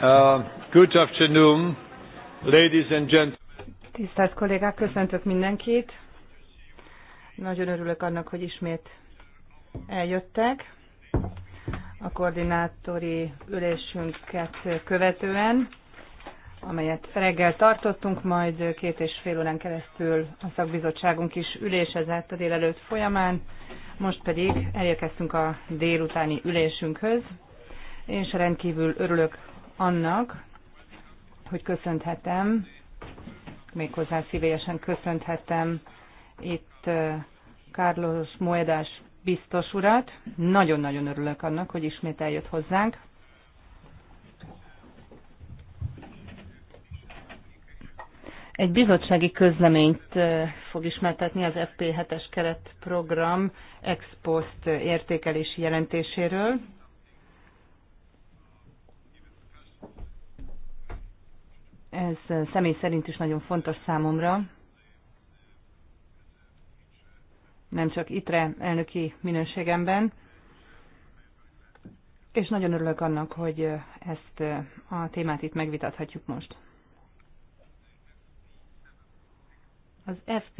Uh, good afternoon, ladies and gentlemen. Tisztelt kollégák, köszöntök mindenkit. Nagyon örülök annak, hogy ismét eljöttek a koordinátori ülésünket követően, amelyet reggel tartottunk, majd két és fél órán keresztül a szakbizottságunk is ülésezett a délelőtt folyamán, most pedig elérkeztünk a délutáni ülésünkhöz, és rendkívül örülök annak, hogy köszönhetem, méghozzá szívélyesen köszönhetem itt Carlos Moedas biztos urat. Nagyon-nagyon örülök annak, hogy ismét eljött hozzánk. Egy bizottsági közleményt fog ismertetni az FP7-es keretprogram ex post értékelési jelentéséről, Ez személy szerint is nagyon fontos számomra. Nem csak ITRE elnöki minőségemben. És nagyon örülök annak, hogy ezt a témát itt megvitathatjuk most. Az FP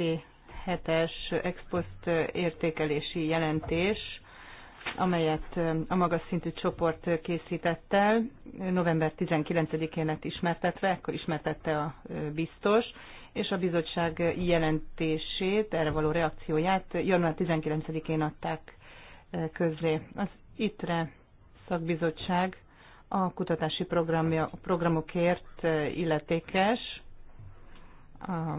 7 es expost értékelési jelentés amelyet a magas szintű csoport készített el, november 19-én lett ismertetve, akkor ismertette a biztos, és a bizottság jelentését, erre való reakcióját január 19-én adták közzé. Az ITRE szakbizottság a kutatási programja, programokért illetékes, a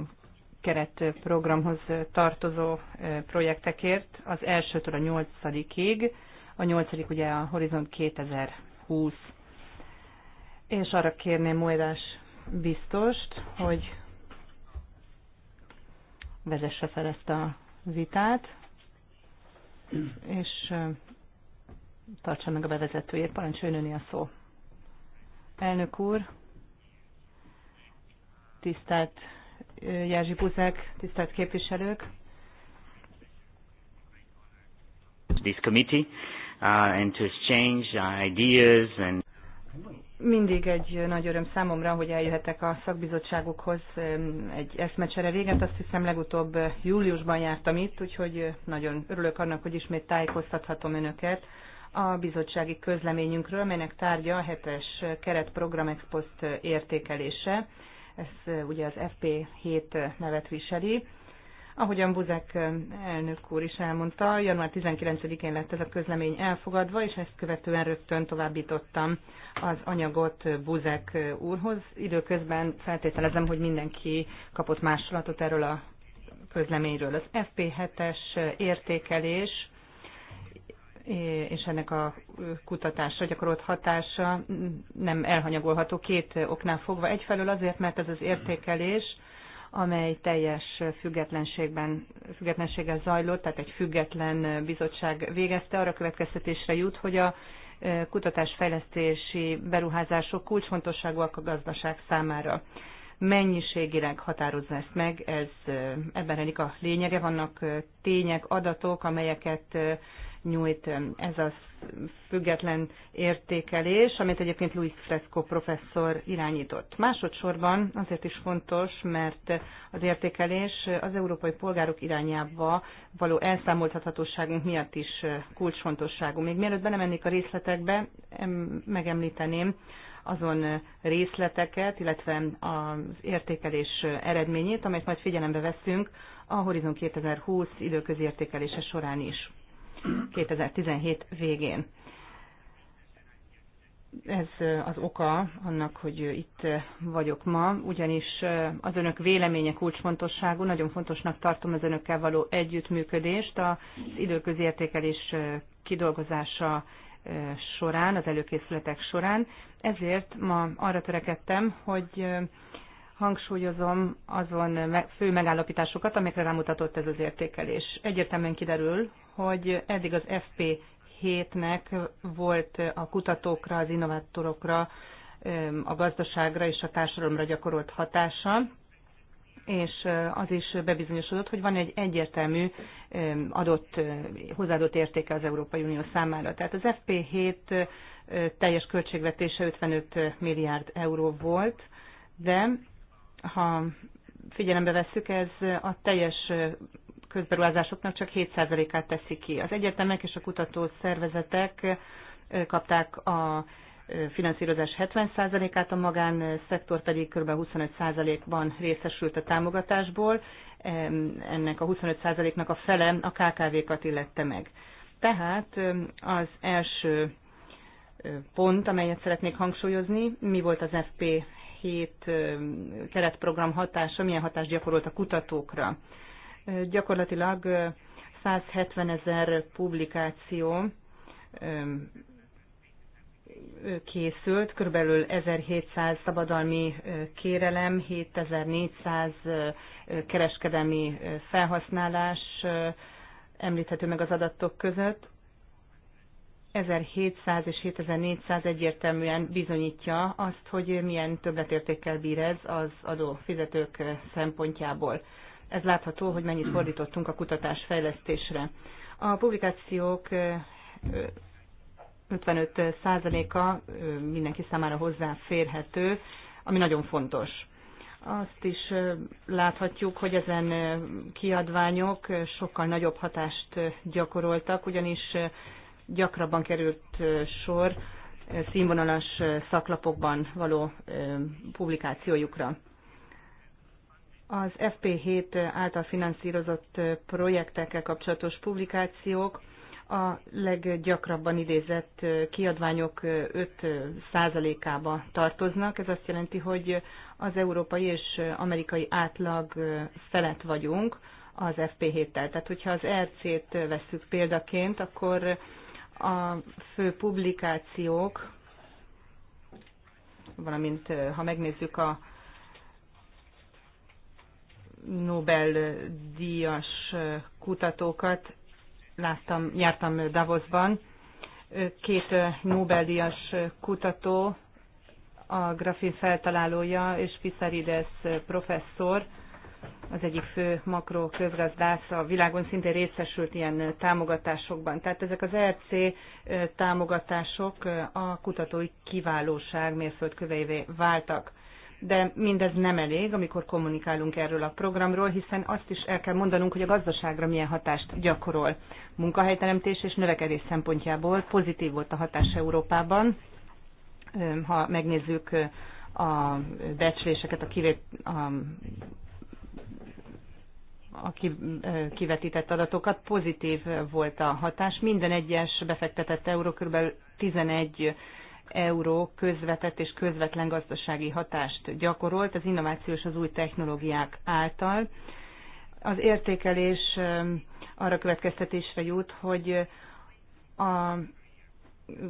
programhoz tartozó projektekért, az elsőtől a nyolcadikig, a nyolcadik ugye a Horizont 2020. És arra kérném Moedás biztost, hogy vezesse fel ezt a vitát, és tartsa meg a bevezetőjét, parancsoljon a szó. Elnök úr, tisztelt Jerzy Buzek, tisztelt képviselők! This committee, uh, and to exchange ideas and mindig egy nagy öröm számomra, hogy eljöhetek a szakbizottságokhoz. Um, egy eszmecsere véget. Azt hiszem legutóbb júliusban jártam itt, úgyhogy nagyon örülök annak, hogy ismét tájékoztathatom önöket a bizottsági közleményünkről, melynek tárgya a hetes keretprogram expost értékelése, ez ugye az FP7 nevet viseli. Ahogyan Buzek elnök úr is elmondta, január 19-én lett ez a közlemény elfogadva, és ezt követően rögtön továbbítottam az anyagot Buzek úrhoz. Időközben feltételezem, hogy mindenki kapott másolatot erről a közleményről. Az FP7-es értékelés és ennek a kutatásra gyakorolt hatása nem elhanyagolható két oknál fogva. Egyfelől azért, mert ez az értékelés, amely teljes függetlenségben, függetlenséggel zajlott, tehát egy független bizottság végezte, arra következtetésre jut, hogy a kutatásfejlesztési beruházások kulcsfontosságúak a gazdaság számára. Mennyiségileg határozza ezt meg, ez ebben elik a lényege. Vannak tények, adatok, amelyeket nyújt um, ez a független értékelés, amit egyébként Luis Fresco professzor irányított. Másodszorban azért is fontos, mert az értékelés az európai polgárok irányába való elszámolthatóságunk miatt is uh, kulcsfontosságú. Még mielőtt belemennék a részletekbe, megemlíteném, azon uh, részleteket, illetve az értékelés uh, eredményét, amelyet majd figyelembe veszünk a Horizon 2020 időközi értékelése során is. 2017 végén. Ez az oka annak, hogy itt vagyok ma, ugyanis az önök véleménye kulcsfontosságú, nagyon fontosnak tartom az önökkel való együttműködést az időközi értékelés kidolgozása során, az előkészületek során. Ezért ma arra törekedtem, hogy hangsúlyozom azon fő megállapításokat, amikre rámutatott ez az értékelés. Egyértelműen kiderül, hogy eddig az FP7-nek volt a kutatókra, az innovátorokra, a gazdaságra és a társadalomra gyakorolt hatása, és az is bebizonyosodott, hogy van egy egyértelmű adott, hozzáadott értéke az Európai Unió számára. Tehát az FP7 teljes költségvetése 55 milliárd euró volt, de ha figyelembe vesszük, ez a teljes közberuházásoknak csak 7%-át teszi ki. Az egyetemek és a kutató szervezetek kapták a finanszírozás 70%-át, a magánszektor pedig kb. 25%-ban részesült a támogatásból, ennek a 25%-nak a fele a KKV-kat illette meg. Tehát az első pont, amelyet szeretnék hangsúlyozni, mi volt az FP7 keretprogram hatása, milyen hatást gyakorolt a kutatókra. Gyakorlatilag 170 ezer publikáció készült, kb. 1700 szabadalmi kérelem, 7400 kereskedelmi felhasználás említhető meg az adatok között. 1700 és 7400 egyértelműen bizonyítja azt, hogy milyen többletértékkel bír ez az adófizetők szempontjából. Ez látható, hogy mennyit fordítottunk a kutatás fejlesztésre. A publikációk 55%-a mindenki számára hozzáférhető, ami nagyon fontos. Azt is láthatjuk, hogy ezen kiadványok sokkal nagyobb hatást gyakoroltak, ugyanis gyakrabban került sor színvonalas szaklapokban való publikációjukra. Az FP7 által finanszírozott projektekkel kapcsolatos publikációk a leggyakrabban idézett kiadványok 5%-ába tartoznak. Ez azt jelenti, hogy az európai és amerikai átlag felett vagyunk az FP7-tel. Tehát, hogyha az RC-t vesszük példaként, akkor a fő publikációk, valamint ha megnézzük a Nobel-díjas kutatókat. Láttam, jártam Davosban. Két Nobel-díjas kutató, a grafin feltalálója és Pisarides professzor, az egyik fő makro közgazdász a világon szintén részesült ilyen támogatásokban. Tehát ezek az ERC támogatások a kutatói kiválóság mérföldköveivé váltak de mindez nem elég, amikor kommunikálunk erről a programról, hiszen azt is el kell mondanunk, hogy a gazdaságra milyen hatást gyakorol. Munkahelyteremtés és növekedés szempontjából pozitív volt a hatás Európában, ha megnézzük a becsléseket, a, kivét a a kivetített adatokat, pozitív volt a hatás. Minden egyes befektetett euró kb. 11 euró közvetett és közvetlen gazdasági hatást gyakorolt az innovációs az új technológiák által. Az értékelés um, arra következtetésre jut, hogy a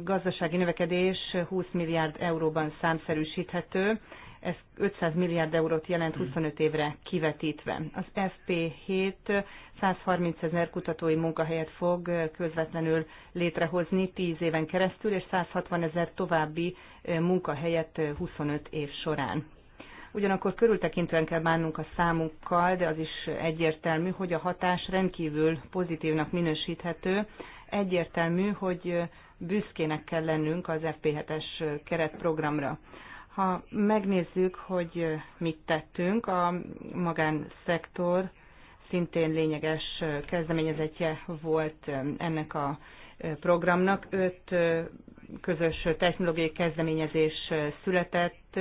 gazdasági növekedés 20 milliárd euróban számszerűsíthető, ez 500 milliárd eurót jelent 25 hmm. évre kivetítve. Az FP7 130 ezer kutatói munkahelyet fog közvetlenül létrehozni 10 éven keresztül, és 160 ezer további munkahelyet 25 év során. Ugyanakkor körültekintően kell bánnunk a számukkal, de az is egyértelmű, hogy a hatás rendkívül pozitívnak minősíthető. Egyértelmű, hogy büszkének kell lennünk az FP7-es keretprogramra. Ha megnézzük, hogy mit tettünk, a magánszektor szintén lényeges kezdeményezetje volt ennek a programnak. Öt közös technológiai kezdeményezés született,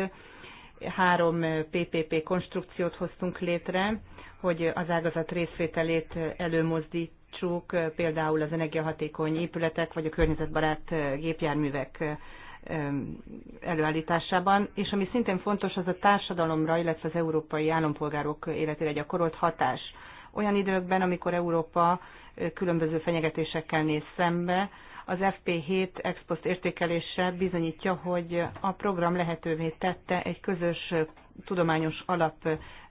három PPP konstrukciót hoztunk létre, hogy az ágazat részvételét előmozdítsuk, például az energiahatékony épületek vagy a környezetbarát gépjárművek előállításában, és ami szintén fontos, az a társadalomra, illetve az európai állampolgárok életére gyakorolt hatás. Olyan időkben, amikor Európa különböző fenyegetésekkel néz szembe, az FP7 Expost értékelése bizonyítja, hogy a program lehetővé tette egy közös tudományos alap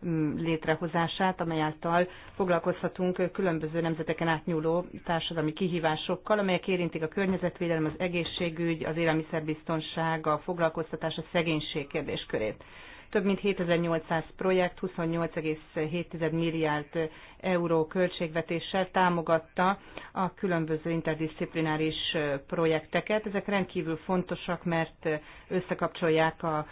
mm, létrehozását, amely által foglalkozhatunk különböző nemzeteken átnyúló társadalmi kihívásokkal, amelyek érintik a környezetvédelem, az egészségügy, az élelmiszerbiztonság, a foglalkoztatás, a szegénység kérdéskörét. Több mint 7800 projekt 28,7 milliárd euró költségvetéssel támogatta a különböző interdisziplináris projekteket. Ezek rendkívül fontosak, mert összekapcsolják a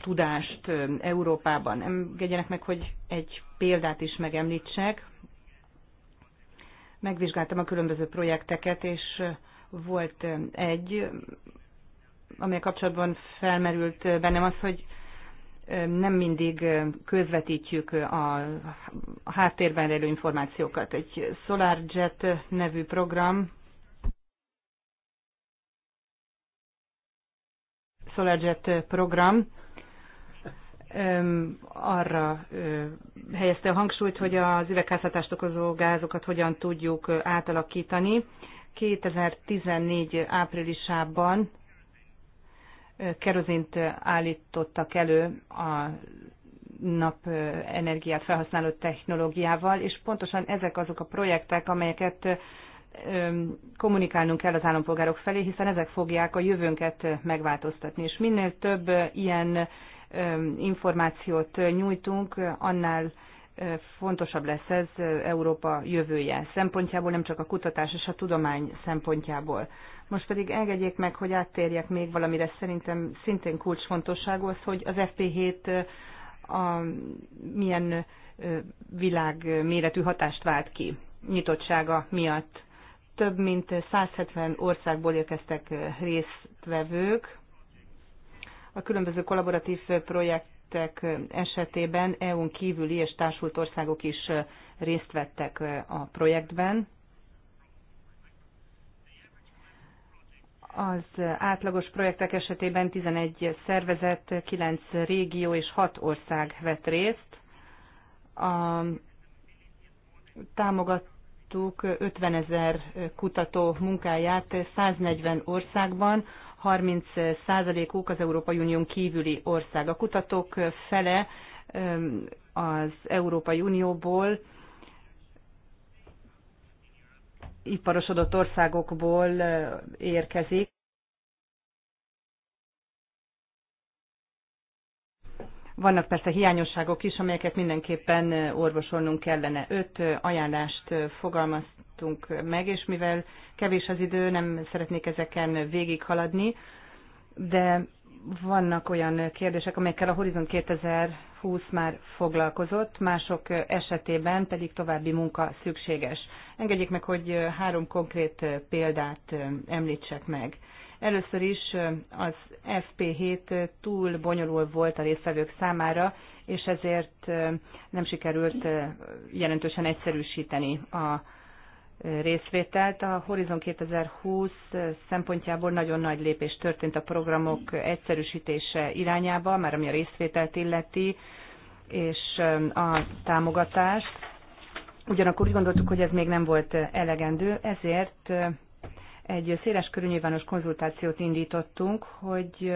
tudást Európában. Engedjenek meg, hogy egy példát is megemlítsek. Megvizsgáltam a különböző projekteket, és volt egy, amely kapcsolatban felmerült bennem az, hogy nem mindig közvetítjük a háttérben rejlő információkat. Egy SolarJet nevű program, SolarJet program arra helyezte a hangsúlyt, hogy az üvegházhatást okozó gázokat hogyan tudjuk átalakítani. 2014 áprilisában kerozint állítottak elő a napenergiát felhasználó technológiával, és pontosan ezek azok a projektek, amelyeket kommunikálnunk kell az állampolgárok felé, hiszen ezek fogják a jövőnket megváltoztatni. És minél több ilyen információt nyújtunk, annál fontosabb lesz ez Európa jövője szempontjából, nem csak a kutatás és a tudomány szempontjából. Most pedig engedjék meg, hogy áttérjek még valamire szerintem szintén kulcsfontosságú az, hogy az FP7 a, milyen világméretű hatást vált ki nyitottsága miatt. Több mint 170 országból érkeztek résztvevők. A különböző kollaboratív projektek esetében EU-n kívüli és társult országok is részt vettek a projektben. Az átlagos projektek esetében 11 szervezet, 9 régió és 6 ország vett részt. A, támogattuk 50 ezer kutató munkáját 140 országban, 30 százalékuk az Európai Unión kívüli ország. A kutatók fele az Európai Unióból, iparosodott országokból érkezik. Vannak persze hiányosságok is, amelyeket mindenképpen orvosolnunk kellene. Öt ajánlást fogalmaztunk meg, és mivel kevés az idő, nem szeretnék ezeken végighaladni, de vannak olyan kérdések, amelyekkel a Horizon 2020 már foglalkozott, mások esetében pedig további munka szükséges. Engedjék meg, hogy három konkrét példát említsek meg. Először is az FP7 túl bonyolult volt a résztvevők számára, és ezért nem sikerült jelentősen egyszerűsíteni a részvételt. A Horizon 2020 szempontjából nagyon nagy lépés történt a programok egyszerűsítése irányába, már ami a részvételt illeti, és a támogatást. Ugyanakkor úgy gondoltuk, hogy ez még nem volt elegendő, ezért egy széles körű nyilvános konzultációt indítottunk, hogy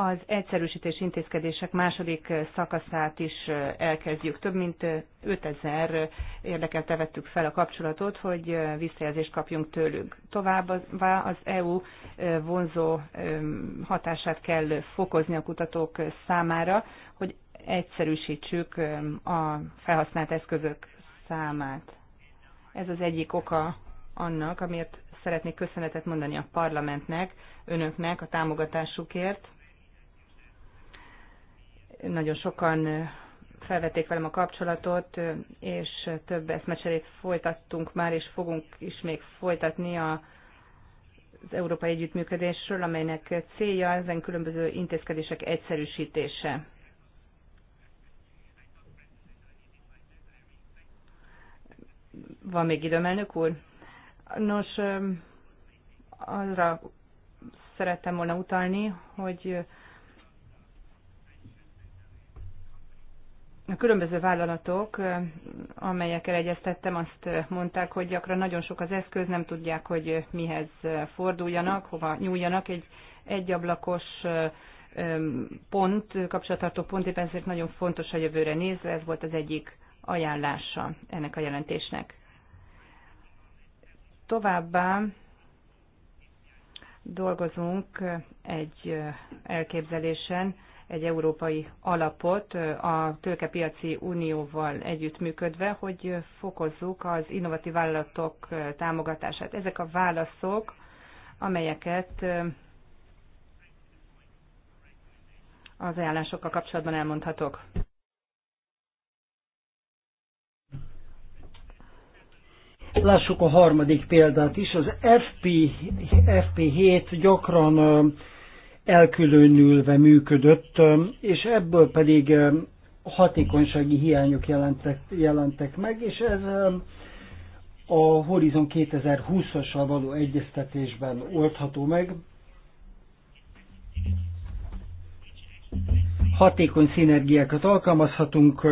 az egyszerűsítés intézkedések második szakaszát is elkezdjük. Több mint 5000 érdekelte vettük fel a kapcsolatot, hogy visszajelzést kapjunk tőlük. Továbbá az EU vonzó hatását kell fokozni a kutatók számára, hogy egyszerűsítsük a felhasznált eszközök számát. Ez az egyik oka annak, amiért szeretnék köszönetet mondani a parlamentnek, önöknek a támogatásukért, nagyon sokan felvették velem a kapcsolatot, és több eszmecserét folytattunk már, és fogunk is még folytatni a, az európai együttműködésről, amelynek célja ezen különböző intézkedések egyszerűsítése. Van még időm, elnök úr? Nos, arra szerettem volna utalni, hogy a különböző vállalatok, eh, amelyekkel egyeztettem, azt eh, mondták, hogy gyakran nagyon sok az eszköz, nem tudják, hogy eh, mihez forduljanak, hova nyúljanak. Egy egyablakos pont, kapcsolatartó pont, éppen ezért nagyon fontos a jövőre nézve, ez volt az egyik ajánlása ennek a jelentésnek. Továbbá dolgozunk egy elképzelésen, egy európai alapot a tőkepiaci unióval együttműködve, hogy fokozzuk az innovatív vállalatok támogatását. Ezek a válaszok, amelyeket az ajánlásokkal kapcsolatban elmondhatok. Lássuk a harmadik példát is. Az FP, FP7 gyakran elkülönülve működött, és ebből pedig hatékonysági hiányok jelentek, jelentek meg, és ez a Horizon 2020-assal való egyeztetésben oldható meg. Hatékony szinergiákat alkalmazhatunk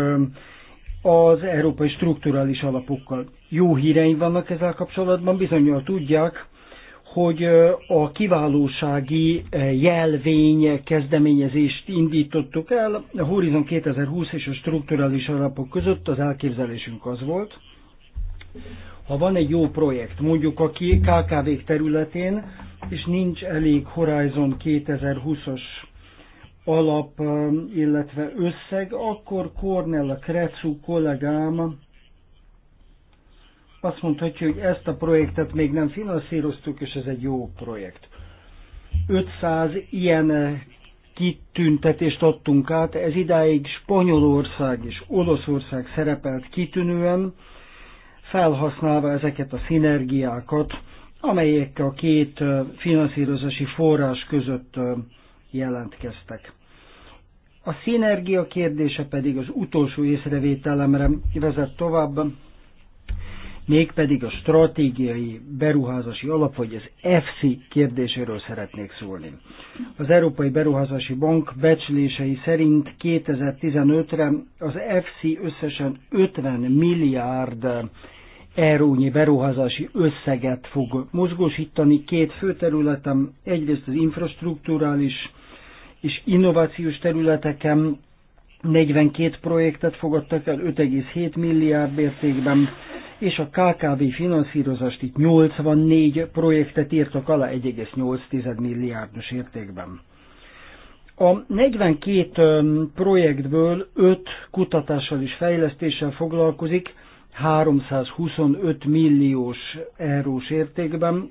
az európai strukturális alapokkal. Jó híreim vannak ezzel kapcsolatban, bizonyal tudják, hogy a kiválósági jelvény kezdeményezést indítottuk el. A Horizon 2020 és a strukturális alapok között az elképzelésünk az volt, ha van egy jó projekt, mondjuk a KKV területén, és nincs elég Horizon 2020-as alap, illetve összeg, akkor Cornella Krecu kollégám azt mondhatja, hogy ezt a projektet még nem finanszíroztuk, és ez egy jó projekt. 500 ilyen kitüntetést adtunk át, ez idáig Spanyolország és Olaszország szerepelt kitűnően, felhasználva ezeket a szinergiákat, amelyek a két finanszírozási forrás között jelentkeztek. A szinergia kérdése pedig az utolsó észrevételemre vezet tovább, mégpedig a stratégiai beruházási alap, vagy az EFSI kérdéséről szeretnék szólni. Az Európai Beruházási Bank becslései szerint 2015-re az EFSI összesen 50 milliárd eurónyi beruházási összeget fog mozgósítani két fő területen, egyrészt az infrastruktúrális és innovációs területeken, 42 projektet fogadtak el 5,7 milliárd értékben, és a KKV finanszírozást itt 84 projektet írtak alá 1,8 milliárdos értékben. A 42 projektből 5 kutatással és fejlesztéssel foglalkozik, 325 milliós eurós értékben,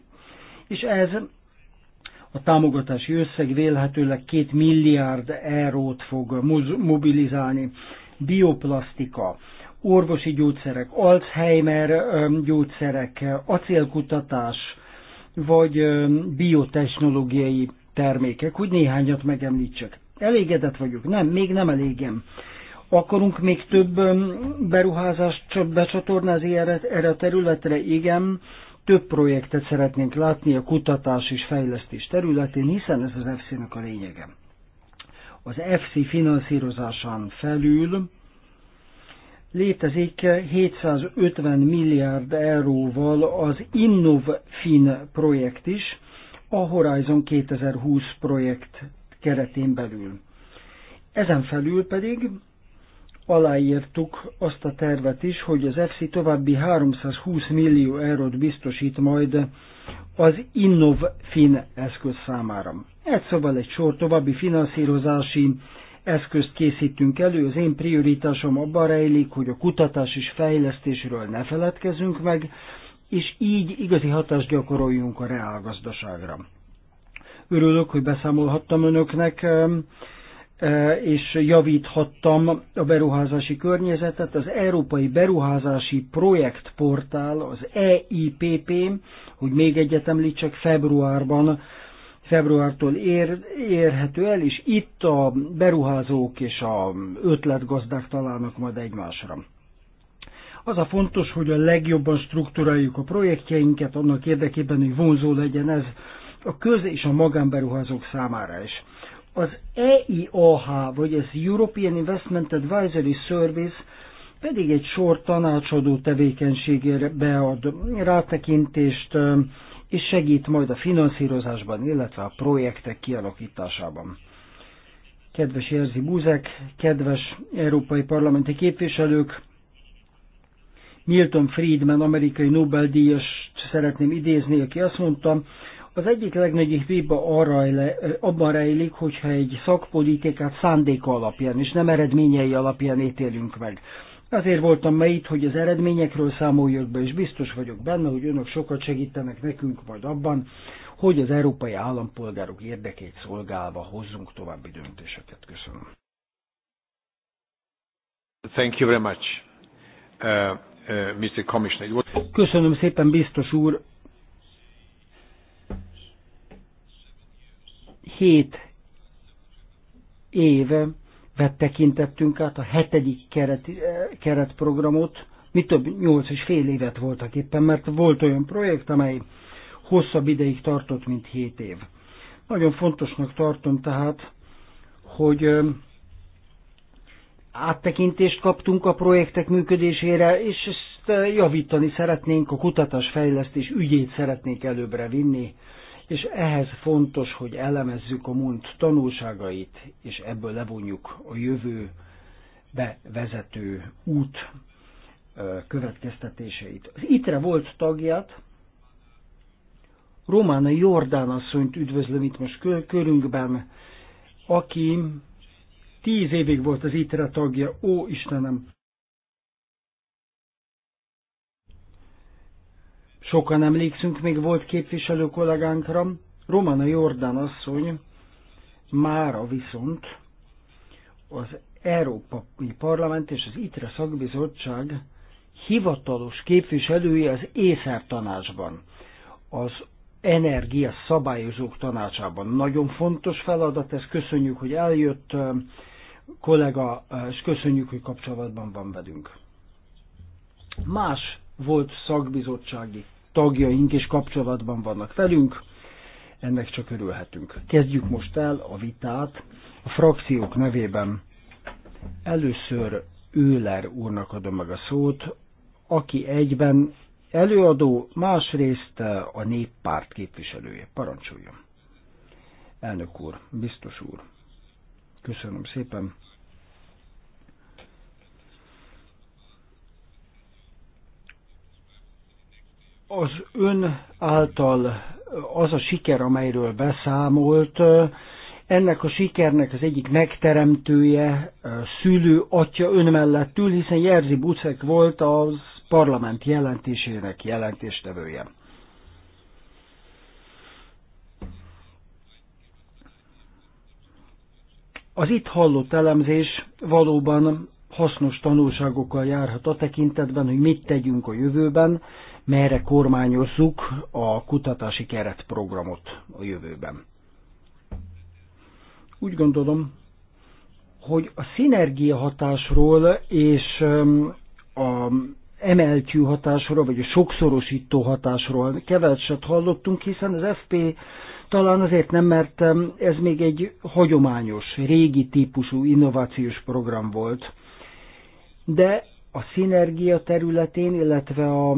és ez a támogatási összeg vélhetőleg két milliárd eurót fog mobilizálni. Bioplasztika, orvosi gyógyszerek, Alzheimer gyógyszerek, acélkutatás, vagy biotechnológiai termékek, hogy néhányat megemlítsek. Elégedett vagyok? Nem, még nem elégem. Akarunk még több beruházást becsatornázni erre, erre a területre? Igen több projektet szeretnénk látni a kutatás és fejlesztés területén, hiszen ez az FC-nek a lényege. Az FC finanszírozásán felül létezik 750 milliárd euróval az InnovFin projekt is, a Horizon 2020 projekt keretén belül. Ezen felül pedig aláírtuk azt a tervet is, hogy az EFSI további 320 millió eurót biztosít majd az InnovFin eszköz számára. Egy szóval egy sor további finanszírozási eszközt készítünk elő. Az én prioritásom abban rejlik, hogy a kutatás és fejlesztésről ne feledkezünk meg, és így igazi hatást gyakoroljunk a reálgazdaságra. Örülök, hogy beszámolhattam önöknek és javíthattam a beruházási környezetet. Az Európai Beruházási Projektportál, az EIPP, hogy még egyet említsek, februárban, februártól ér, érhető el, és itt a beruházók és a ötletgazdák találnak majd egymásra. Az a fontos, hogy a legjobban struktúráljuk a projektjeinket, annak érdekében, hogy vonzó legyen ez a köz- és a magánberuházók számára is. Az EIOH, vagy az European Investment Advisory Service pedig egy sor tanácsadó tevékenységére bead rátekintést, és segít majd a finanszírozásban, illetve a projektek kialakításában. Kedves Érzi Búzek, kedves európai parlamenti képviselők, Milton Friedman, amerikai nobel díjas szeretném idézni, aki azt mondta, az egyik legnagyobb hiba arra, abban rejlik, hogyha egy szakpolitikát szándéka alapján és nem eredményei alapján ítélünk meg. Azért voltam ma itt, hogy az eredményekről számoljak be, és biztos vagyok benne, hogy önök sokat segítenek nekünk majd abban, hogy az európai állampolgárok érdekét szolgálva hozzunk további döntéseket. Köszönöm. Thank you very much, uh, uh, Mr. Commissioner. Köszönöm szépen, biztos úr. Hét éve vett tekintettünk át a hetedik keret, eh, keretprogramot, mi több nyolc és fél évet voltak éppen, mert volt olyan projekt, amely hosszabb ideig tartott, mint hét év. Nagyon fontosnak tartom tehát, hogy eh, áttekintést kaptunk a projektek működésére, és ezt eh, javítani szeretnénk, a kutatásfejlesztés ügyét szeretnénk előbbre vinni és ehhez fontos, hogy elemezzük a múlt tanulságait, és ebből levonjuk a jövőbe vezető út következtetéseit. Az ITRE volt tagját, Romána Jordán asszonyt üdvözlöm itt most körünkben, aki tíz évig volt az ITRE tagja, ó Istenem, Sokan emlékszünk, még volt képviselő kollégánkra, Romana Jordán asszony mára viszont az Európai Parlament és az ITRE szakbizottság hivatalos képviselője az ÉSZER tanácsban, az energia szabályozók tanácsában. Nagyon fontos feladat, ezt köszönjük, hogy eljött kollega, és köszönjük, hogy kapcsolatban van velünk. Más volt szakbizottsági tagjaink és kapcsolatban vannak velünk, ennek csak örülhetünk. Kezdjük most el a vitát a frakciók nevében. Először Őler úrnak adom meg a szót, aki egyben előadó, másrészt a néppárt képviselője. Parancsoljon. Elnök úr, biztos úr, köszönöm szépen. az ön által az a siker, amelyről beszámolt, ennek a sikernek az egyik megteremtője, szülő, atya ön mellett ül, hiszen Jerzy Bucek volt az parlament jelentésének jelentéstevője. Az itt hallott elemzés valóban hasznos tanulságokkal járhat a tekintetben, hogy mit tegyünk a jövőben, merre kormányozzuk a kutatási keretprogramot a jövőben. Úgy gondolom, hogy a szinergia hatásról és a emeltyű hatásról, vagy a sokszorosító hatásról keveset hallottunk, hiszen az FP talán azért nem, mert ez még egy hagyományos, régi típusú innovációs program volt. De a szinergia területén, illetve a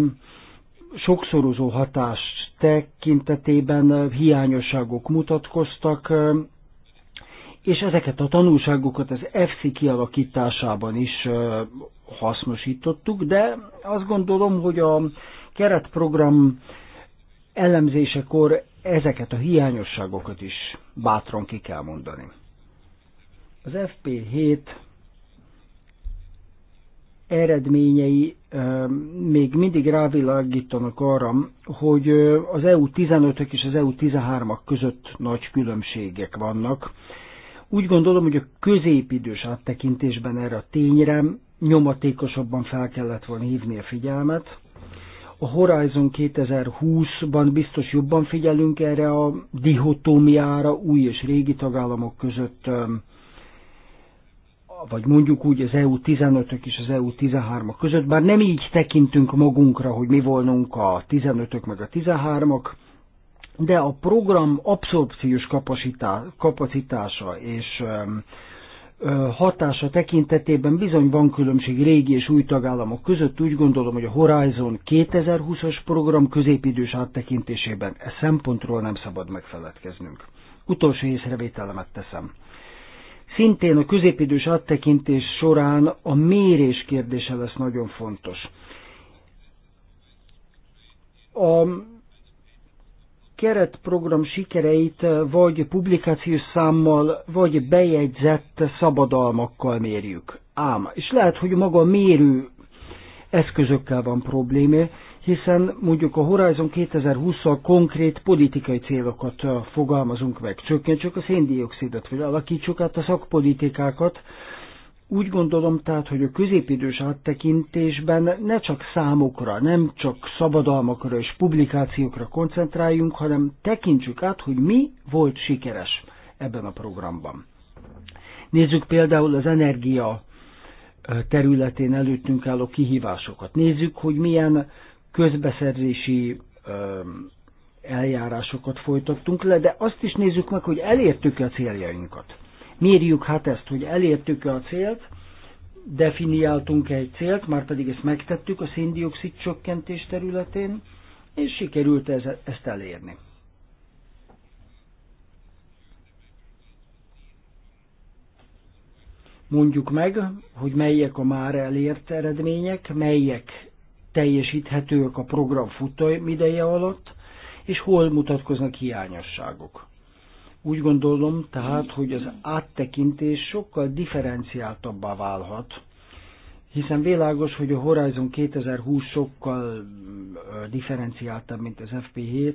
sokszorozó hatás tekintetében hiányosságok mutatkoztak, és ezeket a tanulságokat az FC kialakításában is hasznosítottuk, de azt gondolom, hogy a keretprogram elemzésekor ezeket a hiányosságokat is bátran ki kell mondani. Az FP7 eredményei még mindig rávilágítanak arra, hogy az EU-15-ök és az EU-13-ak között nagy különbségek vannak. Úgy gondolom, hogy a középidős áttekintésben erre a tényre nyomatékosabban fel kellett volna hívni a figyelmet. A Horizon 2020-ban biztos jobban figyelünk erre a dihotómiára új és régi tagállamok között vagy mondjuk úgy az EU 15-ök és az EU 13-ak között, bár nem így tekintünk magunkra, hogy mi volnunk a 15-ök meg a 13-ak, de a program abszorpciós kapacitása és hatása tekintetében bizony van különbség régi és új tagállamok között. Úgy gondolom, hogy a Horizon 2020-as program középidős áttekintésében e szempontról nem szabad megfeledkeznünk. Utolsó észrevételemet teszem. Szintén a középidős áttekintés során a mérés kérdése lesz nagyon fontos. A keretprogram sikereit vagy publikációs számmal, vagy bejegyzett szabadalmakkal mérjük. Ám, és lehet, hogy maga a mérő eszközökkel van probléma, hiszen mondjuk a Horizon 2020-szal konkrét politikai célokat fogalmazunk meg. Csökkentsük a széndiokszidot, vagy alakítsuk át a szakpolitikákat. Úgy gondolom tehát, hogy a középidős áttekintésben ne csak számokra, nem csak szabadalmakra és publikációkra koncentráljunk, hanem tekintsük át, hogy mi volt sikeres ebben a programban. Nézzük például az energia területén előttünk álló kihívásokat. Nézzük, hogy milyen közbeszerzési eljárásokat folytattunk le, de azt is nézzük meg, hogy elértük-e a céljainkat. Mérjük hát ezt, hogy elértük-e a célt, definiáltunk -e egy célt, már pedig ezt megtettük a széndiokszid csökkentés területén, és sikerült ezt elérni. Mondjuk meg, hogy melyek a már elért eredmények, melyek teljesíthetőek a program futam ideje alatt, és hol mutatkoznak hiányosságok. Úgy gondolom tehát, hogy az áttekintés sokkal differenciáltabbá válhat, hiszen világos, hogy a Horizon 2020 sokkal differenciáltabb, mint az FP7,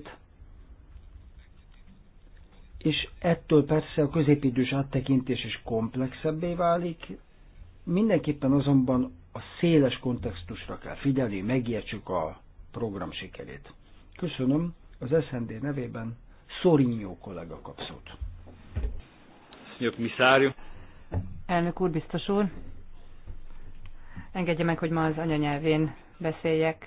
és ettől persze a középidős áttekintés is komplexebbé válik, mindenképpen azonban a széles kontextusra kell figyelni, megértsük a program sikerét. Köszönöm az SND nevében Szorinyó kollega kapszót. Elnök úr, biztos úr, engedje meg, hogy ma az anyanyelvén beszéljek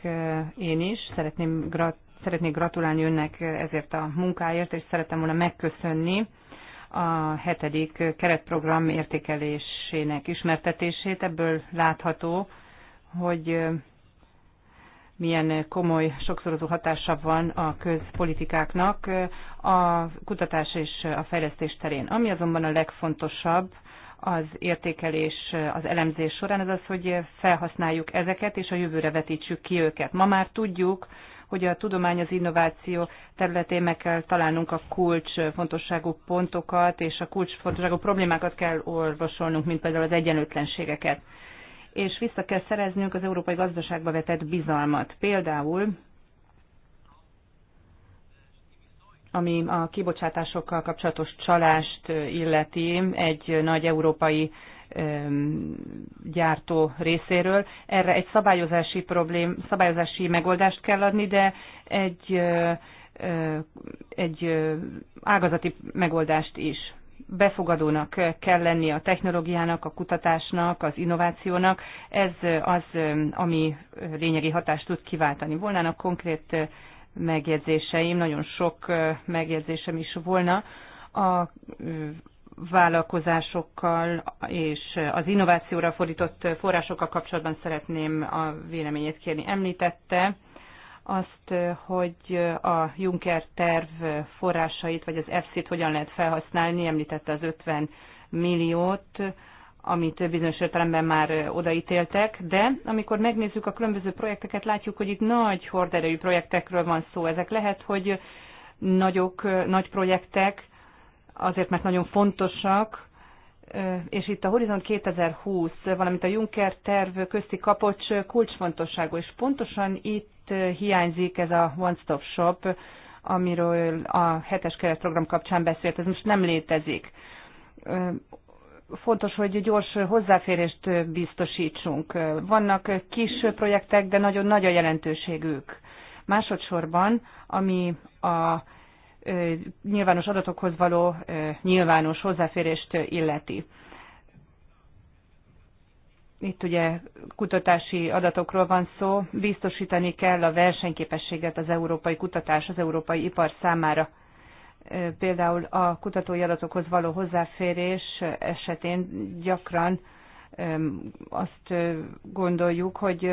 én is. Szeretném gra- szeretnék gratulálni önnek ezért a munkáért, és szeretem volna megköszönni a hetedik keretprogram értékelésének ismertetését. Ebből látható, hogy milyen komoly sokszorozó hatása van a közpolitikáknak a kutatás és a fejlesztés terén. Ami azonban a legfontosabb az értékelés, az elemzés során, az az, hogy felhasználjuk ezeket, és a jövőre vetítsük ki őket. Ma már tudjuk, hogy a tudomány az innováció területén meg kell találnunk a kulcs fontosságú pontokat, és a kulcs fontosságú problémákat kell orvosolnunk, mint például az egyenlőtlenségeket. És vissza kell szereznünk az európai gazdaságba vetett bizalmat. Például ami a kibocsátásokkal kapcsolatos csalást illeti, egy nagy európai gyártó részéről. Erre egy szabályozási, problém, szabályozási megoldást kell adni, de egy, egy ágazati megoldást is. Befogadónak kell lenni a technológiának, a kutatásnak, az innovációnak. Ez az, ami lényegi hatást tud kiváltani. Volnának konkrét megjegyzéseim, nagyon sok megjegyzésem is volna. A vállalkozásokkal és az innovációra fordított forrásokkal kapcsolatban szeretném a véleményét kérni. Említette azt, hogy a Juncker terv forrásait, vagy az EFSZ-t hogyan lehet felhasználni, említette az 50 milliót, amit bizonyos értelemben már odaítéltek, de amikor megnézzük a különböző projekteket, látjuk, hogy itt nagy horderejű projektekről van szó. Ezek lehet, hogy nagyok, nagy projektek, azért, mert nagyon fontosak, és itt a Horizont 2020, valamint a Juncker terv közti kapocs kulcsfontosságú, és pontosan itt hiányzik ez a one-stop shop, amiről a hetes keretprogram kapcsán beszélt, ez most nem létezik. Fontos, hogy gyors hozzáférést biztosítsunk. Vannak kis projektek, de nagyon nagy a jelentőségük. Másodszorban, ami a nyilvános adatokhoz való nyilvános hozzáférést illeti. Itt ugye kutatási adatokról van szó, biztosítani kell a versenyképességet az európai kutatás, az európai ipar számára például a kutatói adatokhoz való hozzáférés esetén gyakran azt gondoljuk, hogy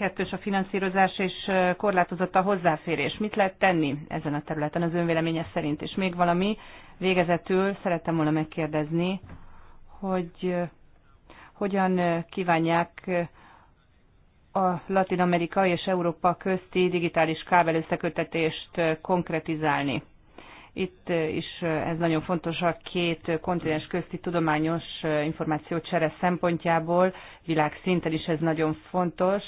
kettős a finanszírozás és korlátozott a hozzáférés. Mit lehet tenni ezen a területen az önvéleménye szerint? És még valami végezetül szerettem volna megkérdezni, hogy hogyan kívánják a Latin Amerika és Európa közti digitális kábel összekötetést konkretizálni. Itt is ez nagyon fontos a két kontinens közti tudományos információcsere szempontjából, világszinten is ez nagyon fontos.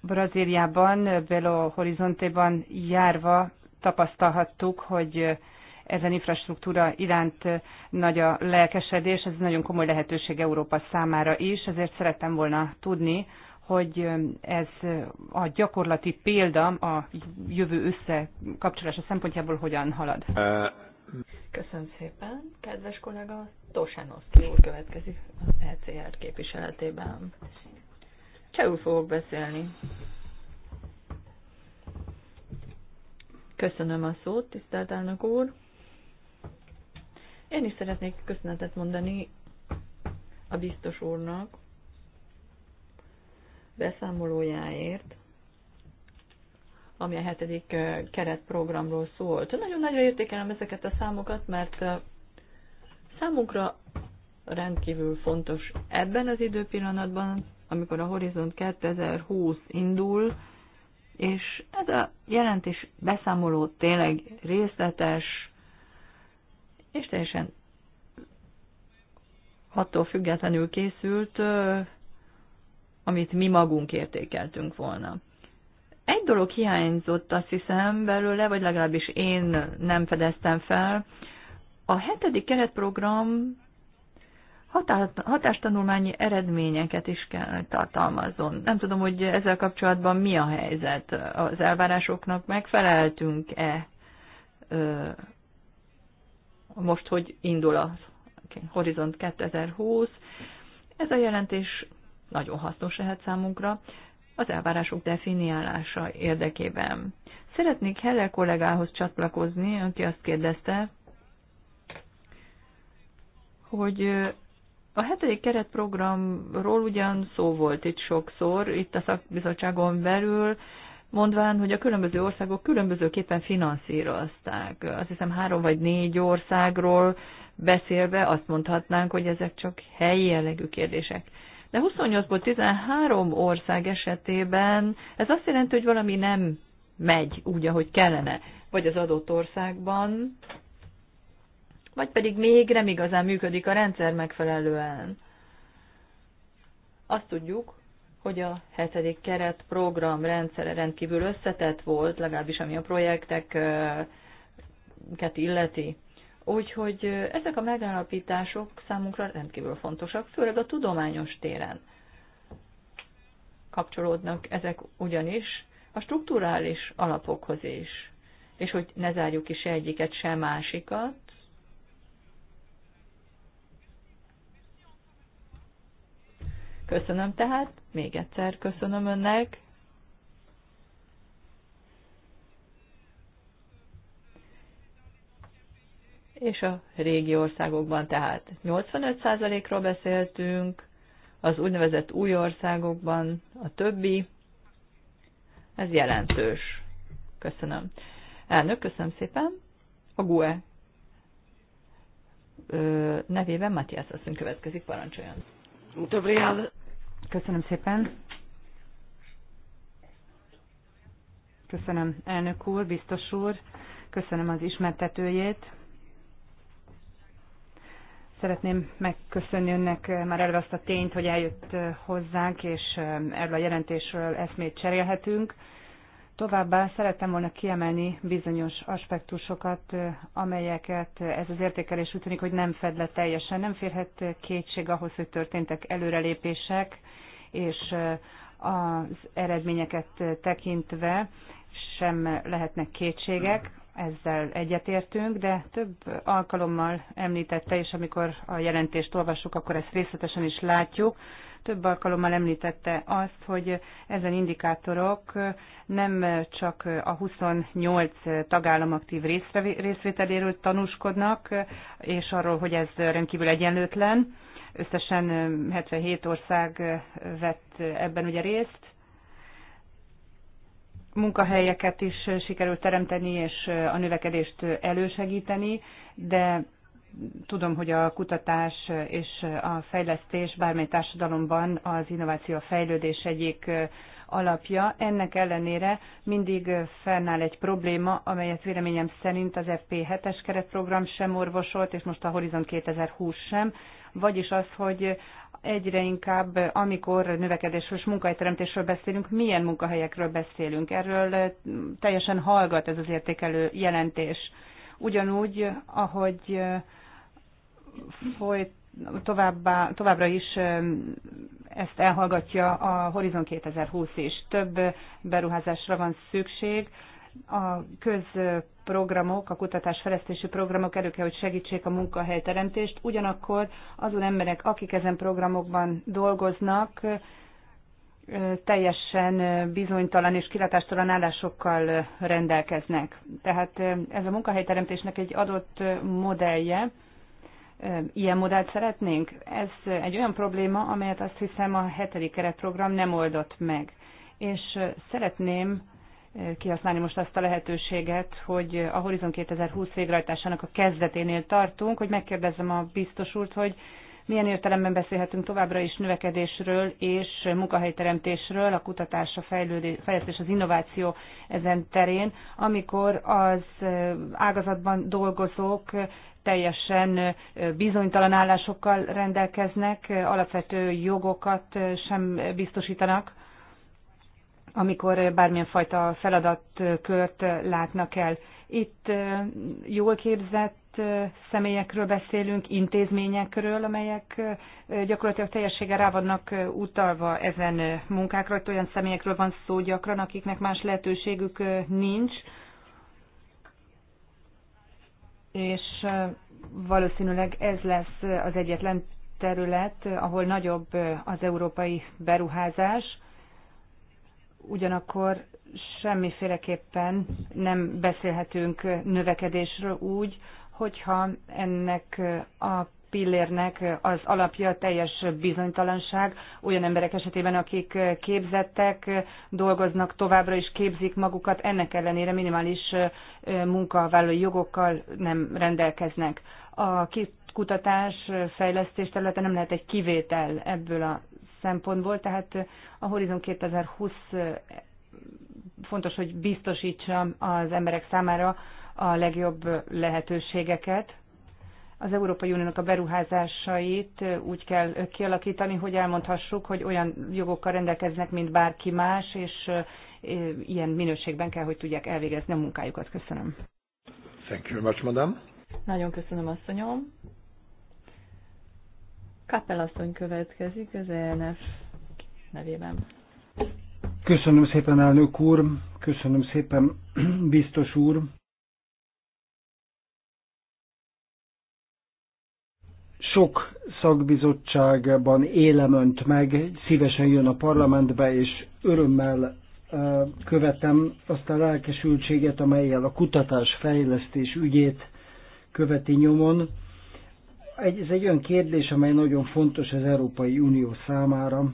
Brazíliában, Belo Horizonteban járva tapasztalhattuk, hogy ezen infrastruktúra iránt nagy a lelkesedés, ez nagyon komoly lehetőség Európa számára is, ezért szerettem volna tudni, hogy ez a gyakorlati példa a jövő összekapcsolása szempontjából hogyan halad. Köszönöm szépen, kedves kollega. Tosánoszki úr következik az ECR képviseletében. Csehül fogok beszélni. Köszönöm a szót, tisztelt elnök úr. Én is szeretnék köszönetet mondani a biztos úrnak beszámolójáért, ami a hetedik keretprogramról szólt. Nagyon nagyra értékelem ezeket a számokat, mert számunkra rendkívül fontos ebben az időpillanatban amikor a Horizont 2020 indul, és ez a jelentés beszámoló tényleg részletes, és teljesen attól függetlenül készült, amit mi magunk értékeltünk volna. Egy dolog hiányzott, azt hiszem, belőle, vagy legalábbis én nem fedeztem fel. A hetedik keretprogram hatástanulmányi eredményeket is kell tartalmazzon. Nem tudom, hogy ezzel kapcsolatban mi a helyzet. Az elvárásoknak megfeleltünk-e most, hogy indul a Horizont 2020. Ez a jelentés nagyon hasznos lehet számunkra az elvárások definiálása érdekében. Szeretnék Heller kollégához csatlakozni, aki azt kérdezte, hogy a hetedik keretprogramról ugyan szó volt itt sokszor, itt a szakbizottságon belül, mondván, hogy a különböző országok különbözőképpen finanszírozták. Azt hiszem három vagy négy országról beszélve azt mondhatnánk, hogy ezek csak helyi jellegű kérdések. De 28-ból 13 ország esetében ez azt jelenti, hogy valami nem megy úgy, ahogy kellene, vagy az adott országban, vagy pedig még nem igazán működik a rendszer megfelelően. Azt tudjuk, hogy a hetedik keret program rendszere rendkívül összetett volt, legalábbis ami a projekteket illeti. Úgyhogy ezek a megállapítások számunkra rendkívül fontosak, főleg a tudományos téren kapcsolódnak ezek ugyanis a strukturális alapokhoz is. És hogy ne zárjuk is egyiket, sem másikat, Köszönöm tehát, még egyszer köszönöm önnek. És a régi országokban tehát 85%-ról beszéltünk, az úgynevezett új országokban a többi, ez jelentős. Köszönöm. Elnök, köszönöm szépen. A GUE nevében Matthias Asszony következik, parancsoljon. Köszönöm szépen. Köszönöm elnök úr, biztos úr. Köszönöm az ismertetőjét. Szeretném megköszönni önnek már elve azt a tényt, hogy eljött eh, hozzánk, és eh, erről a jelentésről eszmét cserélhetünk. Továbbá szerettem volna kiemelni bizonyos aspektusokat, amelyeket ez az értékelés úgy tűnik, hogy nem fed le teljesen. Nem férhet kétség ahhoz, hogy történtek előrelépések, és az eredményeket tekintve sem lehetnek kétségek, ezzel egyetértünk, de több alkalommal említette, és amikor a jelentést olvassuk, akkor ezt részletesen is látjuk, több alkalommal említette azt, hogy ezen indikátorok nem csak a 28 tagállam aktív részvételéről tanúskodnak, és arról, hogy ez rendkívül egyenlőtlen. Összesen 77 ország vett ebben ugye részt, munkahelyeket is sikerült teremteni és a növekedést elősegíteni, de tudom, hogy a kutatás és a fejlesztés bármely társadalomban az innováció a fejlődés egyik alapja. Ennek ellenére mindig fennáll egy probléma, amelyet véleményem szerint az FP7-es keretprogram sem orvosolt, és most a Horizon 2020 sem, vagyis az, hogy egyre inkább, amikor növekedésről és munkahelyteremtésről beszélünk, milyen munkahelyekről beszélünk. Erről teljesen hallgat ez az értékelő jelentés. Ugyanúgy, ahogy folyt, továbbá, továbbra is ezt elhallgatja a Horizon 2020 is. Több beruházásra van szükség. A közprogramok, a kutatásfejlesztési programok elő kell, hogy segítsék a munkahelyteremtést, ugyanakkor azon emberek, akik ezen programokban dolgoznak, teljesen bizonytalan és kilátástalan állásokkal rendelkeznek. Tehát ez a munkahelyteremtésnek egy adott modellje, ilyen modellt szeretnénk? Ez egy olyan probléma, amelyet azt hiszem a hetedik keretprogram nem oldott meg. És szeretném kihasználni most azt a lehetőséget, hogy a Horizon 2020 végrehajtásának a kezdeténél tartunk, hogy megkérdezzem a biztos úrt, hogy milyen értelemben beszélhetünk továbbra is növekedésről és munkahelyteremtésről, a kutatás, a fejlődés, fejlesztés, az innováció ezen terén, amikor az ágazatban dolgozók teljesen bizonytalan állásokkal rendelkeznek, alapvető jogokat sem biztosítanak, amikor bármilyen fajta feladatkört látnak el. Itt jól képzett személyekről beszélünk, intézményekről, amelyek gyakorlatilag teljességgel rá vannak utalva ezen munkákra. hogy olyan személyekről van szó gyakran, akiknek más lehetőségük nincs, és valószínűleg ez lesz az egyetlen terület, ahol nagyobb az európai beruházás, ugyanakkor semmiféleképpen nem beszélhetünk növekedésről úgy, hogyha ennek a pillérnek az alapja teljes bizonytalanság olyan emberek esetében, akik képzettek, dolgoznak továbbra is, képzik magukat, ennek ellenére minimális munkavállalói jogokkal nem rendelkeznek. A kutatás, fejlesztés területe nem lehet egy kivétel ebből a szempontból, tehát a Horizon 2020 fontos, hogy biztosítsa az emberek számára a legjobb lehetőségeket. Az Európai Uniónak a beruházásait úgy kell kialakítani, hogy elmondhassuk, hogy olyan jogokkal rendelkeznek, mint bárki más, és ilyen minőségben kell, hogy tudják elvégezni a munkájukat. Köszönöm. Thank you very much, madam. Nagyon köszönöm, asszonyom. Kappel asszony következik az ENF nevében. Köszönöm szépen, elnök úr, köszönöm szépen, biztos úr. sok szakbizottságban élem önt meg, szívesen jön a parlamentbe, és örömmel követem azt a lelkesültséget, amelyel a kutatás-fejlesztés ügyét követi nyomon. Ez egy olyan kérdés, amely nagyon fontos az Európai Unió számára,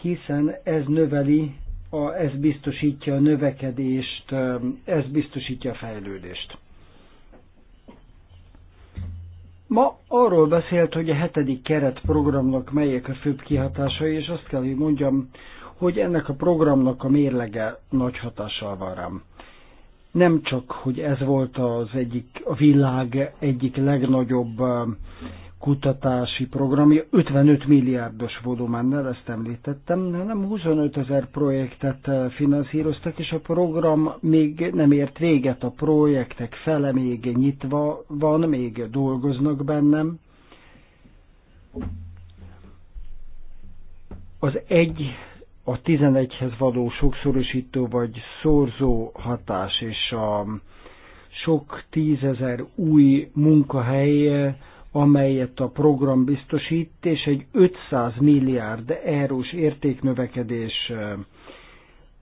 hiszen ez növeli, a, ez biztosítja a növekedést, ez biztosítja a fejlődést. Ma arról beszélt, hogy a hetedik keretprogramnak melyek a főbb kihatásai, és azt kell, hogy mondjam, hogy ennek a programnak a mérlege nagy hatással van rám. Nem csak, hogy ez volt az egyik, a világ egyik legnagyobb kutatási programja 55 milliárdos volumennel, ezt említettem, nem 25 ezer projektet eh, finanszíroztak, és a program még nem ért véget, a projektek fele még nyitva van, még dolgoznak bennem. Az egy a 11-hez való sokszorosító vagy szorzó hatás és a sok tízezer új munkahelye, eh, amelyet a program biztosít, és egy 500 milliárd eurós értéknövekedés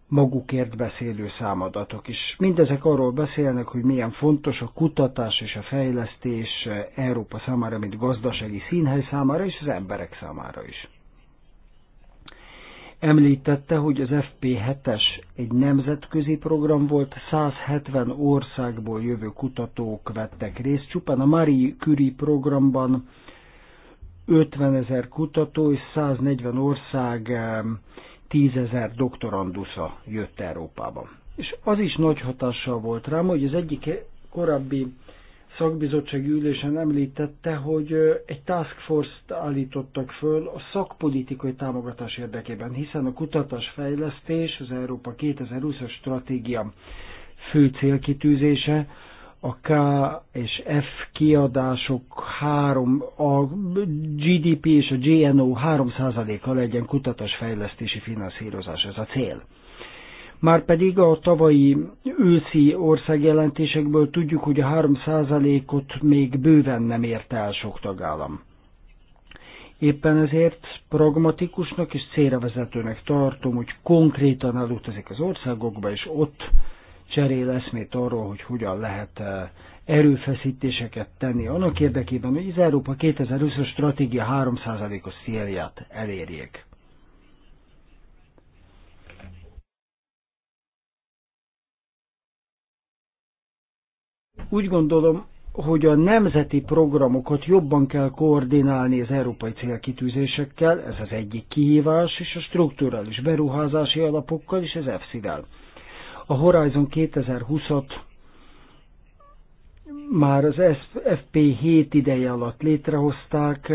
magukért beszélő számadatok is. Mindezek arról beszélnek, hogy milyen fontos a kutatás és a fejlesztés Európa számára, mint gazdasági színhely számára és az emberek számára is. Említette, hogy az FP7-es egy nemzetközi program volt, 170 országból jövő kutatók vettek részt. Csupán a Marie Curie programban 50 ezer kutató és 140 ország 10 ezer doktorandusza jött Európába. És az is nagy hatással volt rám, hogy az egyik korábbi szakbizottsági ülésen említette, hogy egy task force-t állítottak föl a szakpolitikai támogatás érdekében, hiszen a kutatásfejlesztés az Európa 2020-as stratégia fő célkitűzése, a K és F kiadások három, a GDP és a GNO 3%-a legyen kutatásfejlesztési finanszírozás, ez a cél. Márpedig a tavalyi őszi országjelentésekből tudjuk, hogy a 3%-ot még bőven nem érte el sok tagállam. Éppen ezért pragmatikusnak és célravezetőnek tartom, hogy konkrétan elutazik az országokba, és ott cserél eszmét arról, hogy hogyan lehet eh, erőfeszítéseket tenni annak érdekében, hogy az Európa 2020-as stratégia 3%-os célját elérjék. Úgy gondolom, hogy a nemzeti programokat jobban kell koordinálni az európai célkitűzésekkel, ez az egyik kihívás, és a strukturális beruházási alapokkal és az EFSZ-vel. A Horizon 2020-at már az FP7 ideje alatt létrehozták,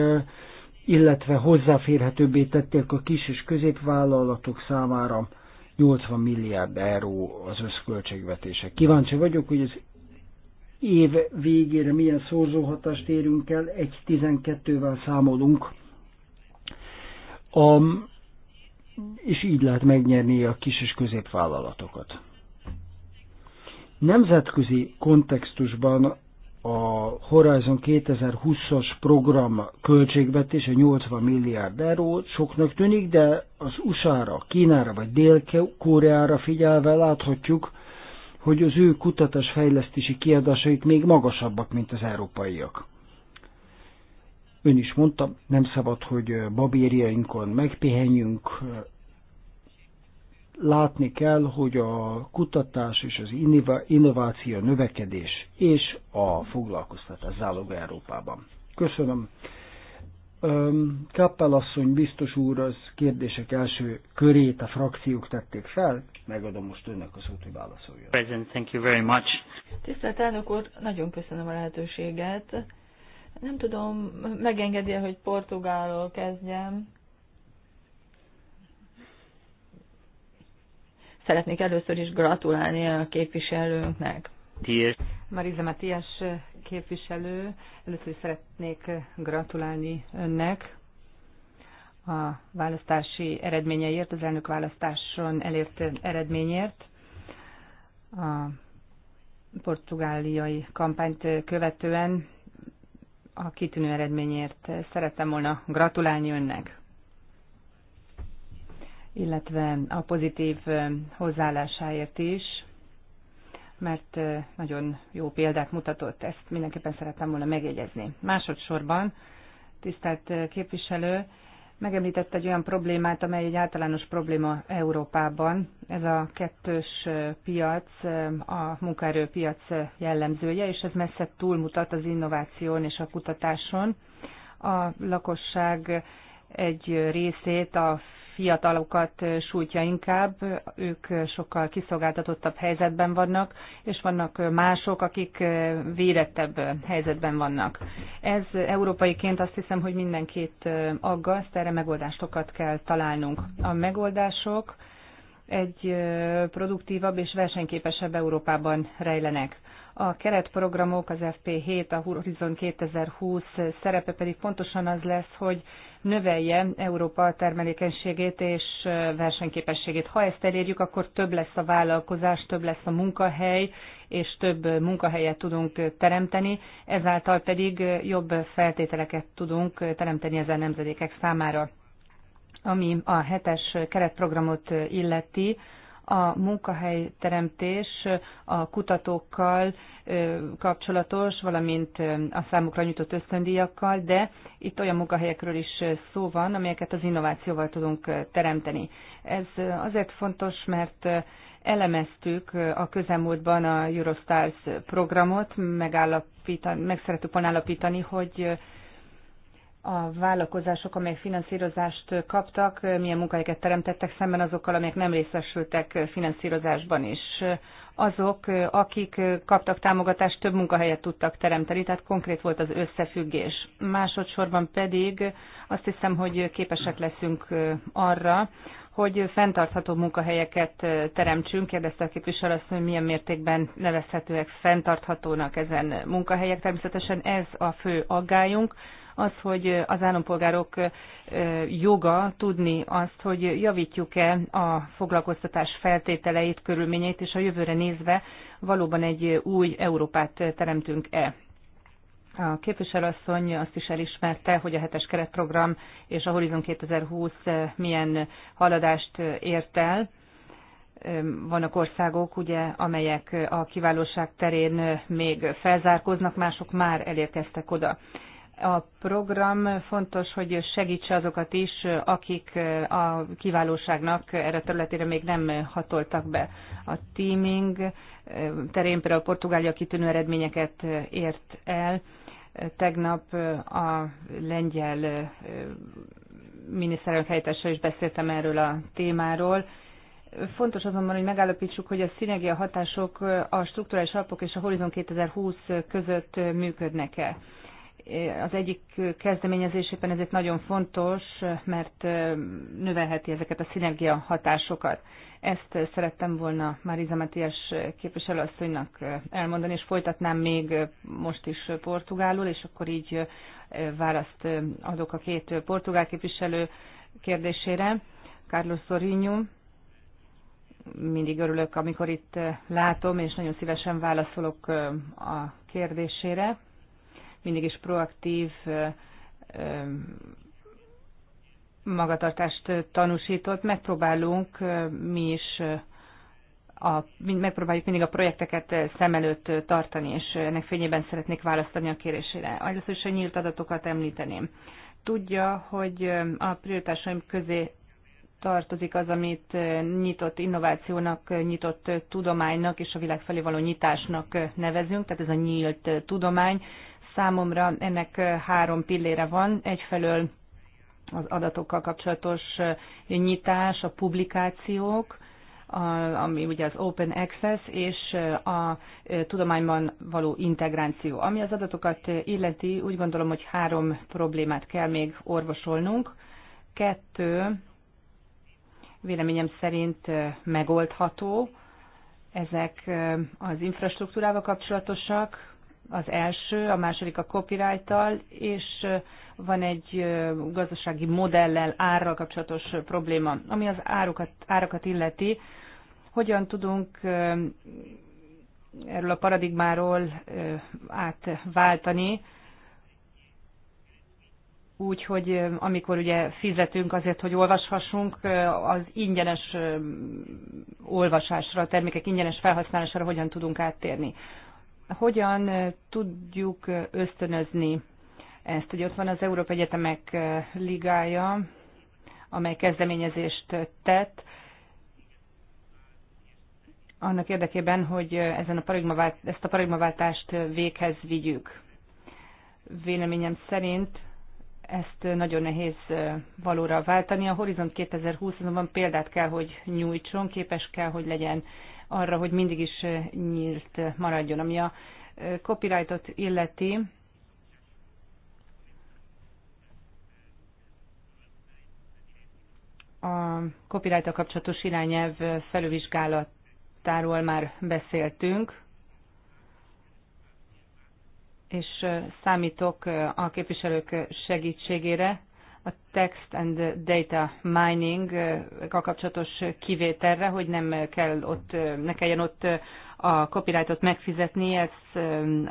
illetve hozzáférhetőbbé tették a kis és középvállalatok számára 80 milliárd euró az összköltségvetése. Kíváncsi vagyok, hogy az év végére milyen szorzóhatást érünk el, egy 12-vel számolunk. A, és így lehet megnyerni a kis és középvállalatokat. Nemzetközi kontextusban a Horizon 2020-as program költségvetése 80 milliárd euró, soknak tűnik, de az USA-ra, Kínára vagy Dél-Koreára figyelve láthatjuk, hogy az ő kutatás-fejlesztési kiadásaik még magasabbak, mint az európaiak. Ön is mondta, nem szabad, hogy babériainkon megpihenjünk. Látni kell, hogy a kutatás és az innováció növekedés és a foglalkoztatás záloga Európában. Köszönöm. Kappelasszony biztos úr az kérdések első körét a frakciók tették fel, megadom most önnek a szót, hogy válaszoljon. President, thank you very much. Tisztelt elnök úr, nagyon köszönöm a lehetőséget. Nem tudom, megengedi -e, hogy portugálról kezdjem. Szeretnék először is gratulálni a képviselőnknek. Tiért. Mariza Matias eh, képviselő, először is szeretnék eh, gratulálni önnek a választási eredményeért, az elnök választáson elért eh, eredményért. A portugáliai kampányt követően a kitűnő eredményért szerettem volna gratulálni önnek illetve a pozitív hozzáállásáért is mert nagyon jó példát mutatott, ezt mindenképpen szerettem volna megjegyezni. Másodszorban, tisztelt képviselő, megemlített egy olyan problémát, amely egy általános probléma Európában. Ez a kettős piac, a munkaerőpiac jellemzője, és ez messze túlmutat az innováción és a kutatáson. A lakosság egy részét a fiatalokat sújtja inkább, ők sokkal kiszolgáltatottabb helyzetben vannak, és vannak mások, akik védettebb helyzetben vannak. Ez európaiként azt hiszem, hogy mindenkit aggaszt, erre megoldásokat kell találnunk. A megoldások egy produktívabb és versenyképesebb Európában rejlenek. A keretprogramok, az FP7, a Horizon 2020 szerepe pedig pontosan az lesz, hogy növelje Európa termelékenységét és versenyképességét. Ha ezt elérjük, akkor több lesz a vállalkozás, több lesz a munkahely, és több munkahelyet tudunk teremteni, ezáltal pedig jobb feltételeket tudunk teremteni ezen nemzedékek számára. Ami a hetes keretprogramot illeti, a munkahelyteremtés a kutatókkal kapcsolatos, valamint a számukra nyújtott ösztöndíjakkal, de itt olyan munkahelyekről is szó van, amelyeket az innovációval tudunk teremteni. Ez azért fontos, mert elemeztük a közelmúltban a Eurostars programot, meg szeretük volna állapítani, hogy a vállalkozások, amelyek finanszírozást kaptak, milyen munkahelyeket teremtettek szemben azokkal, amelyek nem részesültek finanszírozásban is. Azok, akik kaptak támogatást, több munkahelyet tudtak teremteni, tehát konkrét volt az összefüggés. Másodszorban pedig azt hiszem, hogy képesek leszünk arra, hogy fenntartható munkahelyeket teremtsünk. Kérdezte a képviselő azt, hogy milyen mértékben nevezhetőek fenntarthatónak ezen munkahelyek. Természetesen ez a fő aggályunk, az, hogy az állampolgárok joga tudni azt, hogy javítjuk-e a foglalkoztatás feltételeit, körülményeit, és a jövőre nézve valóban egy új Európát teremtünk-e. A képviselőasszony azt is elismerte, hogy a hetes keretprogram és a Horizon 2020 milyen haladást ért el. Vannak országok, ugye, amelyek a kiválóság terén még felzárkoznak, mások már elérkeztek oda a program fontos, hogy segítse azokat is, akik a kiválóságnak erre a területére még nem hatoltak be. A teaming terén például Portugália kitűnő eredményeket ért el. Tegnap a lengyel miniszterelnök helyettessel is beszéltem erről a témáról, Fontos azonban, hogy megállapítsuk, hogy a szinergia hatások a strukturális alapok és a Horizon 2020 között működnek-e az egyik kezdeményezés éppen ezért nagyon fontos, mert növelheti ezeket a szinergia hatásokat. Ezt szerettem volna Mariza Matias képviselőasszonynak elmondani, és folytatnám még most is portugálul, és akkor így választ adok a két portugál képviselő kérdésére. Carlos Sorinho, mindig örülök, amikor itt látom, és nagyon szívesen válaszolok a kérdésére mindig is proaktív magatartást tanúsított. Megpróbálunk mi is a, megpróbáljuk mindig a projekteket szem előtt tartani, és ennek fényében szeretnék választani a kérésére. Először is a nyílt adatokat említeném. Tudja, hogy a prioritásaim közé tartozik az, amit nyitott innovációnak, nyitott tudománynak és a világ felé való nyitásnak nevezünk, tehát ez a nyílt tudomány, Számomra ennek három pillére van. Egyfelől az adatokkal kapcsolatos nyitás, a publikációk, a, ami ugye az open access, és a tudományban való integráció. Ami az adatokat illeti, úgy gondolom, hogy három problémát kell még orvosolnunk. Kettő, véleményem szerint megoldható, ezek az infrastruktúrával kapcsolatosak, az első, a második a copyright és van egy gazdasági modellel, árral kapcsolatos probléma, ami az árukat, árakat illeti. Hogyan tudunk erről a paradigmáról átváltani, úgyhogy amikor ugye fizetünk azért, hogy olvashassunk, az ingyenes olvasásra, a termékek ingyenes felhasználására hogyan tudunk áttérni hogyan tudjuk ösztönözni ezt? hogy ott van az Európa Egyetemek Ligája, amely kezdeményezést tett, annak érdekében, hogy ezen a ezt a paradigmaváltást véghez vigyük. Véleményem szerint ezt nagyon nehéz valóra váltani. A Horizont 2020 azonban példát kell, hogy nyújtson, képes kell, hogy legyen arra, hogy mindig is eh, nyílt maradjon. Ami a eh, copyrightot illeti, a copyright kapcsolatos irányelv eh, felülvizsgálatáról már beszéltünk, és számítok a képviselők segítségére, a text and data mining eh, kapcsolatos kivételre, hogy nem kell ott, eh, ne kelljen ott eh, a copyrightot megfizetni, ez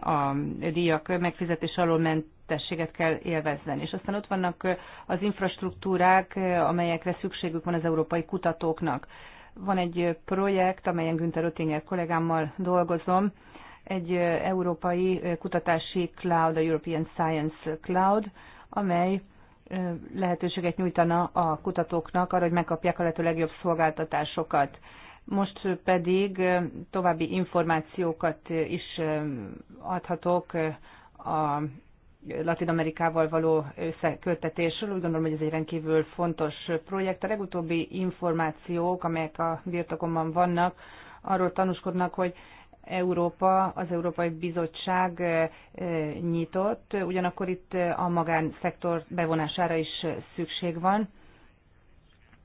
a díjak megfizetés alól mentességet kell élvezzen. És aztán ott vannak az infrastruktúrák, amelyekre szükségük van az európai kutatóknak. Van egy projekt, amelyen Günther Oettinger kollégámmal dolgozom, egy európai kutatási cloud, a European Science Cloud, amely lehetőséget nyújtana a kutatóknak arra, hogy megkapják a lehető legjobb szolgáltatásokat. Most pedig további információkat is adhatok a Latin Amerikával való összeköttetésről. Úgy gondolom, hogy ez egy rendkívül fontos projekt. A legutóbbi információk, amelyek a birtokomban vannak, arról tanúskodnak, hogy Európa, az Európai Bizottság nyitott, ugyanakkor itt a magánszektor bevonására is szükség van,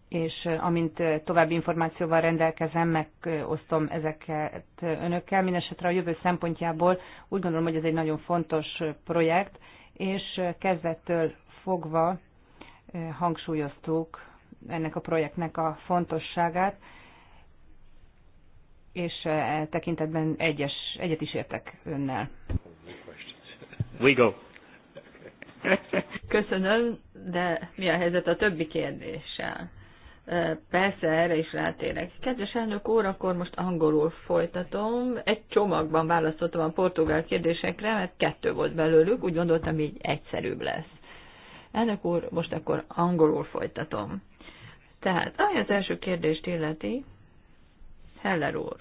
és amint további információval rendelkezem, megosztom ezeket önökkel. Mindenesetre a jövő szempontjából úgy gondolom, hogy ez egy nagyon fontos projekt, és kezdettől fogva hangsúlyoztuk ennek a projektnek a fontosságát, és e, e tekintetben egyes, egyet is értek önnel. We go. Köszönöm, de mi a helyzet a többi kérdéssel? E, persze, erre is rátérek. Kedves elnök úr, akkor most angolul folytatom. Egy csomagban választottam a portugál kérdésekre, mert kettő volt belőlük, úgy gondoltam, így egyszerűbb lesz. Elnök úr, most akkor angolul folytatom. Tehát, ami az első kérdést illeti, Heller úr.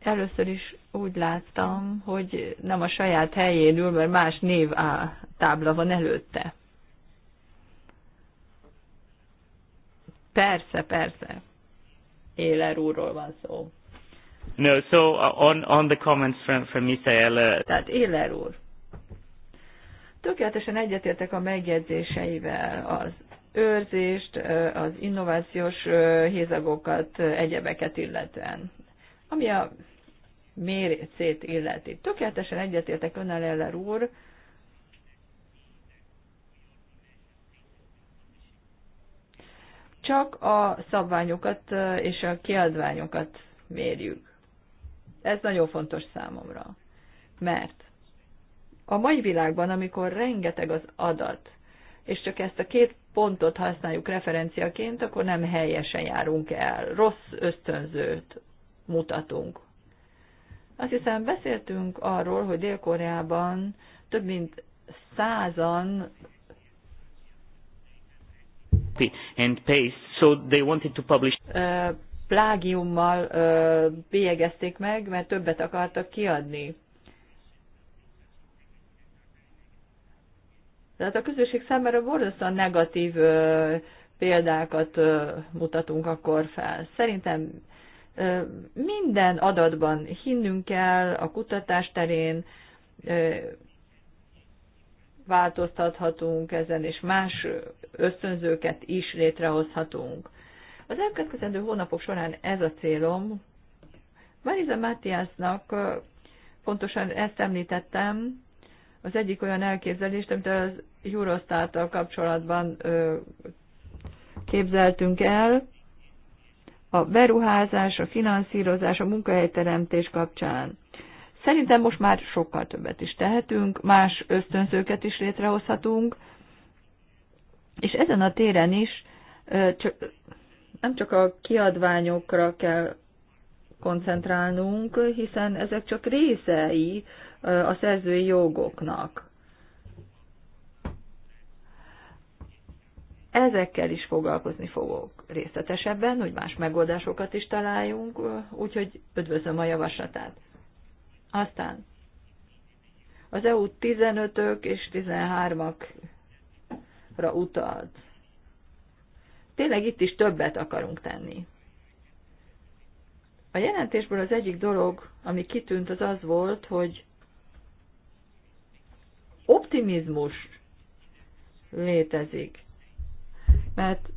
Először is úgy láttam, hogy nem a saját helyén ül, mert más név áll, tábla van előtte. Persze, persze. Éler úrról van szó. No, so uh, on, on the comments from, from Mr. Eller. Uh, Tehát Éler úr. Tökéletesen egyetértek a megjegyzéseivel az őrzést, az innovációs hézagokat, egyebeket illetően. Ami a mércét illeti. Tökéletesen egyetértek önnel, Eller úr, csak a szabványokat és a kiadványokat mérjük. Ez nagyon fontos számomra. Mert a mai világban, amikor rengeteg az adat, és csak ezt a két pontot használjuk referenciaként, akkor nem helyesen járunk el, rossz ösztönzőt mutatunk. Azt hiszem beszéltünk arról, hogy Dél-Koreában több mint százan and paste, so they wanted to publish plágiummal bélyegezték meg, mert többet akartak kiadni. Tehát a közösség számára borzasztóan negatív példákat mutatunk akkor fel. Szerintem minden adatban hinnünk kell a kutatás terén, változtathatunk ezen, és más ösztönzőket is létrehozhatunk. Az elkövetkezendő hónapok során ez a célom. Mariza Mátiásznak pontosan ezt említettem, az egyik olyan elképzelést, amit az eurostat kapcsolatban ö, képzeltünk el, a beruházás, a finanszírozás, a munkahelyteremtés kapcsán. Szerintem most már sokkal többet is tehetünk, más ösztönzőket is létrehozhatunk, és ezen a téren is csak, nem csak a kiadványokra kell koncentrálnunk, hiszen ezek csak részei a szerzői jogoknak. Ezekkel is foglalkozni fogok részletesebben, hogy más megoldásokat is találjunk, úgyhogy üdvözlöm a javaslatát. Aztán az EU 15-ök és 13-akra utalt. Tényleg itt is többet akarunk tenni. A jelentésből az egyik dolog, ami kitűnt, az az volt, hogy optimizmus létezik. Mert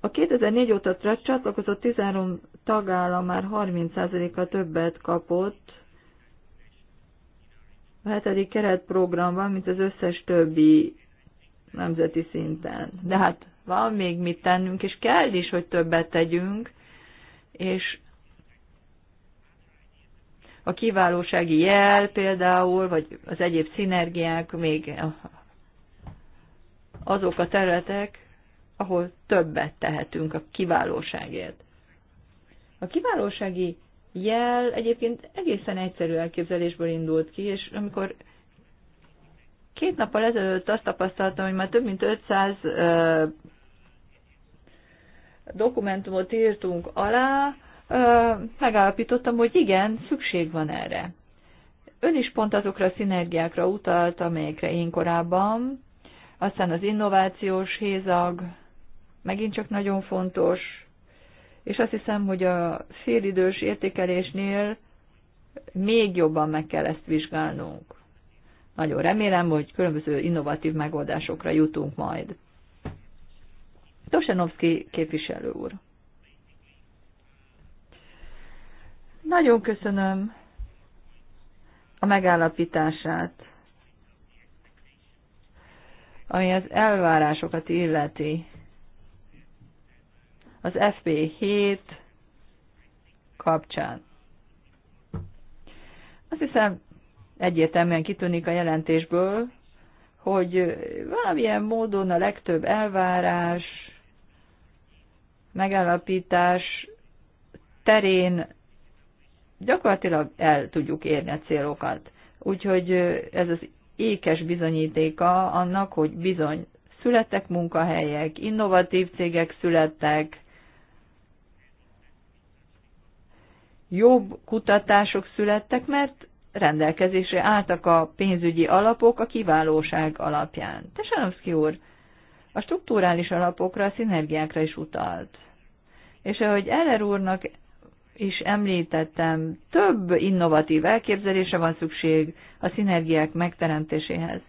a 2004 óta csatlakozott 13 tagállam már 30%-a többet kapott a hetedik keretprogramban, mint az összes többi nemzeti szinten. De hát van még mit tennünk, és kell is, hogy többet tegyünk, és a kiválósági jel például, vagy az egyéb szinergiák még azok a területek, ahol többet tehetünk a kiválóságért. A kiválósági jel egyébként egészen egyszerű elképzelésből indult ki, és amikor két nappal ezelőtt azt tapasztaltam, hogy már több mint 500 dokumentumot írtunk alá, megállapítottam, hogy igen, szükség van erre. Ön is pont azokra a szinergiákra utalt, amelyekre én korábban, aztán az innovációs hézag, megint csak nagyon fontos, és azt hiszem, hogy a félidős értékelésnél még jobban meg kell ezt vizsgálnunk. Nagyon remélem, hogy különböző innovatív megoldásokra jutunk majd. Tosenovszki képviselő úr. Nagyon köszönöm a megállapítását, ami az elvárásokat illeti. Az FP7 kapcsán. Azt hiszem, egyértelműen kitűnik a jelentésből, hogy valamilyen módon a legtöbb elvárás, megállapítás terén gyakorlatilag el tudjuk érni a célokat. Úgyhogy ez az ékes bizonyítéka annak, hogy bizony születtek munkahelyek, innovatív cégek születtek, jobb kutatások születtek, mert rendelkezésre álltak a pénzügyi alapok a kiválóság alapján. Tesanovszki úr, a strukturális alapokra, a szinergiákra is utalt. És ahogy Eller úrnak is említettem, több innovatív elképzelése van szükség a szinergiák megteremtéséhez.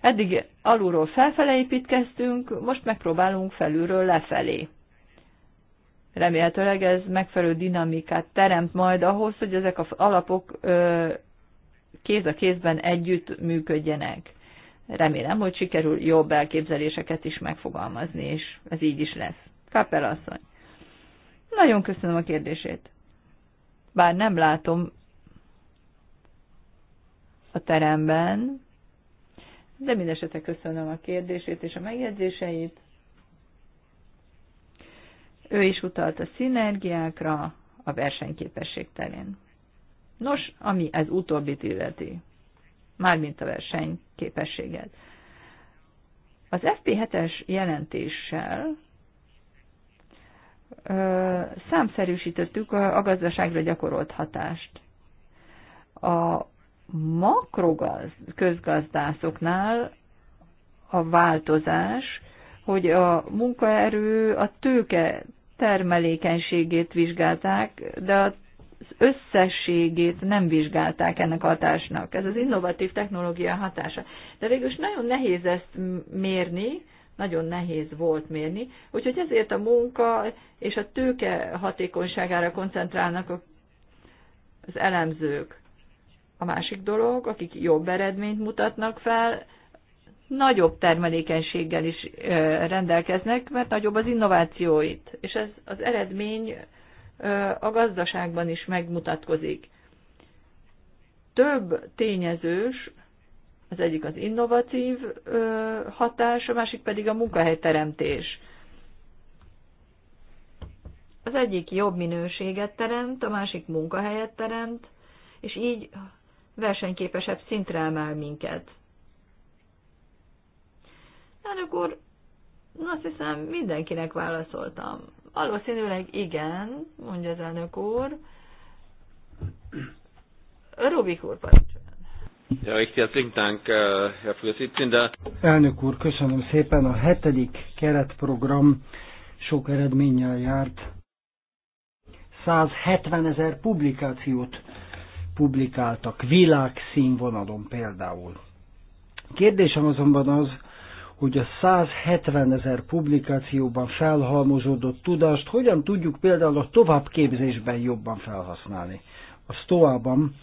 Eddig alulról felfele építkeztünk, most megpróbálunk felülről lefelé. Remélhetőleg ez megfelelő dinamikát teremt majd ahhoz, hogy ezek az alapok kéz a kézben együtt működjenek. Remélem, hogy sikerül jobb elképzeléseket is megfogalmazni, és ez így is lesz. Kapel asszony. Nagyon köszönöm a kérdését. Bár nem látom a teremben, de mindesetre köszönöm a kérdését és a megjegyzéseit. Ő is utalt a szinergiákra a versenyképesség terén. Nos, ami ez utóbbit illeti, mármint a verseny képességet. Az FP7-es jelentéssel ö, számszerűsítettük a gazdaságra gyakorolt hatást. A makrogaz közgazdászoknál a változás, hogy a munkaerő a tőke termelékenységét vizsgálták, de a összességét nem vizsgálták ennek hatásnak. Ez az innovatív technológia hatása. De végül is nagyon nehéz ezt mérni, nagyon nehéz volt mérni, úgyhogy ezért a munka és a tőke hatékonyságára koncentrálnak az elemzők. A másik dolog, akik jobb eredményt mutatnak fel, nagyobb termelékenységgel is rendelkeznek, mert nagyobb az innovációit, és ez az eredmény a gazdaságban is megmutatkozik. Több tényezős, az egyik az innovatív hatás, a másik pedig a munkahelyteremtés. Az egyik jobb minőséget teremt, a másik munkahelyet teremt, és így versenyképesebb szintre emel minket. Elnök úr, azt hiszem mindenkinek válaszoltam. Valószínűleg igen, mondja az elnök úr. Rubik úr parancsoljon. Ja, ich herzlichen Dank, Herr eh, Vorsitzender. Elnök úr, köszönöm szépen. A hetedik keretprogram sok eredménnyel járt. 170 ezer publikációt publikáltak világszínvonalon például. Kérdésem azonban az, hogy a 170 ezer publikációban felhalmozódott tudást hogyan tudjuk például a továbbképzésben jobban felhasználni. A stoában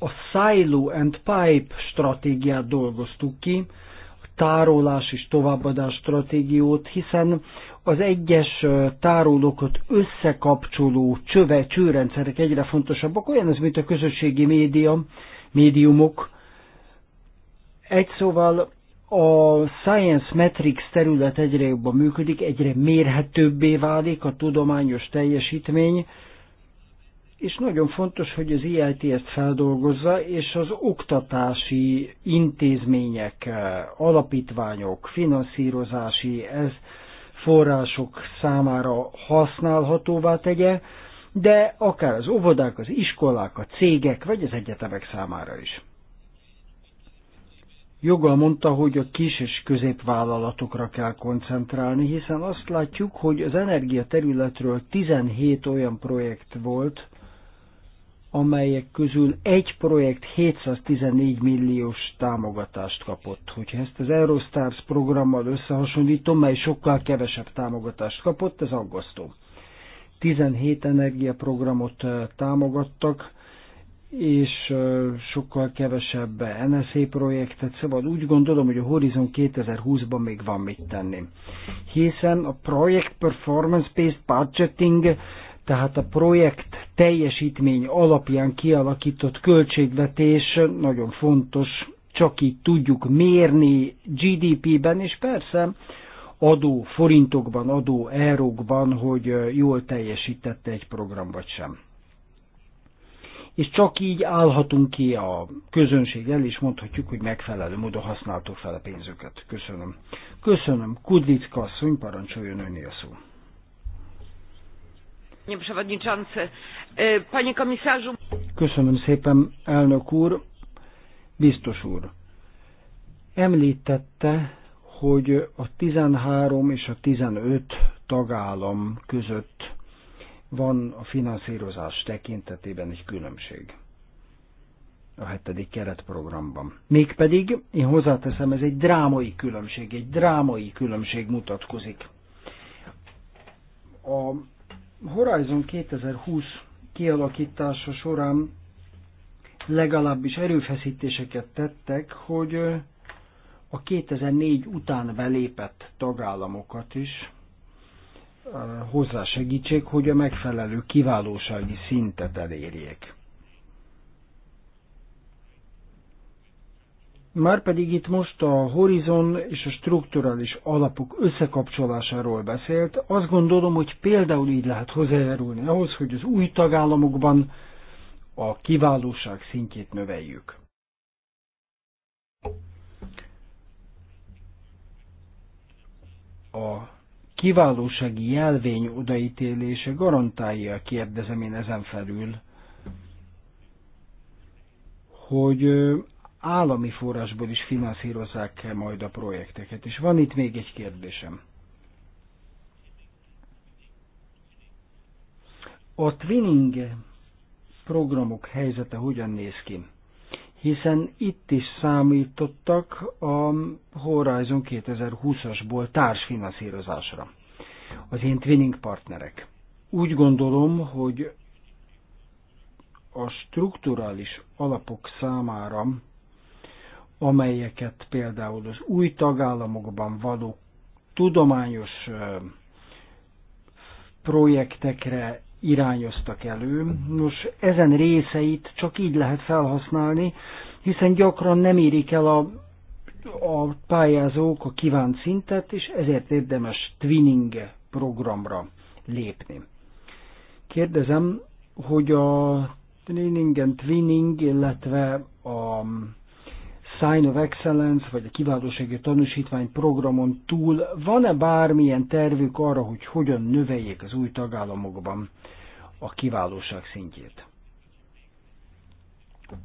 a Silo and Pipe stratégiát dolgoztuk ki, a tárolás és továbbadás stratégiót, hiszen az egyes tárolókat összekapcsoló csöve, csőrendszerek egyre fontosabbak, olyan ez, mint a közösségi média, médiumok, egy szóval a Science Metrics terület egyre jobban működik, egyre mérhetőbbé válik a tudományos teljesítmény, és nagyon fontos, hogy az IIT ezt feldolgozza, és az oktatási intézmények, alapítványok, finanszírozási ez források számára használhatóvá tegye, de akár az óvodák, az iskolák, a cégek, vagy az egyetemek számára is. Joggal mondta, hogy a kis és középvállalatokra kell koncentrálni, hiszen azt látjuk, hogy az energia területről 17 olyan projekt volt, amelyek közül egy projekt 714 milliós támogatást kapott. Hogyha ezt az Eurostars programmal összehasonlítom, mely sokkal kevesebb támogatást kapott, ez aggasztó. 17 energiaprogramot eh, támogattak, és sokkal kevesebb NSZ projektet, szóval úgy gondolom, hogy a Horizon 2020-ban még van mit tenni. Hiszen a projekt performance-based budgeting, tehát a projekt teljesítmény alapján kialakított költségvetés nagyon fontos, csak így tudjuk mérni GDP-ben, és persze adó forintokban, adó eurókban, hogy jól teljesítette egy program vagy sem és csak így állhatunk ki a közönséggel, és mondhatjuk, hogy megfelelő módon használtuk fel a pénzüket. Köszönöm. Köszönöm. Kudlicka asszony, parancsoljon önni a szó. E, Köszönöm szépen, elnök úr, biztos úr. Említette, hogy a 13 és a 15 tagállam között van a finanszírozás tekintetében egy különbség a hetedik keretprogramban. Mégpedig, én hozzáteszem, ez egy drámai különbség, egy drámai különbség mutatkozik. A Horizon 2020 kialakítása során legalábbis erőfeszítéseket tettek, hogy a 2004 után belépett tagállamokat is hozzásegítsék, hogy a megfelelő kiválósági szintet elérjék. Márpedig itt most a horizon és a strukturális alapok összekapcsolásáról beszélt, azt gondolom, hogy például így lehet hozzájárulni ahhoz, hogy az új tagállamokban a kiválóság szintjét növeljük. A kiválósági jelvény odaítélése garantálja, kérdezem én ezen felül, hogy állami forrásból is finanszírozzák -e majd a projekteket. És van itt még egy kérdésem. A twinning programok helyzete hogyan néz ki? hiszen itt is számítottak a Horizon 2020-asból társfinanszírozásra. Az én twinning partnerek. Úgy gondolom, hogy a strukturális alapok számára, amelyeket például az új tagállamokban való tudományos projektekre irányoztak elő. Nos, ezen részeit csak így lehet felhasználni, hiszen gyakran nem érik el a, a pályázók a kívánt szintet, és ezért érdemes twinning programra lépni. Kérdezem, hogy a twinning and twinning, illetve a Sign of Excellence, vagy a kiválósági tanúsítvány programon túl van-e bármilyen tervük arra, hogy hogyan növeljék az új tagállamokban a kiválóság szintjét?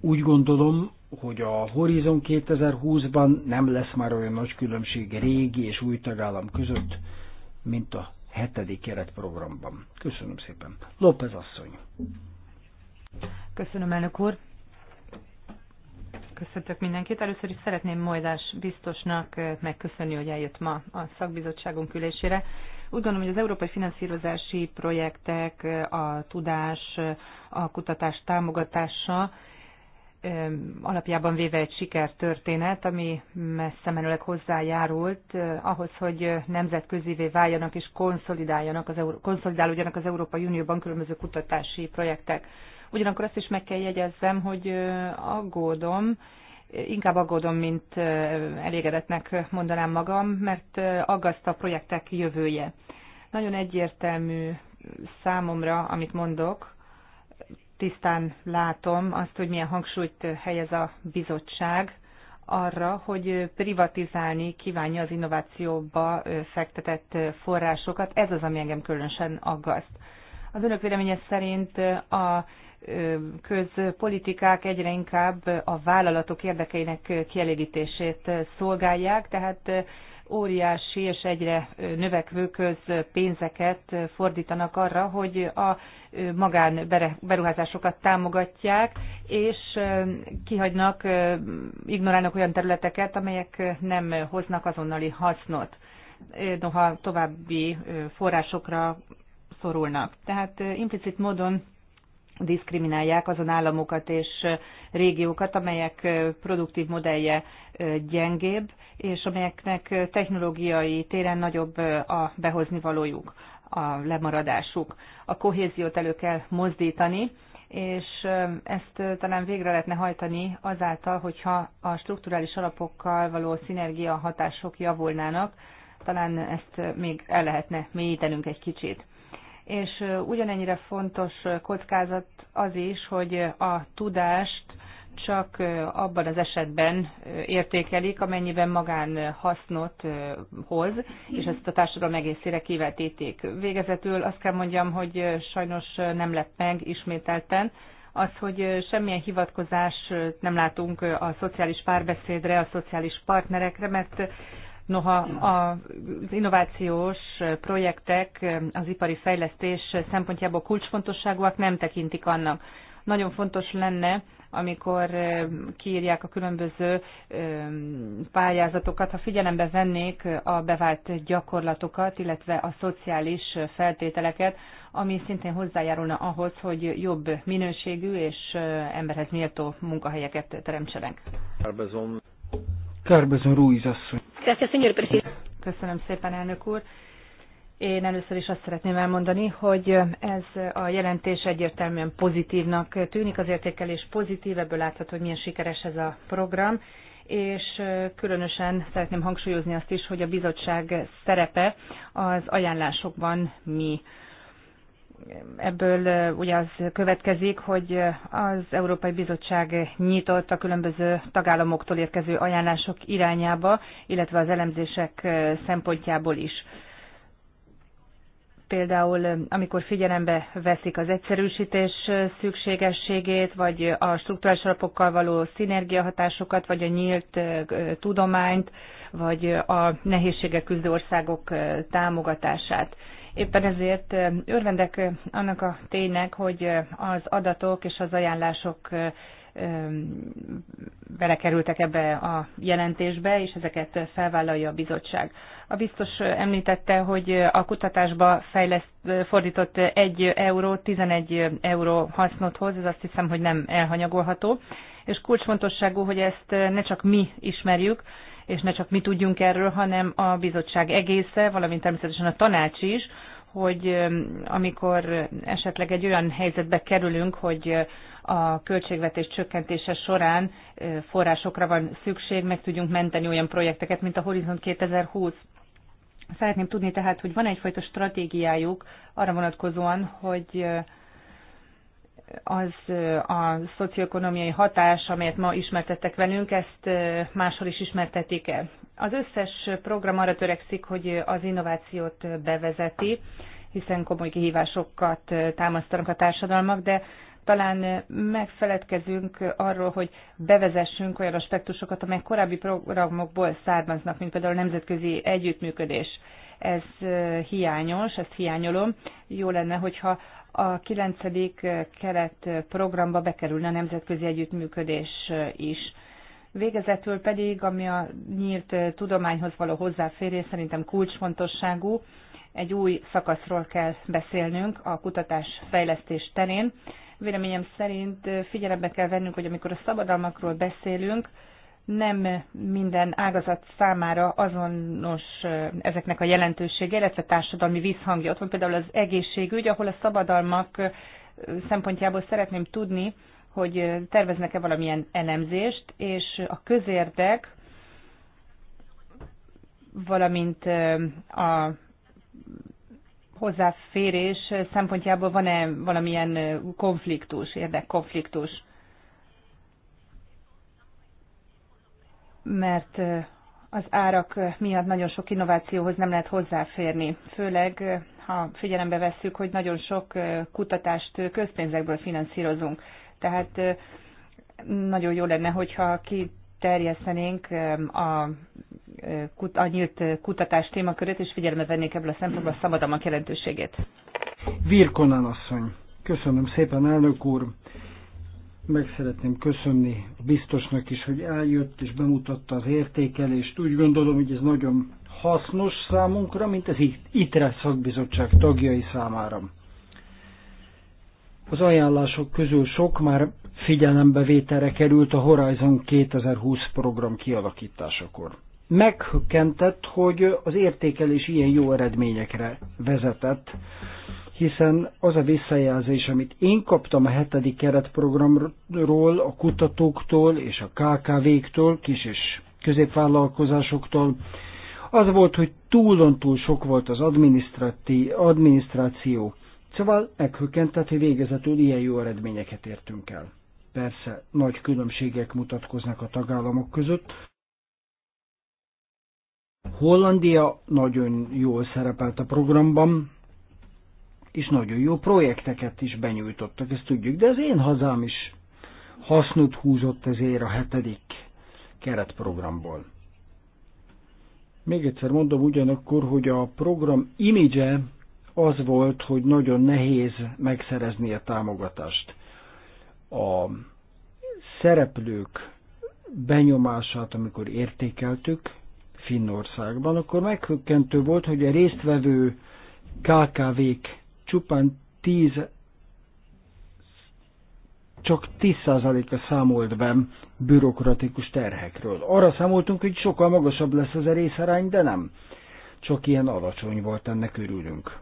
Úgy gondolom, hogy a Horizon 2020-ban nem lesz már olyan nagy különbség régi és új tagállam között, mint a hetedik keretprogramban. Köszönöm szépen. López asszony. Köszönöm, elnök úr köszöntök mindenkit. Először is szeretném Mojdás biztosnak eh, megköszönni, hogy eljött ma a szakbizottságunk ülésére. Úgy gondolom, hogy az európai finanszírozási projektek, eh, a tudás, eh, a kutatás támogatása alapjában véve egy sikertörténet, ami messze menőleg hozzájárult ahhoz, hogy nemzetközivé váljanak és konszolidáljanak az, konszolidálódjanak az Európai Unióban különböző kutatási projektek. Ugyanakkor azt is meg kell jegyezzem, hogy aggódom, inkább aggódom, mint elégedetnek mondanám magam, mert aggaszt a projektek jövője. Nagyon egyértelmű számomra, amit mondok, tisztán látom azt, hogy milyen hangsúlyt helyez a bizottság arra, hogy privatizálni kívánja az innovációba fektetett forrásokat. Ez az, ami engem különösen aggaszt. Az önök véleménye szerint a közpolitikák egyre inkább a vállalatok érdekeinek kielégítését szolgálják, tehát óriási és egyre növekvő közpénzeket fordítanak arra, hogy a magán beruházásokat támogatják, és kihagynak, ignorálnak olyan területeket, amelyek nem hoznak azonnali hasznot, noha további forrásokra szorulnak. Tehát implicit módon diszkriminálják azon államokat és régiókat, amelyek produktív modellje gyengébb, és amelyeknek technológiai téren nagyobb a behozni valójuk, a lemaradásuk. A kohéziót elő kell mozdítani, és ezt talán végre lehetne hajtani azáltal, hogyha a strukturális alapokkal való szinergia hatások javulnának, talán ezt még el lehetne mélyítenünk egy kicsit és ugyanennyire fontos kockázat az is, hogy a tudást csak abban az esetben értékelik, amennyiben magán hasznot hoz, és ezt a társadalom egészére kivetítik. Végezetül azt kell mondjam, hogy sajnos nem lett meg ismételten, az, hogy semmilyen hivatkozás nem látunk a szociális párbeszédre, a szociális partnerekre, mert Noha az innovációs projektek az ipari fejlesztés szempontjából kulcsfontosságúak nem tekintik annak. Nagyon fontos lenne, amikor kiírják a különböző pályázatokat, ha figyelembe vennék a bevált gyakorlatokat, illetve a szociális feltételeket, ami szintén hozzájárulna ahhoz, hogy jobb minőségű és emberhez méltó munkahelyeket teremtsenek. Ruiz asszony. Köszönöm szépen, elnök úr. Én először is azt szeretném elmondani, hogy ez a jelentés egyértelműen pozitívnak tűnik, az értékelés pozitív, ebből látható, hogy milyen sikeres ez a program, és különösen szeretném hangsúlyozni azt is, hogy a bizottság szerepe az ajánlásokban mi ebből ugye az következik, hogy az Európai Bizottság nyitott a különböző tagállamoktól érkező ajánlások irányába, illetve az elemzések szempontjából is. Például, amikor figyelembe veszik az egyszerűsítés szükségességét, vagy a struktúrás alapokkal való szinergiahatásokat, vagy a nyílt tudományt, vagy a nehézségek küzdő országok támogatását. Éppen ezért örvendek annak a ténynek, hogy az adatok és az ajánlások belekerültek ebbe a jelentésbe, és ezeket felvállalja a bizottság. A biztos említette, hogy a kutatásba fejleszt, fordított 1 euró, 11 euró hasznot hoz, ez azt hiszem, hogy nem elhanyagolható, és kulcsfontosságú, hogy ezt ne csak mi ismerjük, és ne csak mi tudjunk erről, hanem a bizottság egésze, valamint természetesen a tanács is, hogy amikor esetleg egy olyan helyzetbe kerülünk, hogy a költségvetés csökkentése során forrásokra van szükség, meg tudjunk menteni olyan projekteket, mint a Horizont 2020. Szeretném tudni tehát, hogy van egyfajta stratégiájuk arra vonatkozóan, hogy az a szocioekonomiai hatás, amelyet ma ismertettek velünk, ezt máshol is ismertetik-e? Az összes program arra törekszik, hogy az innovációt bevezeti, hiszen komoly kihívásokat támasztanak a társadalmak, de talán megfeledkezünk arról, hogy bevezessünk olyan aspektusokat, amelyek korábbi programokból származnak, mint például a nemzetközi együttműködés. Ez hiányos, ezt hiányolom. Jó lenne, hogyha a 9. keret programba bekerülne a nemzetközi együttműködés is. Végezetül pedig, ami a nyílt tudományhoz való hozzáférés szerintem kulcsfontosságú, egy új szakaszról kell beszélnünk a kutatás fejlesztés terén. Véleményem szerint figyelembe kell vennünk, hogy amikor a szabadalmakról beszélünk, nem minden ágazat számára azonos ezeknek a jelentősége, illetve társadalmi visszhangja. Ott van például az egészségügy, ahol a szabadalmak szempontjából szeretném tudni, hogy terveznek-e valamilyen elemzést, és a közérdek, valamint a hozzáférés szempontjából van-e valamilyen konfliktus, érdekkonfliktus. mert az árak miatt nagyon sok innovációhoz nem lehet hozzáférni, főleg ha figyelembe vesszük, hogy nagyon sok kutatást közpénzekből finanszírozunk. Tehát nagyon jó lenne, hogyha kiterjesztenénk a, a nyílt kutatás témakörét, és figyelembe vennék ebből a szempontból a szabadalmak jelentőségét. Virkonán asszony. Köszönöm szépen, elnök úr. Meg szeretném köszönni a biztosnak is, hogy eljött és bemutatta az értékelést. Úgy gondolom, hogy ez nagyon hasznos számunkra, mint az ITRE szakbizottság tagjai számára. Az ajánlások közül sok már figyelembevételre került a Horizon 2020 program kialakításakor. Meghökkentett, hogy az értékelés ilyen jó eredményekre vezetett hiszen az a visszajelzés, amit én kaptam a hetedik keretprogramról, a kutatóktól és a KKV-któl, kis és középvállalkozásoktól, az volt, hogy túlontúl sok volt az adminisztráció. Szóval meghökkentett, hogy végezetül ilyen jó eredményeket értünk el. Persze, nagy különbségek mutatkoznak a tagállamok között, Hollandia nagyon jól szerepelt a programban, és nagyon jó projekteket is benyújtottak, ezt tudjuk, de az én hazám is hasznot húzott ezért a hetedik keretprogramból. Még egyszer mondom ugyanakkor, hogy a program imidzse az volt, hogy nagyon nehéz megszerezni a támogatást. A szereplők benyomását, amikor értékeltük Finnországban, akkor meghökkentő volt, hogy a résztvevő KKV-k csupán 10 csak 10%-a számolt be bürokratikus terhekről. Arra számoltunk, hogy sokkal magasabb lesz az a részarány, de nem. Csak ilyen alacsony volt, ennek örülünk.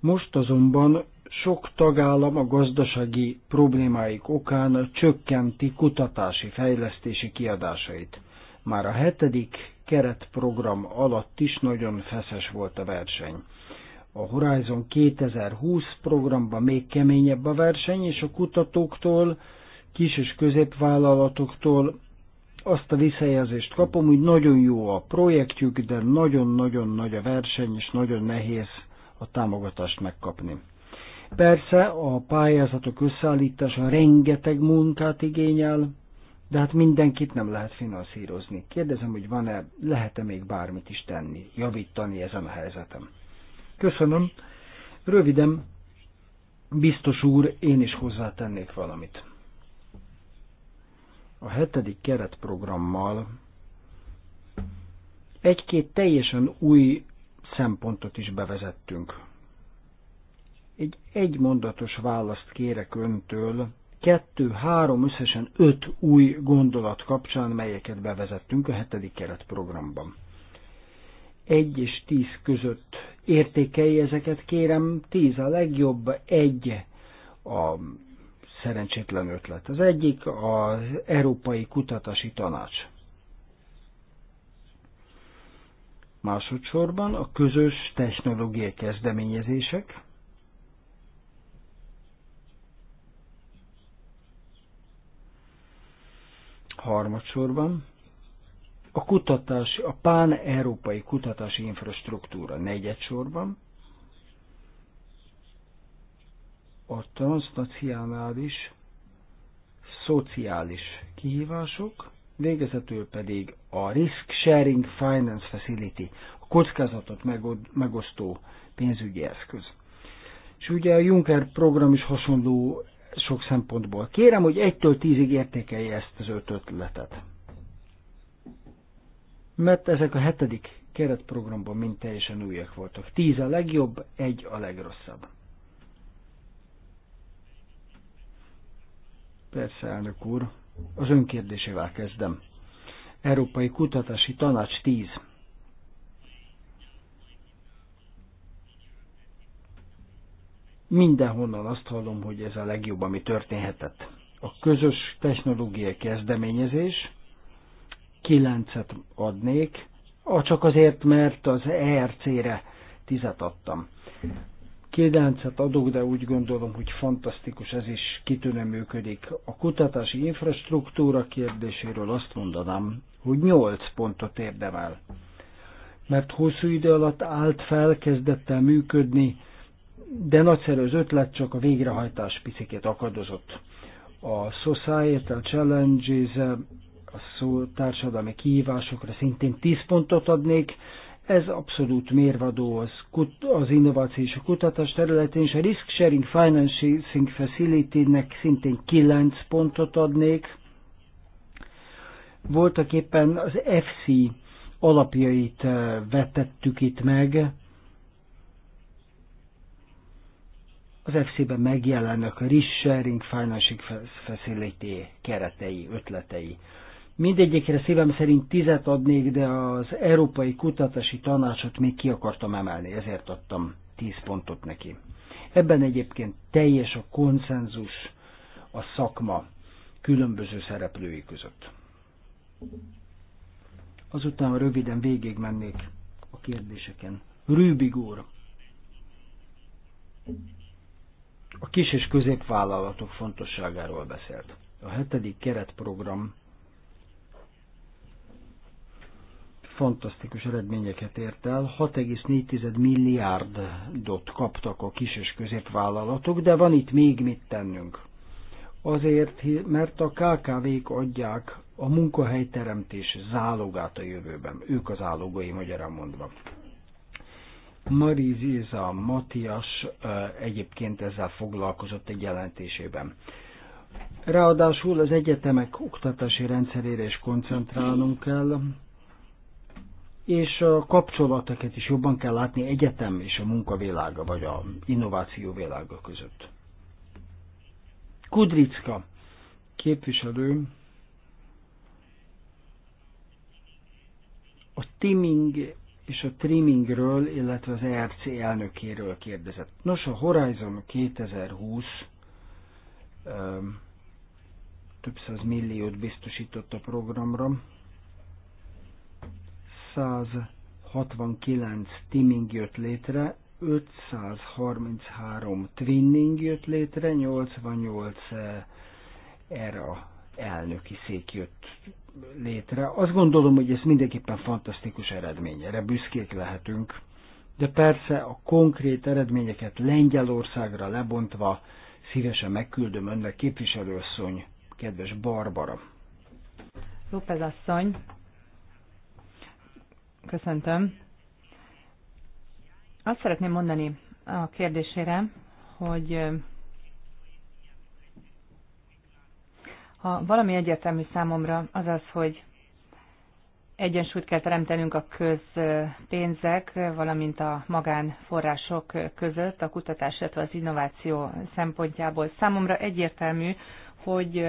Most azonban sok tagállam a gazdasági problémáik okán csökkenti kutatási fejlesztési kiadásait. Már a hetedik keretprogram alatt is nagyon feszes volt a verseny. A Horizon 2020 programban még keményebb a verseny, és a kutatóktól, kis- és középvállalatoktól azt a visszajelzést kapom, hogy nagyon jó a projektjük, de nagyon-nagyon nagy a verseny, és nagyon nehéz a támogatást megkapni. Persze a pályázatok összeállítása rengeteg munkát igényel, de hát mindenkit nem lehet finanszírozni. Kérdezem, hogy van-e, lehet-e még bármit is tenni, javítani ezen a helyzetem. Köszönöm. Röviden, biztos úr, én is hozzátennék valamit. A hetedik keretprogrammal egy-két teljesen új szempontot is bevezettünk. Egy egymondatos választ kérek öntől kettő, három, összesen öt új gondolat kapcsán, melyeket bevezettünk a hetedik keretprogramban. Egy és tíz között értékelj ezeket, kérem, tíz a legjobb, egy a szerencsétlen ötlet. Az egyik az Európai Kutatási Tanács. Másodszorban a közös technológiai kezdeményezések, Harmadsorban a kutatás, a pán-európai kutatási infrastruktúra negyedsorban, a transnacionális szociális kihívások, végezetül pedig a Risk Sharing Finance Facility, a kockázatot megosztó pénzügyi eszköz. És ugye a Juncker program is hasonló sok szempontból. Kérem, hogy 1-től 10-ig értékelje ezt az öt ötletet. Mert ezek a hetedik keretprogramban mind teljesen újak voltak. 10 a legjobb, egy a legrosszabb. Persze, elnök úr, az önkérdésével kezdem. Európai Kutatási Tanács 10. Mindenhonnan azt hallom, hogy ez a legjobb, ami történhetett. A közös technológiai kezdeményezés, kilencet adnék, csak azért, mert az ERC-re tizet adtam. Kilencet adok, de úgy gondolom, hogy fantasztikus, ez is kitűnő működik. A kutatási infrastruktúra kérdéséről azt mondanám, hogy 8 pontot érdemel. Mert hosszú idő alatt állt fel, kezdett el működni, de nagyszerű az ötlet, csak a végrehajtás picikét akadozott. A Societal Challenges, a szó társadalmi kihívásokra szintén 10 pontot adnék, ez abszolút mérvadó az, kut- az innováció és a kutatás területén, és a Risk Sharing Financing Facility-nek szintén 9 pontot adnék. Voltak éppen az FC alapjait eh, vetettük itt meg, az FC-ben megjelennek a Risk Sharing Financing Facility keretei, ötletei. Mindegyikre szívem szerint tizet adnék, de az Európai Kutatási Tanácsot még ki akartam emelni, ezért adtam tíz pontot neki. Ebben egyébként teljes a konszenzus a szakma különböző szereplői között. Azután röviden végig mennék a kérdéseken. Rübig úr a kis és középvállalatok fontosságáról beszélt. A hetedik keretprogram fantasztikus eredményeket ért el. 6,4 milliárdot kaptak a kis és középvállalatok, de van itt még mit tennünk. Azért, mert a KKV-k adják a munkahelyteremtés zálogát a jövőben. Ők az álogai, magyarán mondva. Marie Zilza Matias egyébként ezzel foglalkozott egy jelentésében. Ráadásul az egyetemek oktatási rendszerére is koncentrálnunk kell, és a kapcsolatokat is jobban kell látni egyetem és a munkavilága, vagy a innováció világa között. Kudricka képviselő a Timing és a trimmingről, illetve az ERC elnökéről kérdezett. Nos, a Horizon 2020 több száz milliót biztosított a programra. 169 timing jött létre, 533 twinning jött létre, 88 eh, erre elnöki szék jött létre. Azt gondolom, hogy ez mindenképpen fantasztikus eredmény, erre büszkék lehetünk. De persze a konkrét eredményeket Lengyelországra lebontva szívesen megküldöm önnek képviselőasszony, kedves Barbara. López asszony, köszöntöm. Azt szeretném mondani a kérdésére, hogy Ha valami egyértelmű számomra, az az, hogy egyensúlyt kell teremtenünk a közpénzek, valamint a magánforrások között a kutatás, illetve az innováció szempontjából. Számomra egyértelmű, hogy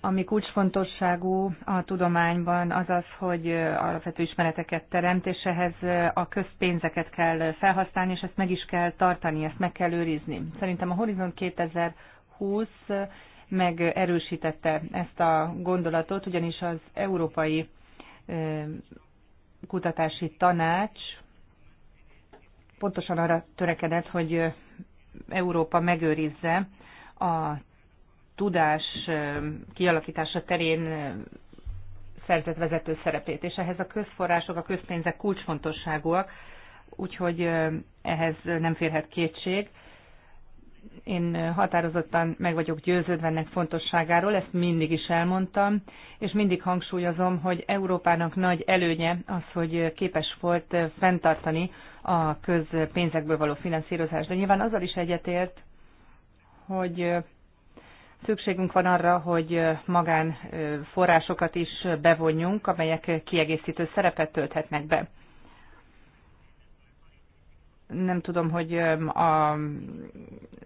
ami kulcsfontosságú a tudományban az az, hogy alapvető ismereteket teremt, és ehhez a közpénzeket kell felhasználni, és ezt meg is kell tartani, ezt meg kell őrizni. Szerintem a Horizon 2020 megerősítette ezt a gondolatot, ugyanis az Európai Kutatási Tanács pontosan arra törekedett, hogy Európa megőrizze a tudás kialakítása terén szerzett vezető szerepét, és ehhez a közforrások, a közpénzek kulcsfontosságúak, úgyhogy ehhez nem férhet kétség én határozottan meg vagyok győződve ennek fontosságáról, ezt mindig is elmondtam, és mindig hangsúlyozom, hogy Európának nagy előnye az, hogy képes volt fenntartani a közpénzekből való finanszírozást. De nyilván azzal is egyetért, hogy szükségünk van arra, hogy magán forrásokat is bevonjunk, amelyek kiegészítő szerepet tölthetnek be nem tudom, hogy a,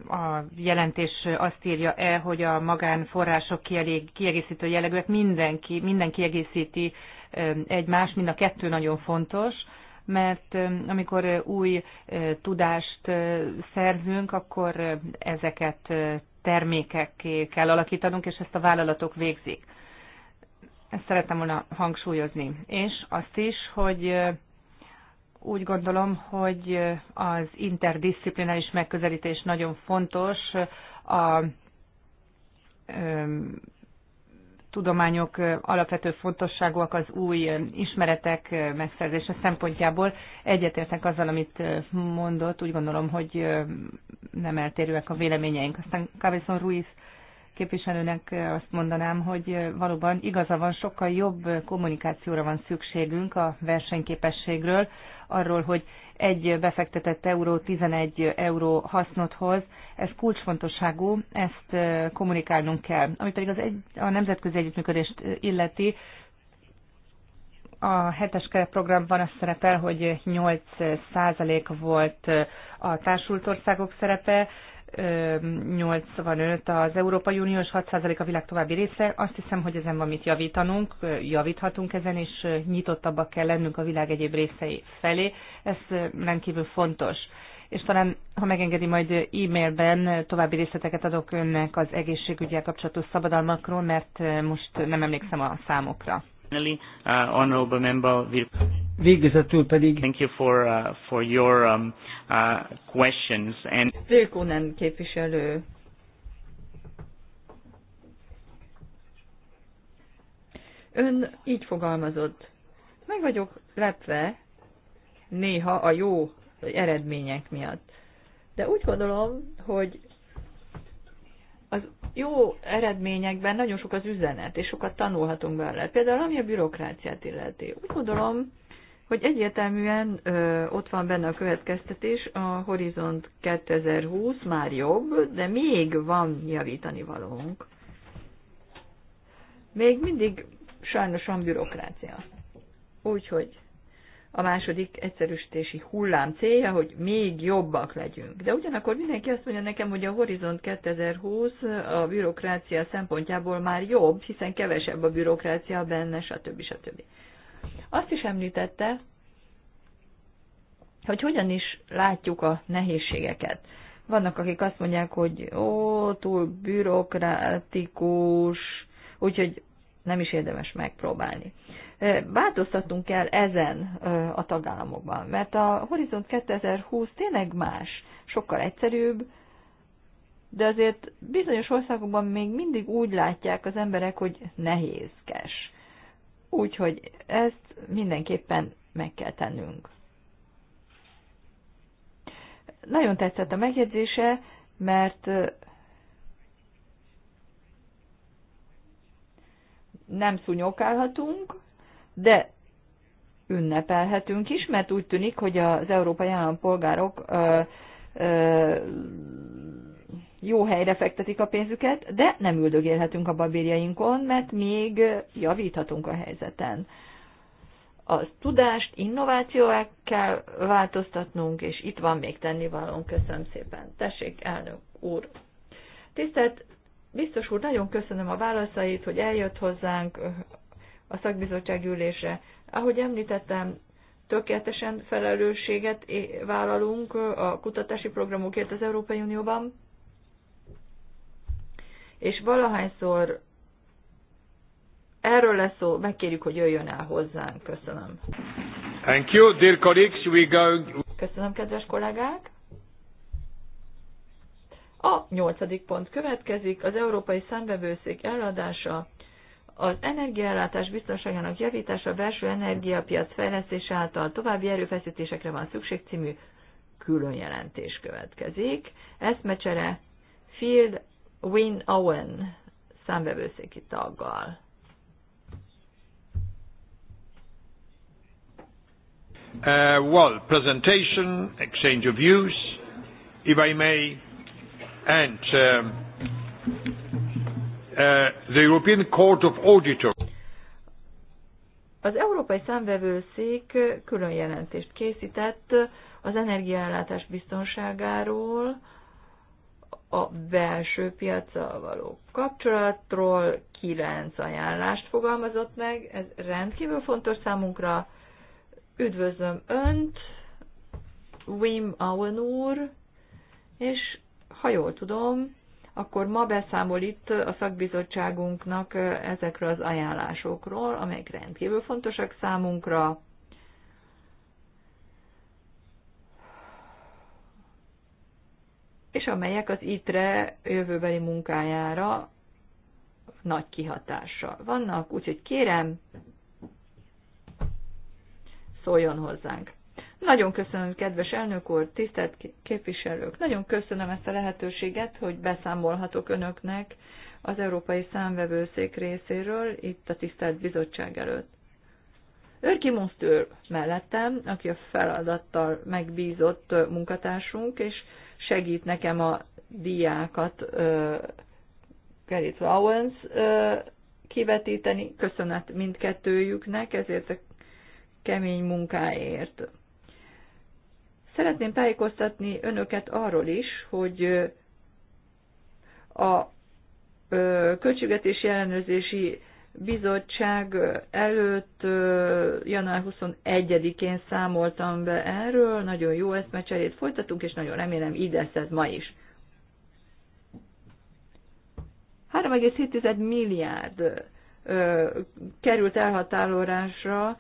a jelentés azt írja-e, hogy a magánforrások kielég, kiegészítő jellegűek mindenki, minden kiegészíti egymást, mind a kettő nagyon fontos, mert amikor új tudást szerzünk, akkor ezeket termékekké kell alakítanunk, és ezt a vállalatok végzik. Ezt szerettem volna hangsúlyozni. És azt is, hogy úgy gondolom, hogy az interdisziplinális megközelítés nagyon fontos a tudományok alapvető fontosságúak az új ismeretek megszerzése szempontjából. Egyetértek azzal, amit mondott, úgy gondolom, hogy nem eltérőek a véleményeink. Aztán Kávészon Ruiz képviselőnek azt mondanám, hogy valóban igaza van, sokkal jobb kommunikációra van szükségünk a versenyképességről, arról, hogy egy befektetett euró 11 euró hasznot hoz, ez kulcsfontosságú, ezt kommunikálnunk kell. Ami pedig az egy, a nemzetközi együttműködést illeti, a hetes keretprogramban azt szerepel, hogy 8% volt a társult országok szerepe, 85 az Európai Uniós, 6% a világ további része. Azt hiszem, hogy ezen van mit javítanunk, javíthatunk ezen, és nyitottabbak kell lennünk a világ egyéb részei felé. Ez rendkívül fontos. És talán, ha megengedi, majd e-mailben további részleteket adok önnek az egészségügyel kapcsolatos szabadalmakról, mert most nem emlékszem a számokra. Finally, uh, honorable member Végezetül pedig Thank you for, uh, for your um, uh, questions and Vilkunen képviselő Ön így fogalmazott. Meg vagyok lepve néha a jó eredmények miatt. De úgy gondolom, hogy az jó eredményekben nagyon sok az üzenet, és sokat tanulhatunk belőle. Például ami a bürokráciát illeti. Úgy gondolom, hogy egyértelműen ö, ott van benne a következtetés, a Horizont 2020 már jobb, de még van javítani valónk. Még mindig sajnos van bürokrácia. Úgyhogy a második egyszerűsítési hullám célja, hogy még jobbak legyünk. De ugyanakkor mindenki azt mondja nekem, hogy a Horizont 2020 a bürokrácia szempontjából már jobb, hiszen kevesebb a bürokrácia benne, stb. stb. Azt is említette, hogy hogyan is látjuk a nehézségeket. Vannak, akik azt mondják, hogy ó, túl bürokratikus, úgyhogy nem is érdemes megpróbálni változtatunk kell ezen a tagállamokban, mert a Horizont 2020 tényleg más, sokkal egyszerűbb, de azért bizonyos országokban még mindig úgy látják az emberek, hogy nehézkes. Úgyhogy ezt mindenképpen meg kell tennünk. Nagyon tetszett a megjegyzése, mert nem szúnyókálhatunk, de ünnepelhetünk is, mert úgy tűnik, hogy az európai állampolgárok ö, ö, jó helyre fektetik a pénzüket, de nem üldögélhetünk a babérjainkon, mert még javíthatunk a helyzeten. A tudást innovációval kell változtatnunk, és itt van még tennivalónk. Köszönöm szépen. Tessék, elnök úr. Tisztelt biztos úr, nagyon köszönöm a válaszait, hogy eljött hozzánk a szakbizottság ülésre. Ahogy említettem, tökéletesen felelősséget vállalunk a kutatási programokért az Európai Unióban, és valahányszor erről lesz szó, megkérjük, hogy jöjjön el hozzánk. Köszönöm. Thank you, dear colleagues. We go... Köszönöm, kedves kollégák. A nyolcadik pont következik, az Európai Számbevőszék eladása az energiállátás biztonságának javítása a belső energiapiac fejlesztése által további erőfeszítésekre van szükség című külön jelentés következik. Eszmecsere Field Win Owen számbevőszéki taggal. Uh, well, presentation, exchange of views, if I may, and um, Uh, the European Court of Auditors. Az Európai Számvevőszék külön jelentést készített az energiaellátás biztonságáról, a belső piacsal való kapcsolatról kilenc ajánlást fogalmazott meg. Ez rendkívül fontos számunkra. Üdvözlöm Önt, Wim Owen úr, és ha jól tudom, akkor ma beszámol itt a szakbizottságunknak ezekről az ajánlásokról, amelyek rendkívül fontosak számunkra. és amelyek az ITRE jövőbeli munkájára nagy kihatással vannak, úgyhogy kérem, szóljon hozzánk. Nagyon köszönöm, kedves elnök úr, tisztelt képviselők, nagyon köszönöm ezt a lehetőséget, hogy beszámolhatok önöknek az Európai Számvevőszék részéről itt a tisztelt bizottság előtt. Örki Monster mellettem, aki a feladattal megbízott munkatársunk, és segít nekem a diákat uh, Gerrit Owens uh, kivetíteni. Köszönet mindkettőjüknek ezért a kemény munkáért. Szeretném tájékoztatni önöket arról is, hogy a Költségvetési Ellenőrzési Bizottság előtt január 21-én számoltam be erről, nagyon jó eszmecserét folytatunk, és nagyon remélem így lesz ez ma is. 3,7 milliárd ö, került elhatárolásra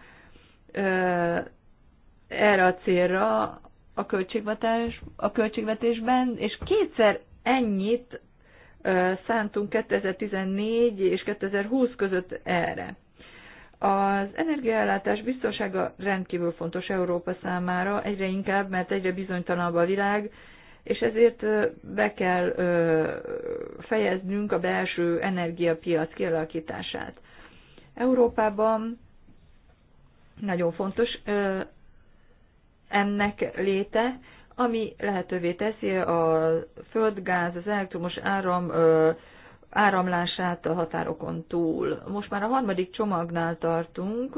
erre a célra a, költségvetés, a költségvetésben, és kétszer ennyit szántunk 2014 és 2020 között erre. Az energiaellátás biztonsága rendkívül fontos Európa számára, egyre inkább, mert egyre bizonytalanabb a világ, és ezért be kell fejeznünk a belső energiapiac kialakítását. Európában nagyon fontos ennek léte, ami lehetővé teszi a földgáz, az elektromos áram áramlását a határokon túl. Most már a harmadik csomagnál tartunk.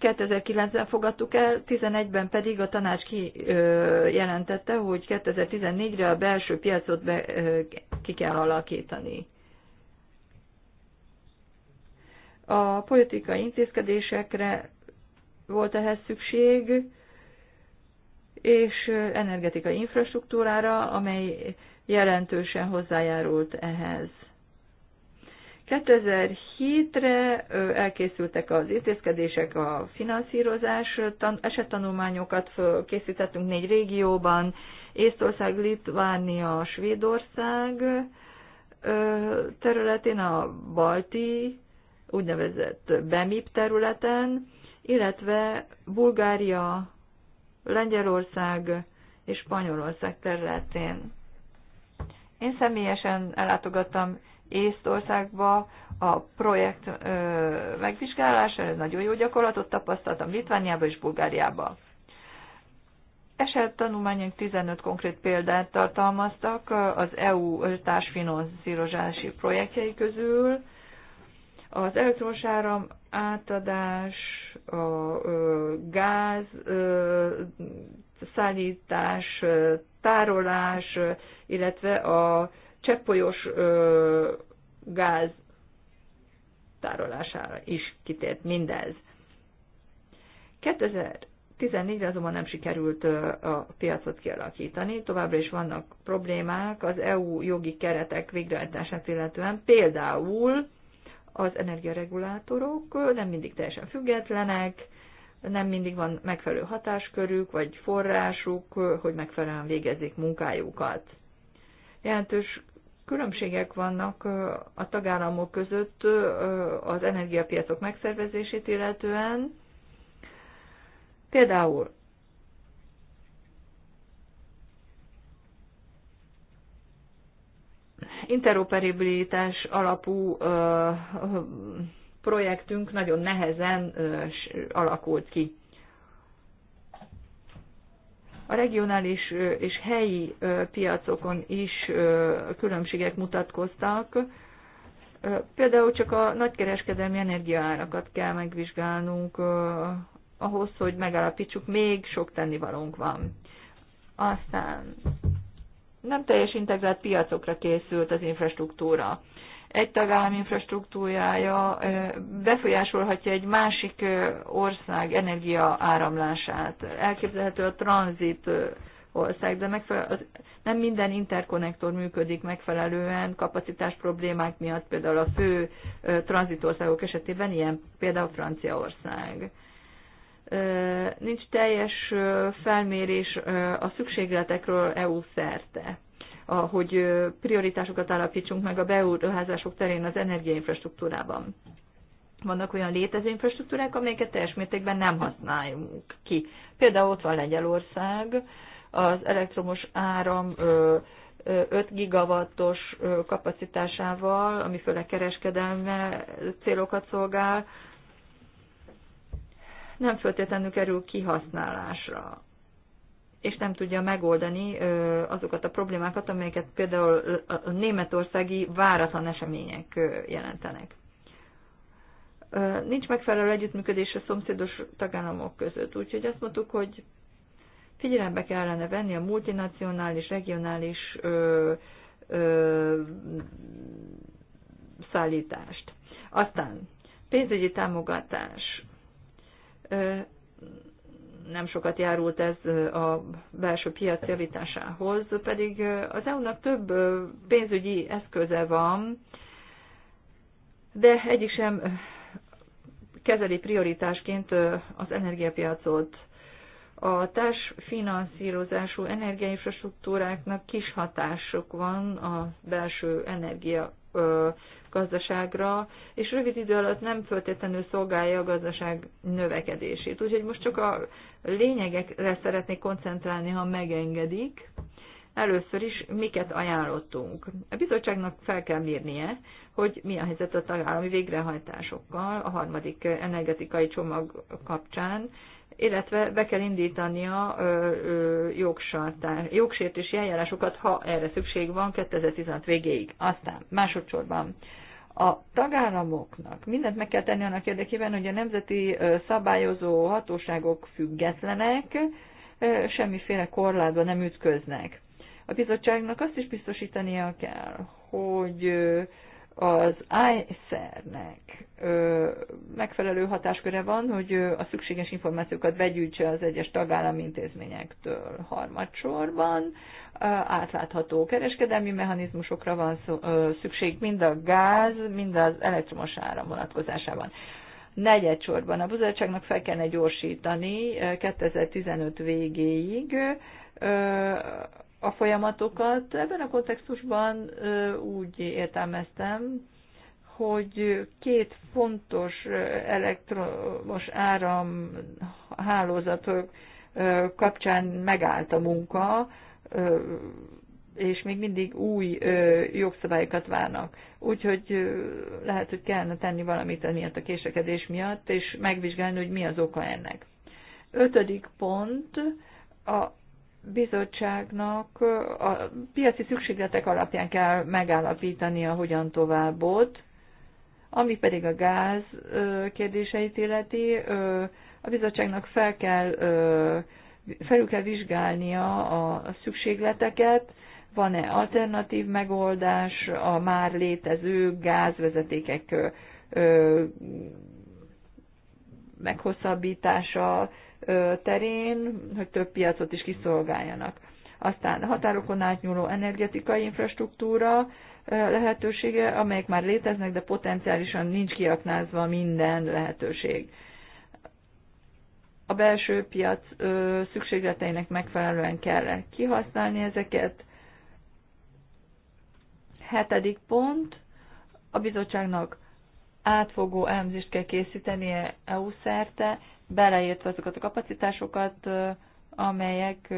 2009-ben fogadtuk el, 11-ben pedig a tanács kijelentette, hogy 2014-re a belső piacot be, ki kell alakítani. A politikai intézkedésekre volt ehhez szükség, és energetikai infrastruktúrára, amely jelentősen hozzájárult ehhez. 2007-re elkészültek az intézkedések, a finanszírozás, tan- esettanulmányokat készítettünk négy régióban, Észtország, Litvánia, Svédország területén, a balti úgynevezett BEMIP területen, illetve Bulgária, Lengyelország és Spanyolország területén. Én személyesen ellátogattam Észtországba a projekt ö, megvizsgálására, nagyon jó gyakorlatot tapasztaltam Litvániába és Bulgáriába. Eset tanulmányunk 15 konkrét példát tartalmaztak az EU társfinanszírozási projektjei közül, az elektromos áram átadás, a gáz szállítás, tárolás, illetve a cseppfolyós gáz tárolására is kitért mindez. 2014-re azonban nem sikerült a piacot kialakítani, továbbra is vannak problémák az EU jogi keretek végrehajtását illetően, például az energiaregulátorok nem mindig teljesen függetlenek, nem mindig van megfelelő hatáskörük vagy forrásuk, hogy megfelelően végezzék munkájukat. Jelentős különbségek vannak a tagállamok között az energiapiacok megszervezését illetően. Például interoperabilitás alapú projektünk nagyon nehezen alakult ki. A regionális és helyi piacokon is különbségek mutatkoztak. Például csak a nagykereskedelmi energiaárakat kell megvizsgálnunk ahhoz, hogy megállapítsuk, még sok tennivalónk van. Aztán nem teljes integrált piacokra készült az infrastruktúra. Egy tagállam infrastruktúrája befolyásolhatja egy másik ország energia áramlását. Elképzelhető a tranzit ország, de nem minden interkonnektor működik megfelelően kapacitás problémák miatt, például a fő tranzitországok esetében ilyen, például Franciaország nincs teljes felmérés a szükségletekről EU szerte hogy prioritásokat állapítsunk meg a beruházások terén az energiainfrastruktúrában. Vannak olyan létező infrastruktúrák, amelyeket teljes mértékben nem használjuk ki. Például ott van Lengyelország, az elektromos áram 5 gigawattos kapacitásával, ami főleg kereskedelme célokat szolgál, nem föltétlenül kerül kihasználásra, és nem tudja megoldani azokat a problémákat, amelyeket például a németországi váratlan események jelentenek. Nincs megfelelő együttműködés a szomszédos tagállamok között, úgyhogy azt mondtuk, hogy figyelembe kellene venni a multinacionális, regionális ö, ö, szállítást. Aztán pénzügyi támogatás nem sokat járult ez a belső piac javításához, pedig az EU-nak több pénzügyi eszköze van, de egyik sem kezeli prioritásként az energiapiacot. A társfinanszírozású energiainfrastruktúráknak kis hatások van a belső energia gazdaságra, és rövid idő alatt nem föltétlenül szolgálja a gazdaság növekedését. Úgyhogy most csak a lényegekre szeretnék koncentrálni, ha megengedik. Először is miket ajánlottunk. A bizottságnak fel kell mérnie, hogy mi a helyzet a tagállami végrehajtásokkal a harmadik energetikai csomag kapcsán, illetve be kell indítania jogsértési eljárásokat, ha erre szükség van 2016 végéig. Aztán másodszorban a tagállamoknak mindent meg kell tenni annak érdekében, hogy a nemzeti szabályozó hatóságok függetlenek, semmiféle korlátba nem ütköznek. A bizottságnak azt is biztosítania kell, hogy az ISZER-nek megfelelő hatásköre van, hogy a szükséges információkat begyűjtse az egyes tagállami intézményektől harmadsorban átlátható kereskedelmi mechanizmusokra van szükség mind a gáz, mind az elektromos áram vonatkozásában. Negyedsorban a bizottságnak fel kellene gyorsítani 2015 végéig a folyamatokat. Ebben a kontextusban úgy értelmeztem, hogy két fontos elektromos áram hálózatok kapcsán megállt a munka, és még mindig új jogszabályokat várnak. Úgyhogy lehet, hogy kellene tenni valamit emiatt a késekedés miatt, és megvizsgálni, hogy mi az oka ennek. Ötödik pont, a bizottságnak a piaci szükségletek alapján kell megállapítania, hogyan továbbot, ami pedig a gáz kérdéseit illeti, a bizottságnak fel kell felül kell vizsgálnia a szükségleteket, van-e alternatív megoldás a már létező gázvezetékek meghosszabbítása terén, hogy több piacot is kiszolgáljanak. Aztán határokon átnyúló energetikai infrastruktúra lehetősége, amelyek már léteznek, de potenciálisan nincs kiaknázva minden lehetőség a belső piac szükségleteinek megfelelően kell kihasználni ezeket. Hetedik pont, a bizottságnak átfogó elemzést kell készítenie EU szerte, beleértve azokat a kapacitásokat, amelyek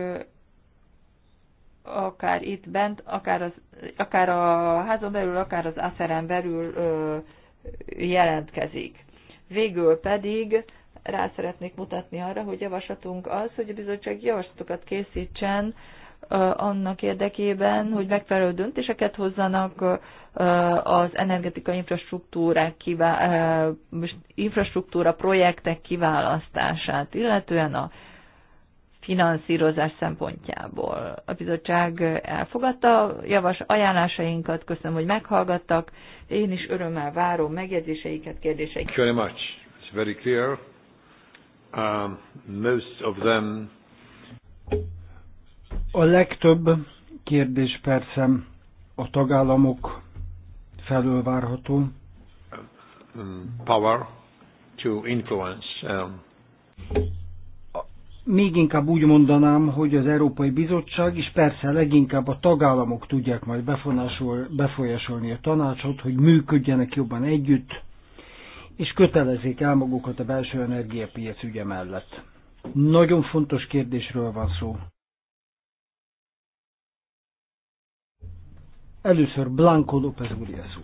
akár itt bent, akár, az, akár a házon belül, akár az aszeren belül ö, jelentkezik. Végül pedig rá szeretnék mutatni arra, hogy javaslatunk az, hogy a bizottság javaslatokat készítsen annak érdekében, hogy megfelelő döntéseket hozzanak az energetikai infrastruktúrák kivá... infrastruktúra projektek kiválasztását, illetően a finanszírozás szempontjából. A bizottság elfogadta javas ajánlásainkat, köszönöm, hogy meghallgattak. Én is örömmel várom megjegyzéseiket, kérdéseiket. Thank you very much. It's very clear. Um, most of them... A legtöbb kérdés persze a tagállamok felől várható. Um, power to influence. Um. Még inkább úgy mondanám, hogy az Európai Bizottság, és persze leginkább a tagállamok tudják majd befolyásolni a tanácsot, hogy működjenek jobban együtt, és kötelezik el magukat a belső energiapiac ügye mellett. Nagyon fontos kérdésről van szó. Először Blanco López Uriasu.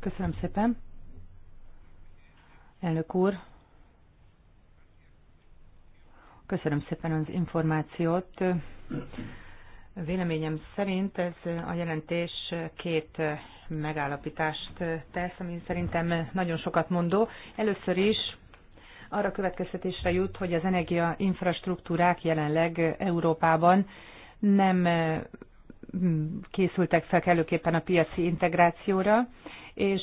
Köszönöm szépen. Elnök úr, köszönöm szépen az információt. Véleményem szerint ez a jelentés két megállapítást tesz, ami szerintem nagyon sokat mondó. Először is arra következtetésre jut, hogy az energia infrastruktúrák jelenleg Európában nem mm, készültek fel kellőképpen a piaci integrációra, és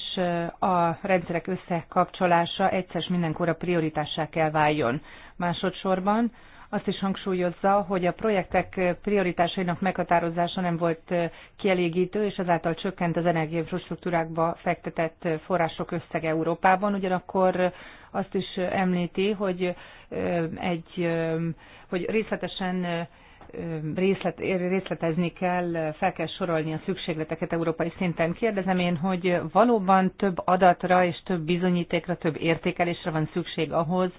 a rendszerek összekapcsolása egyszer mindenkor a prioritássá kell váljon. Másodszorban azt is hangsúlyozza, hogy a projektek prioritásainak meghatározása nem volt kielégítő, és ezáltal csökkent az energiainfrastruktúrákba fektetett források összege Európában. Ugyanakkor azt is említi, hogy, egy, hogy részletesen részlet, részletezni kell, fel kell sorolni a szükségleteket európai szinten. Kérdezem én, hogy valóban több adatra és több bizonyítékra, több értékelésre van szükség ahhoz,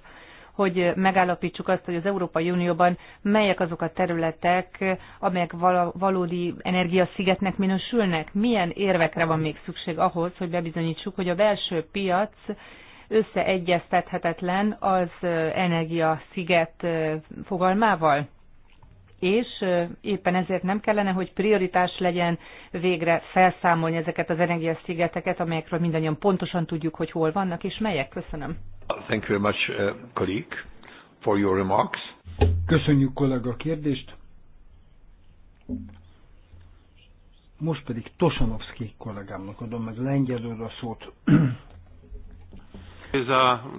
hogy megállapítsuk azt, hogy az Európai Unióban melyek azok a területek, amelyek valódi energiaszigetnek minősülnek, milyen érvekre van még szükség ahhoz, hogy bebizonyítsuk, hogy a belső piac összeegyeztethetetlen az energiasziget fogalmával? és éppen ezért nem kellene, hogy prioritás legyen végre felszámolni ezeket az energiaszigeteket, amelyekről mindannyian pontosan tudjuk, hogy hol vannak és melyek. Köszönöm. Thank you very much, uh, colleague, for your remarks. Köszönjük kollega a kérdést. Most pedig Tosanovszki kollégámnak adom meg lengyelőre a szót. Ez a...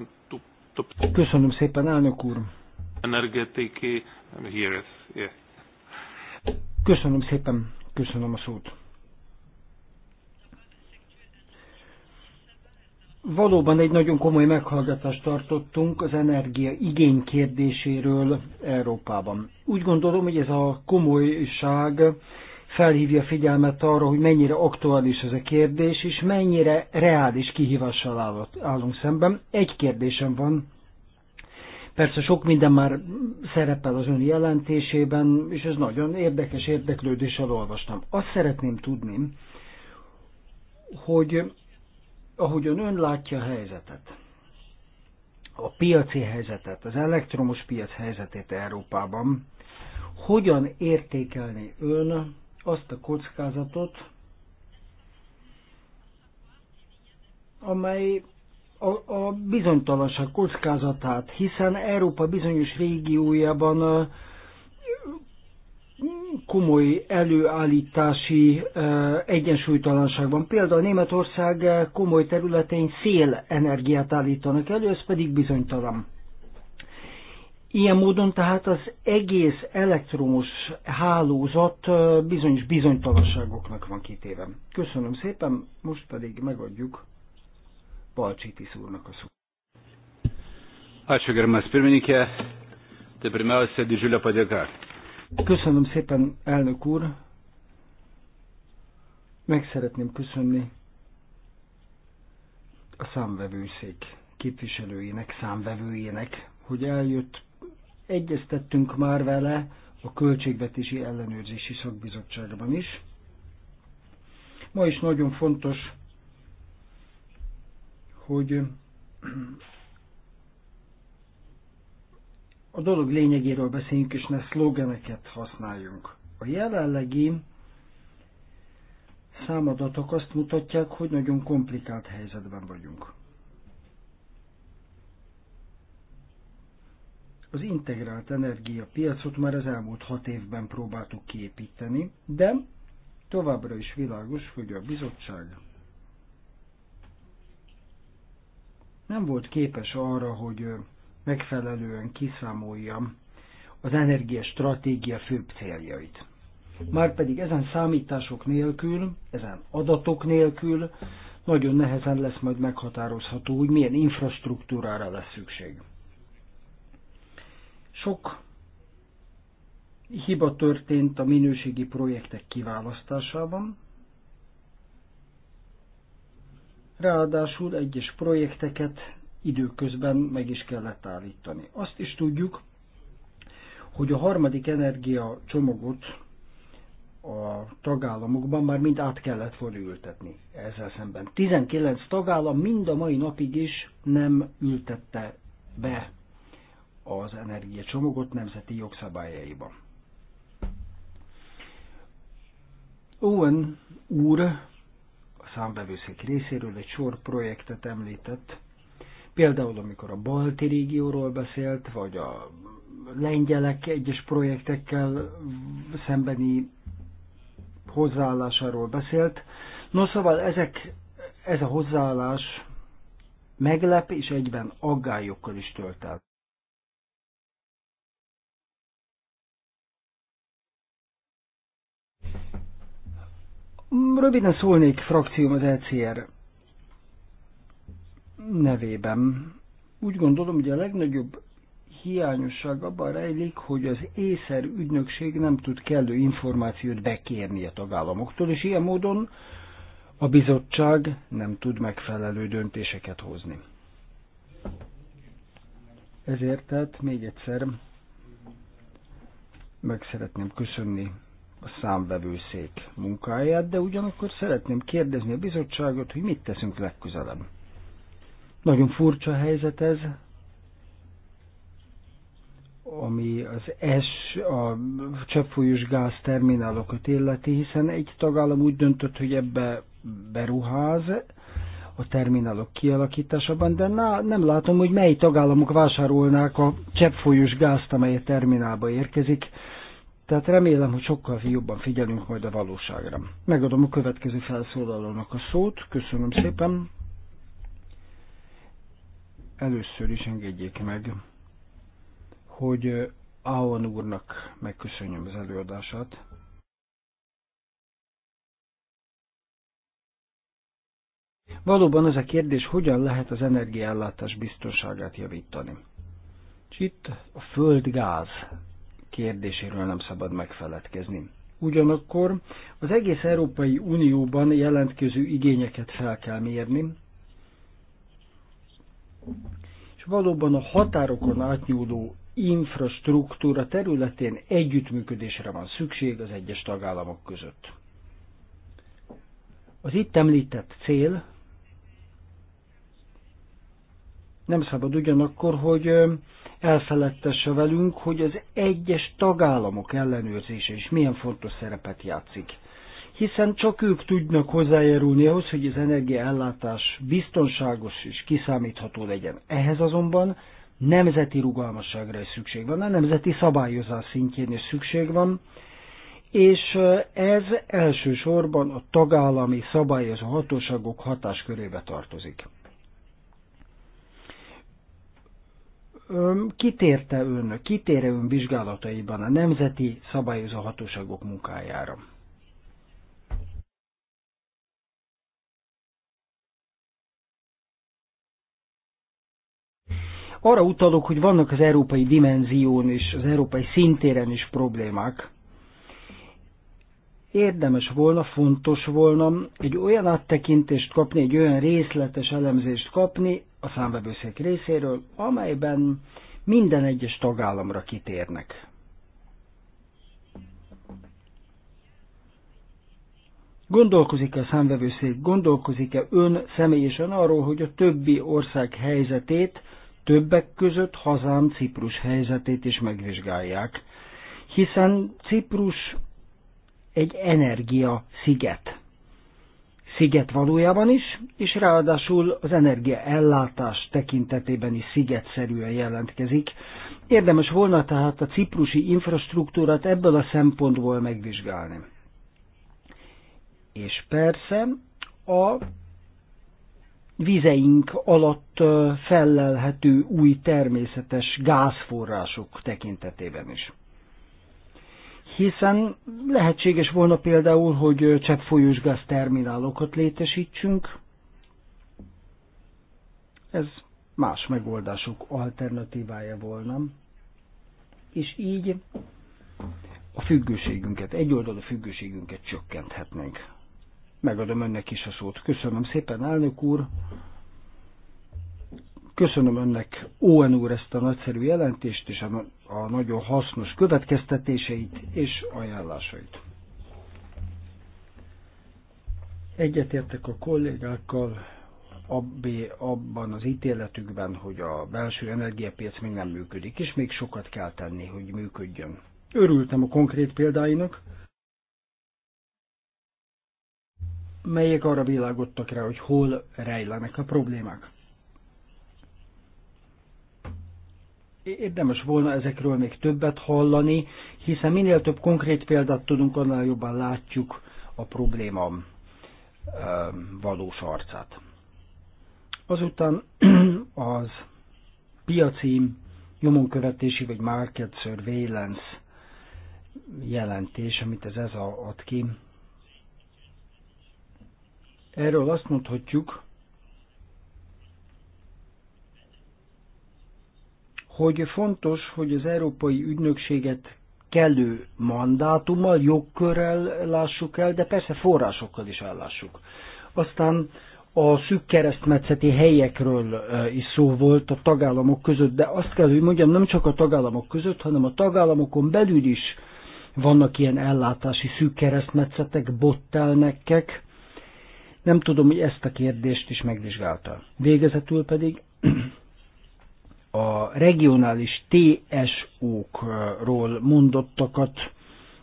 Köszönöm szépen, elnök úr. Energetikai híresz Köszönöm szépen, köszönöm a szót. Valóban egy nagyon komoly meghallgatást tartottunk az energia igény kérdéséről Európában. Úgy gondolom, hogy ez a komolyság felhívja figyelmet arra, hogy mennyire aktuális ez a kérdés, és mennyire reális kihívással állunk szemben. Egy kérdésem van Persze sok minden már szerepel az ön jelentésében, és ez nagyon érdekes érdeklődéssel olvastam. Azt szeretném tudni, hogy ahogyan ön látja a helyzetet, a piaci helyzetet, az elektromos piac helyzetét Európában, hogyan értékelni ön azt a kockázatot, amely a, a bizonytalanság kockázatát, hiszen Európa bizonyos régiójában komoly előállítási egyensúlytalanság van. Például Németország komoly területein energiát állítanak elő, ez pedig bizonytalan. Ilyen módon tehát az egész elektromos hálózat bizonyos bizonytalanságoknak van kitéve. Köszönöm szépen, most pedig megadjuk Balcsitis úrnak a szó. Ačiū, gerbiamas pirmininkė. Tai pirmiausia, didžiulė padėka. Köszönöm szépen, elnök úr. Meg szeretném köszönni a számvevőszék képviselőjének, számvevőjének, hogy eljött. Egyeztettünk már vele a Költségvetési Ellenőrzési Szakbizottságban is. Ma is nagyon fontos hogy a dolog lényegéről beszéljünk, és ne szlogeneket használjunk. A jelenlegi számadatok azt mutatják, hogy nagyon komplikált helyzetben vagyunk. Az integrált energiapiacot már az elmúlt hat évben próbáltuk kiépíteni, de továbbra is világos, hogy a bizottság nem volt képes arra, hogy megfelelően kiszámoljam az stratégia főbb céljait. Márpedig ezen számítások nélkül, ezen adatok nélkül nagyon nehezen lesz majd meghatározható, hogy milyen infrastruktúrára lesz szükség. Sok hiba történt a minőségi projektek kiválasztásában, Ráadásul egyes projekteket időközben meg is kellett állítani. Azt is tudjuk, hogy a harmadik energia csomagot a tagállamokban már mind át kellett volna ültetni ezzel szemben. 19 tagállam mind a mai napig is nem ültette be az energia csomagot nemzeti jogszabályaiba. Owen úr számbevőszék részéről egy sor projektet említett, például amikor a balti régióról beszélt, vagy a lengyelek egyes projektekkel szembeni hozzáállásáról beszélt. No szóval ezek, ez a hozzáállás meglep és egyben aggályokkal is tölt el. Röviden szólnék frakcióm az ECR nevében. Úgy gondolom, hogy a legnagyobb hiányosság abban rejlik, hogy az észer ügynökség nem tud kellő információt bekérni a tagállamoktól, és ilyen módon a bizottság nem tud megfelelő döntéseket hozni. Ezért tehát még egyszer meg szeretném köszönni a számvevőszék munkáját, de ugyanakkor szeretném kérdezni a bizottságot, hogy mit teszünk legközelebb. Nagyon furcsa helyzet ez, ami az S, a cseppfolyós gáz terminálokat illeti, hiszen egy tagállam úgy döntött, hogy ebbe beruház a terminálok kialakításában, de na, nem látom, hogy mely tagállamok vásárolnák a cseppfolyós gázt, amely a terminálba érkezik. Tehát remélem, hogy sokkal jobban figyelünk majd a valóságra. Megadom a következő felszólalónak a szót. Köszönöm szépen. Először is engedjék meg, hogy Áon úrnak megköszönjem az előadását. Valóban az a kérdés, hogyan lehet az energiállátás biztonságát javítani. És itt a földgáz kérdéséről nem szabad megfeledkezni. Ugyanakkor az egész Európai Unióban jelentkező igényeket fel kell mérni, és valóban a határokon átnyúló infrastruktúra területén együttműködésre van szükség az egyes tagállamok között. Az itt említett cél nem szabad ugyanakkor, hogy elfeledtesse velünk, hogy az egyes tagállamok ellenőrzése is milyen fontos szerepet játszik. Hiszen csak ők tudnak hozzájárulni ahhoz, hogy az energiaellátás biztonságos és kiszámítható legyen. Ehhez azonban nemzeti rugalmasságra is szükség van, a nemzeti szabályozás szintjén is szükség van, és ez elsősorban a tagállami szabályozó hatóságok hatáskörébe tartozik. kitérte ön, kitére ön vizsgálataiban a nemzeti szabályozó hatóságok munkájára? Arra utalok, hogy vannak az európai dimenzión és az európai szintéren is problémák, érdemes volna, fontos volna egy olyan áttekintést kapni, egy olyan részletes elemzést kapni, a számbevőszék részéről, amelyben minden egyes tagállamra kitérnek. Gondolkozik-e a számvevőszék, gondolkozik-e ön személyesen arról, hogy a többi ország helyzetét, többek között hazám Ciprus helyzetét is megvizsgálják, hiszen Ciprus egy energia sziget sziget valójában is, és ráadásul az energiaellátás tekintetében is szigetszerűen jelentkezik. Érdemes volna tehát a ciprusi infrastruktúrát ebből a szempontból megvizsgálni. És persze a vizeink alatt fellelhető új természetes gázforrások tekintetében is hiszen lehetséges volna például, hogy cseppfolyós gáz terminálokat létesítsünk. Ez más megoldások alternatívája volna. És így a függőségünket, egyoldalú függőségünket csökkenthetnénk. Megadom önnek is a szót. Köszönöm szépen, elnök úr. Köszönöm önnek, ON úr, ezt a nagyszerű jelentést, és a a nagyon hasznos következtetéseit és ajánlásait. Egyetértek a kollégákkal abban az ítéletükben, hogy a belső energiapiac még nem működik, és még sokat kell tenni, hogy működjön. Örültem a konkrét példáinak, melyek arra világodtak rá, hogy hol rejlenek a problémák. érdemes volna ezekről még többet hallani, hiszen minél több konkrét példát tudunk, annál jobban látjuk a probléma valós arcát. Azután az piaci nyomonkövetési vagy market surveillance jelentés, amit ez ez ad ki. Erről azt mondhatjuk, hogy fontos, hogy az európai ügynökséget kellő mandátummal, jogkörrel lássuk el, de persze forrásokkal is ellássuk. Aztán a szűk keresztmetszeti helyekről is szó volt a tagállamok között, de azt kell, hogy mondjam, nem csak a tagállamok között, hanem a tagállamokon belül is vannak ilyen ellátási szűk keresztmetszetek, bottelnekek. Nem tudom, hogy ezt a kérdést is megvizsgálta. Végezetül pedig a regionális TSO-król mondottakat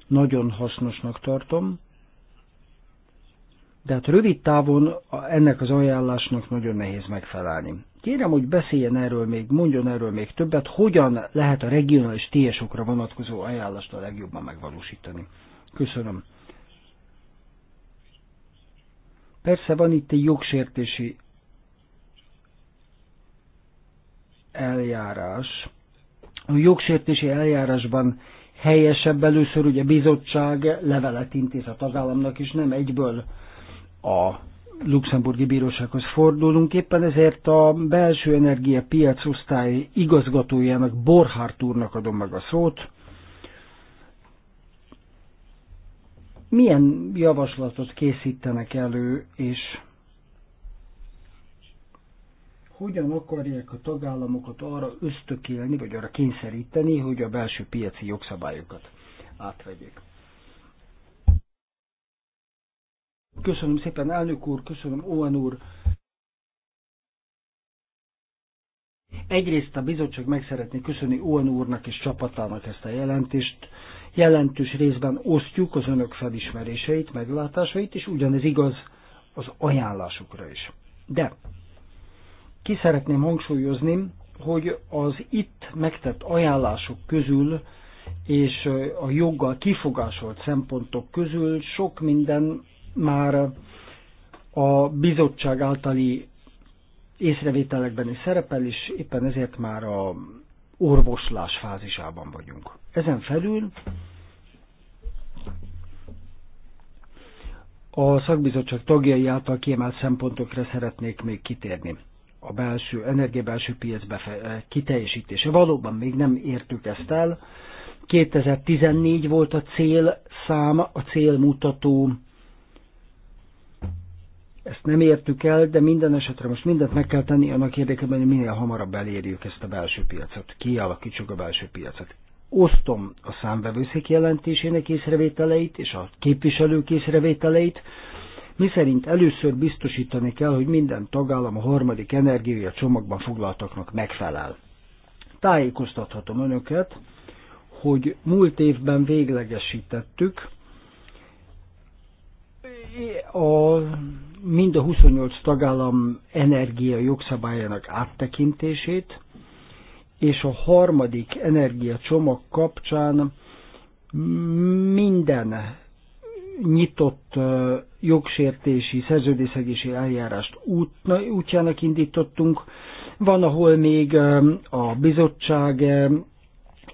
nagyon hasznosnak tartom. De hát rövid távon ennek az ajánlásnak nagyon nehéz megfelelni. Kérem, hogy beszéljen erről még, mondjon erről még többet, hogyan lehet a regionális TSO-kra vonatkozó ajánlást a legjobban megvalósítani. Köszönöm. Persze van itt egy jogsértési eljárás. A jogsértési eljárásban helyesebb először ugye bizottság levelet intéz a tagállamnak, és nem egyből a luxemburgi bírósághoz fordulunk. Éppen ezért a belső energia piac osztály igazgatójának, Borhárt úrnak adom meg a szót. Milyen javaslatot készítenek elő, és hogyan akarják a tagállamokat arra ösztökélni, vagy arra kényszeríteni, hogy a belső piaci jogszabályokat átvegyék. Köszönöm szépen, elnök úr, köszönöm, Owen úr. Egyrészt a bizottság meg szeretné köszönni Owen úrnak és csapatának ezt a jelentést. Jelentős részben osztjuk az önök felismeréseit, meglátásait, és ugyanez igaz az ajánlásukra is. De ki szeretném hangsúlyozni, hogy az itt megtett ajánlások közül és a joggal kifogásolt szempontok közül sok minden már a bizottság általi észrevételekben is szerepel, és éppen ezért már a orvoslás fázisában vagyunk. Ezen felül a szakbizottság tagjai által kiemelt szempontokra szeretnék még kitérni a belső, energiabelső piac eh, kiteljesítése. Valóban még nem értük ezt el. 2014 volt a cél szám, a célmutató. Ezt nem értük el, de minden esetre most mindent meg kell tenni annak érdekében, hogy minél hamarabb elérjük ezt a belső piacot, kialakítsuk a belső piacot. Osztom a számvevőszék jelentésének észrevételeit és a képviselők észrevételeit, miszerint először biztosítani kell, hogy minden tagállam a harmadik energiája csomagban foglaltaknak megfelel. Tájékoztathatom önöket, hogy múlt évben véglegesítettük a, mind a 28 tagállam energia jogszabályának áttekintését, és a harmadik csomag kapcsán minden nyitott jogsértési, szerződészegési eljárást út, útjának indítottunk. Van, ahol még a bizottság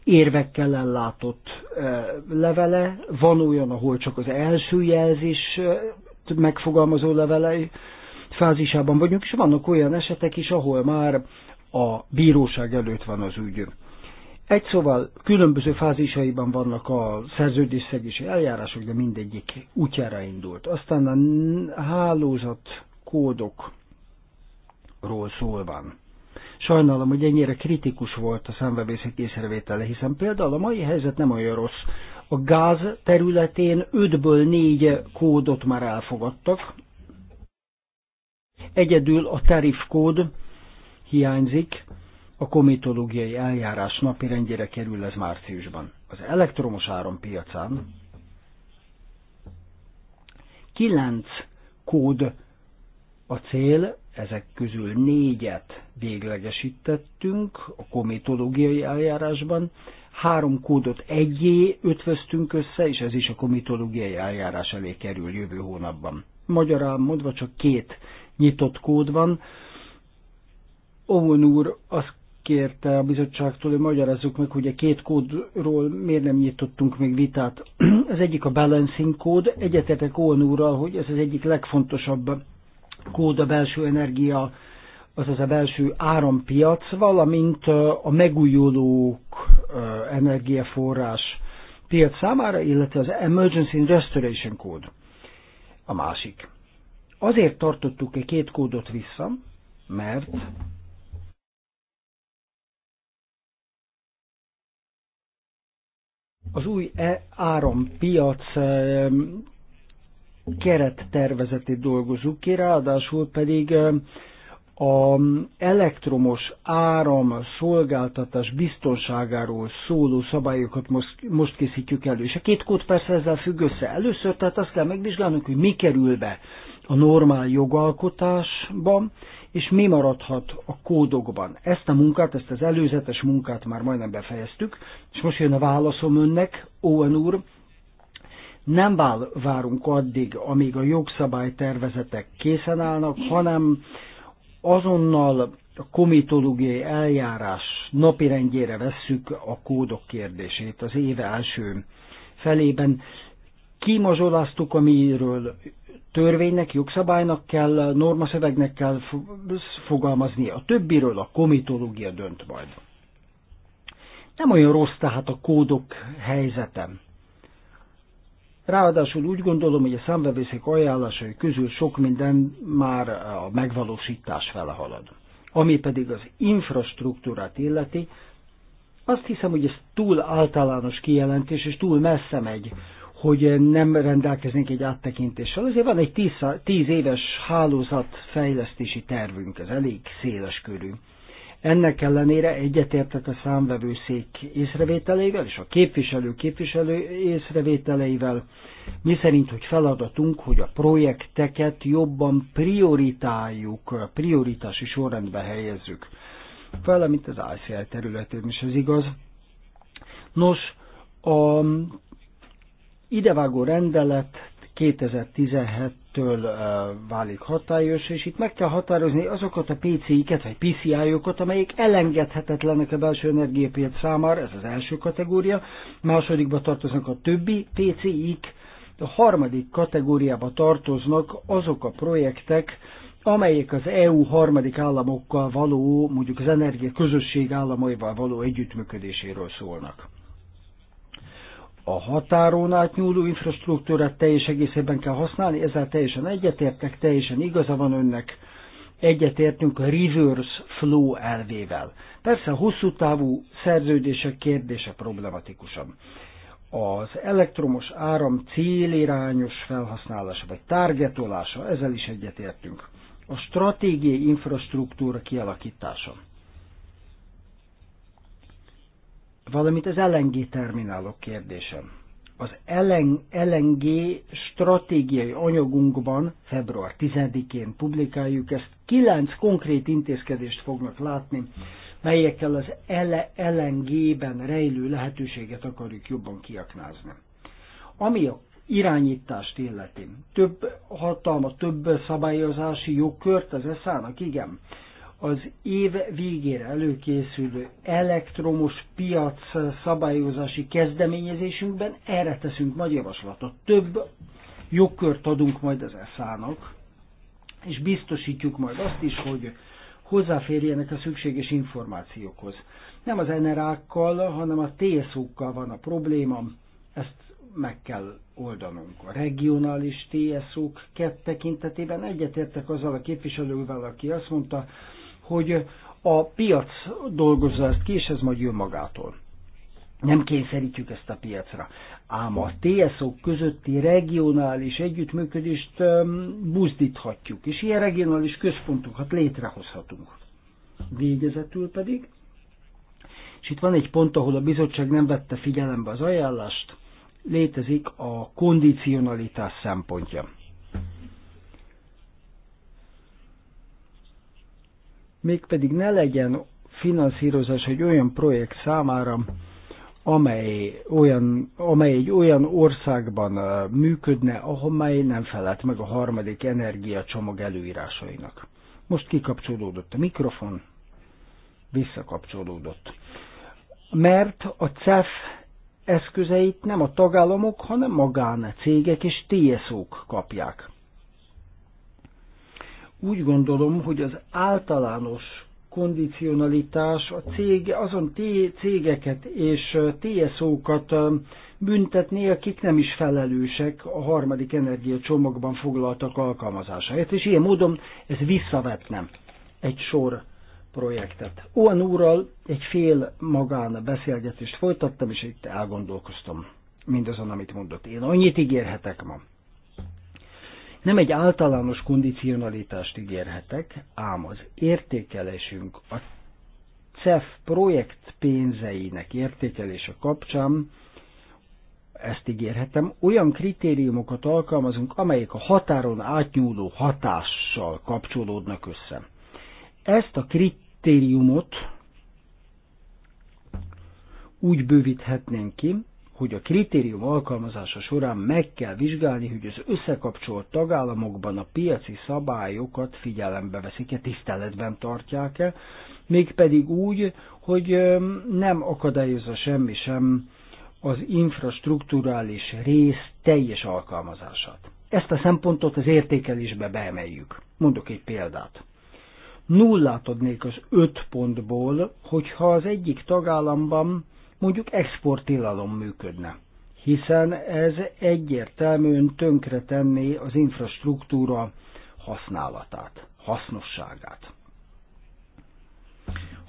érvekkel ellátott levele, van olyan, ahol csak az első jelzés megfogalmazó levelei fázisában vagyunk, és vannak olyan esetek is, ahol már a bíróság előtt van az ügy. Egy szóval különböző fázisaiban vannak a szerződésszegési eljárások, de mindegyik útjára indult. Aztán a hálózat kódokról szól van. Sajnálom, hogy ennyire kritikus volt a számbevészek észrevétele, hiszen például a mai helyzet nem olyan rossz. A gáz területén 5-ből 4 kódot már elfogadtak, egyedül a tarifkód hiányzik, a komitológiai eljárás napirendjére kerül ez márciusban. Az elektromos piacán kilenc kód a cél, ezek közül négyet véglegesítettünk a komitológiai eljárásban, három kódot egyé ötvöztünk össze, és ez is a komitológiai eljárás elé kerül jövő hónapban. Magyarán mondva csak két nyitott kód van. Ovon úr azt kérte a bizottságtól, hogy magyarázzuk meg, hogy a két kódról miért nem nyitottunk még vitát. Az egyik a balancing kód, egyetetek Owen úrral, hogy ez az egyik legfontosabb kód a belső energia, azaz a belső árampiac, valamint uh, a megújulók uh, energiaforrás piac számára, illetve az Emergency Restoration kód a másik. Azért tartottuk e két kódot vissza, mert az új e árampiac kerettervezetét dolgozunk ki, ráadásul pedig a elektromos áram szolgáltatás biztonságáról szóló szabályokat most, most készítjük elő. És a két kód persze ezzel függ össze. Először tehát azt kell megvizsgálnunk, hogy mi kerül be a normál jogalkotásba, és mi maradhat a kódokban. Ezt a munkát, ezt az előzetes munkát már majdnem befejeztük, és most jön a válaszom önnek, Owen úr, nem várunk addig, amíg a jogszabálytervezetek készen állnak, hanem azonnal a komitológiai eljárás napirendjére vesszük a kódok kérdését az éve első felében kimazsoláztuk, amiről törvénynek, jogszabálynak kell, normaszövegnek kell fogalmazni, a többiről a komitológia dönt majd. Nem olyan rossz tehát a kódok helyzetem. Ráadásul úgy gondolom, hogy a számvevőszék ajánlásai közül sok minden már a megvalósítás fele halad. Ami pedig az infrastruktúrát illeti, azt hiszem, hogy ez túl általános kijelentés, és túl messze megy hogy eh, nem rendelkeznénk egy áttekintéssel. Azért van egy tíz, tíz éves hálózatfejlesztési tervünk, ez elég széles körű. Ennek ellenére egyetértek a számvevőszék észrevételeivel és a képviselő képviselő észrevételeivel, mi szerint, hogy feladatunk, hogy a projekteket jobban prioritáljuk, prioritási sorrendbe helyezzük. Valamint az ICL területén is ez igaz. Nos, a idevágó rendelet 2017-től válik hatályos, és itt meg kell határozni azokat a PCI-ket, vagy PCI-okat, amelyek elengedhetetlenek a belső energiapiac számára, ez az első kategória, másodikba tartoznak a többi PCI-k, a harmadik kategóriába tartoznak azok a projektek, amelyek az EU harmadik államokkal való, mondjuk az energia közösség államaival való együttműködéséről szólnak a határon átnyúló infrastruktúrát teljes egészében kell használni, ezzel teljesen egyetértek, teljesen igaza van önnek, egyetértünk a reverse flow elvével. Persze a hosszú távú szerződések kérdése problematikusan. Az elektromos áram célirányos felhasználása vagy targetolása, ezzel is egyetértünk. A stratégiai infrastruktúra kialakítása. valamint az LNG terminálok kérdésem. Az LNG stratégiai anyagunkban február 10-én publikáljuk ezt. Kilenc konkrét intézkedést fognak látni, melyekkel az LNG-ben rejlő lehetőséget akarjuk jobban kiaknázni. Ami a irányítást illeti. Több hatalma, több szabályozási jogkört az eszának, igen az év végére előkészülő elektromos piac szabályozási kezdeményezésünkben erre teszünk nagy javaslatot. Több jogkört adunk majd az ESZÁ-nak, és biztosítjuk majd azt is, hogy hozzáférjenek a szükséges információkhoz. Nem az NRA-kkal, hanem a TSO-kkal van a probléma, ezt meg kell oldanunk. A regionális TSO-k tekintetében egyetértek azzal a képviselővel, aki azt mondta, hogy a piac dolgozza ezt ki, és ez majd jön magától. Nem kényszerítjük ezt a piacra. Ám a TSO közötti regionális együttműködést buzdíthatjuk, és ilyen regionális központokat létrehozhatunk. Végezetül pedig, és itt van egy pont, ahol a bizottság nem vette figyelembe az ajánlást, létezik a kondicionalitás szempontja. mégpedig ne legyen finanszírozás egy olyan projekt számára, amely, olyan, amely egy olyan országban működne, amely nem felelt meg a harmadik energiacsomag előírásainak. Most kikapcsolódott a mikrofon, visszakapcsolódott. Mert a CEF eszközeit nem a tagállamok, hanem magán cégek és TSO-k kapják. Úgy gondolom, hogy az általános kondicionalitás a cég, azon cégeket és TSO-kat büntetni, akik nem is felelősek a harmadik energiacsomagban foglaltak alkalmazásáért, és ilyen módon ez visszavetnem egy sor projektet. Olyan úrral egy fél magán beszélgetést folytattam, és itt elgondolkoztam mindazon, amit mondott. Én annyit ígérhetek ma, nem egy általános kondicionalitást ígérhetek, ám az értékelésünk a CEF projekt pénzeinek értékelése kapcsán ezt ígérhetem, olyan kritériumokat alkalmazunk, amelyek a határon átnyúló hatással kapcsolódnak össze. Ezt a kritériumot úgy bővíthetnénk ki, hogy a kritérium alkalmazása során meg kell vizsgálni, hogy az összekapcsolt tagállamokban a piaci szabályokat figyelembe veszik-e, tiszteletben tartják-e, mégpedig úgy, hogy nem akadályozza semmi sem az infrastruktúrális rész teljes alkalmazását. Ezt a szempontot az értékelésbe beemeljük. Mondok egy példát nullát adnék az öt pontból, hogyha az egyik tagállamban mondjuk exporttilalom működne, hiszen ez egyértelműen tönkretenné az infrastruktúra használatát, hasznosságát.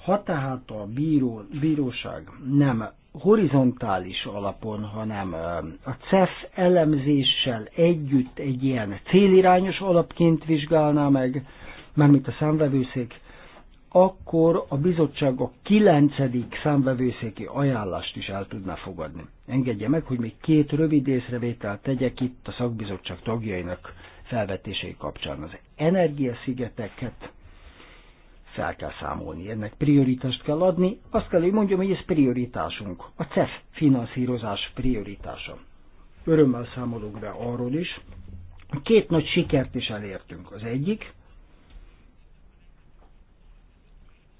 Ha tehát a bíró, bíróság nem horizontális alapon, hanem a CEF elemzéssel együtt egy ilyen célirányos alapként vizsgálná meg, mármint a számvevőszék, akkor a bizottság a kilencedik számvevőszéki ajánlást is el tudná fogadni. Engedje meg, hogy még két rövid észrevételt tegyek itt a szakbizottság tagjainak felvetései kapcsán. Az energiaszigeteket fel kell számolni, ennek prioritást kell adni, azt kell, hogy mondjam, hogy ez prioritásunk, a CEF finanszírozás prioritása. Örömmel számolunk be arról is, két nagy sikert is elértünk. Az egyik,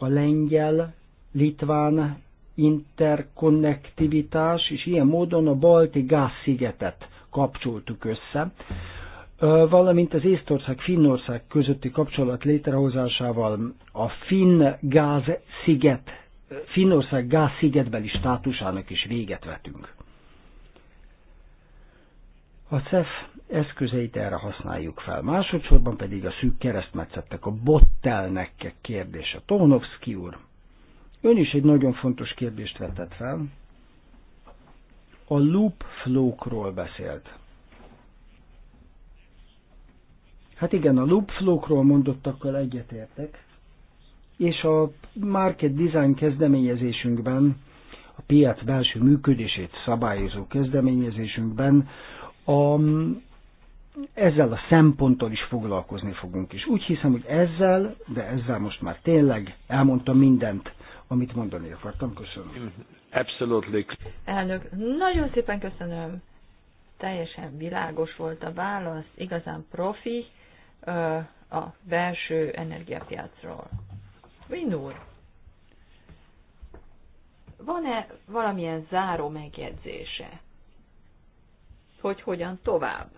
a lengyel, litván interkonnektivitás, és ilyen módon a balti gázszigetet kapcsoltuk össze, valamint az Észtország-Finnország közötti kapcsolat létrehozásával a Finn gázsziget, Finnország gázszigetbeli státusának is véget vetünk. A CEF eszközeit erre használjuk fel. Másodszorban pedig a szűk keresztmetszettek, a bottelnekkek kérdése. Tónovszki úr, ön is egy nagyon fontos kérdést vetett fel. A loop flow-król beszélt. Hát igen, a loop flow-król mondottakkal egyetértek, és a market design kezdeményezésünkben, a piac belső működését szabályozó kezdeményezésünkben a, ezzel a szemponttal is foglalkozni fogunk. És úgy hiszem, hogy ezzel, de ezzel most már tényleg elmondtam mindent, amit mondani akartam. Köszönöm. Absolutely. Elnök, nagyon szépen köszönöm. Teljesen világos volt a válasz, igazán profi a belső energiapiacról. Vinúr, van-e valamilyen záró megjegyzése? hogy hogyan tovább,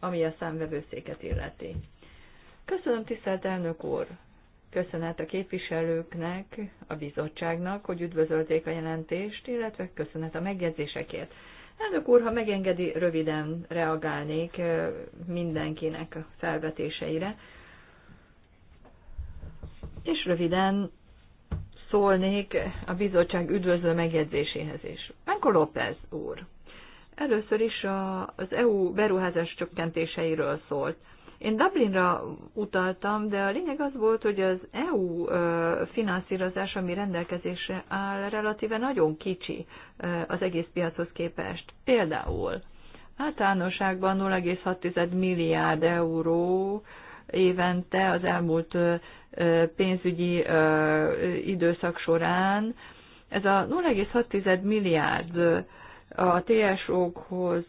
ami a számvevőszéket illeti. Köszönöm, tisztelt elnök úr! Köszönet a képviselőknek, a bizottságnak, hogy üdvözölték a jelentést, illetve köszönet a megjegyzésekért. Elnök úr, ha megengedi, röviden reagálnék eh, mindenkinek a felvetéseire, és röviden szólnék a bizottság üdvözlő megjegyzéséhez is. Enko López úr először is a, az EU beruházás csökkentéseiről szólt. Én Dublinra utaltam, de a lényeg az volt, hogy az EU finanszírozás, ami rendelkezésre áll, relatíve nagyon kicsi az egész piachoz képest. Például általánosságban 0,6 milliárd euró évente az elmúlt pénzügyi időszak során. Ez a 0,6 milliárd a TSO-khoz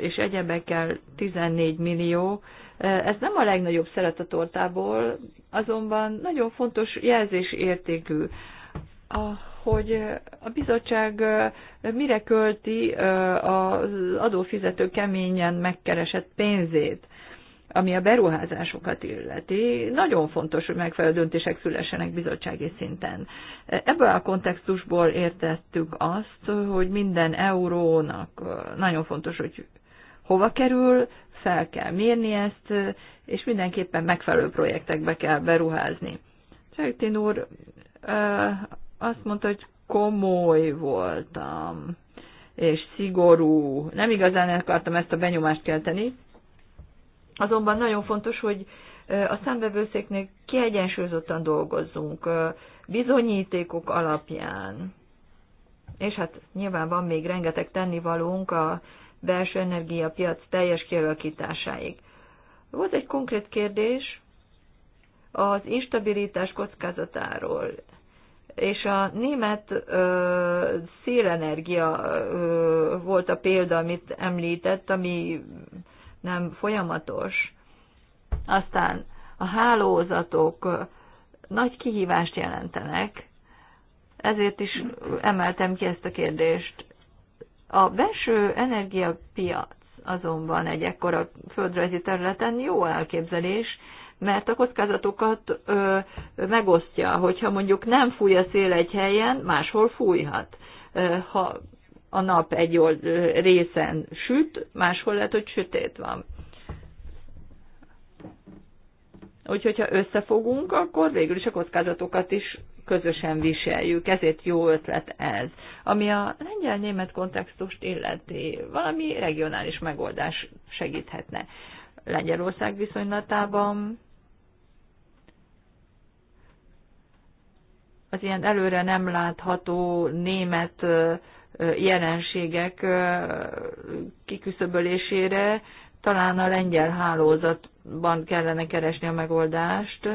és egyebekkel 14 millió. Ez nem a legnagyobb szeret a tortából, azonban nagyon fontos jelzés értékű, hogy a bizottság mire költi az adófizető keményen megkeresett pénzét ami a beruházásokat illeti, nagyon fontos, hogy megfelelő döntések szülessenek bizottsági szinten. Ebből a kontextusból értettük azt, hogy minden eurónak nagyon fontos, hogy hova kerül, fel kell mérni ezt, és mindenképpen megfelelő projektekbe kell beruházni. Csajtin úr azt mondta, hogy komoly voltam, és szigorú. Nem igazán akartam ezt a benyomást kelteni, Azonban nagyon fontos, hogy a számvevőszéknél kiegyensúlyozottan dolgozzunk, bizonyítékok alapján. És hát nyilván van még rengeteg tennivalónk a belső energiapiac teljes kialakításáig. Volt egy konkrét kérdés az instabilitás kockázatáról, és a német ö, szélenergia ö, volt a példa, amit említett, ami nem folyamatos. Aztán a hálózatok nagy kihívást jelentenek, ezért is emeltem ki ezt a kérdést. A belső energiapiac azonban egy ekkora földrajzi területen jó elképzelés, mert a kockázatokat ö, megosztja, hogyha mondjuk nem fúj a szél egy helyen, máshol fújhat. Ö, ha a nap egy részen süt, máshol lehet, hogy sötét van. Úgyhogy, ha összefogunk, akkor végül is a kockázatokat is közösen viseljük, ezért jó ötlet ez. Ami a lengyel-német kontextust illeti, valami regionális megoldás segíthetne. Lengyelország viszonylatában az ilyen előre nem látható német jelenségek kiküszöbölésére talán a lengyel hálózatban kellene keresni a megoldást.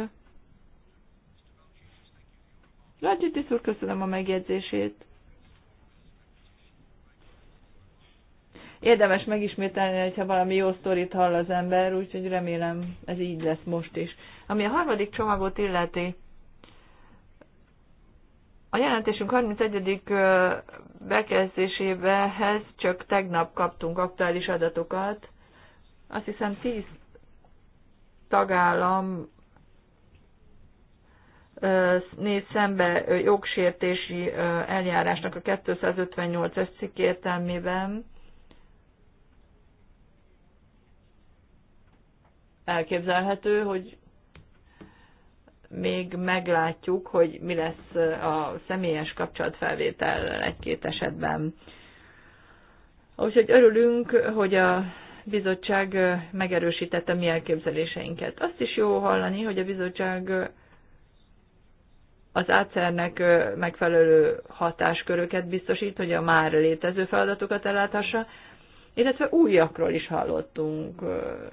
Rácsitis úr, köszönöm a megjegyzését. Érdemes megismételni, hogyha valami jó sztorit hall az ember, úgyhogy remélem ez így lesz most is. Ami a harmadik csomagot illeti, a jelentésünk 31. bekezdésébehez csak tegnap kaptunk aktuális adatokat. Azt hiszem 10 tagállam néz szembe jogsértési eljárásnak a 258-es cikk értelmében. Elképzelhető, hogy még meglátjuk, hogy mi lesz a személyes kapcsolatfelvétel egy-két esetben. Úgyhogy örülünk, hogy a bizottság megerősítette mi elképzeléseinket. Azt is jó hallani, hogy a bizottság az átszernek megfelelő hatásköröket biztosít, hogy a már létező feladatokat elláthassa, illetve újakról is hallottunk.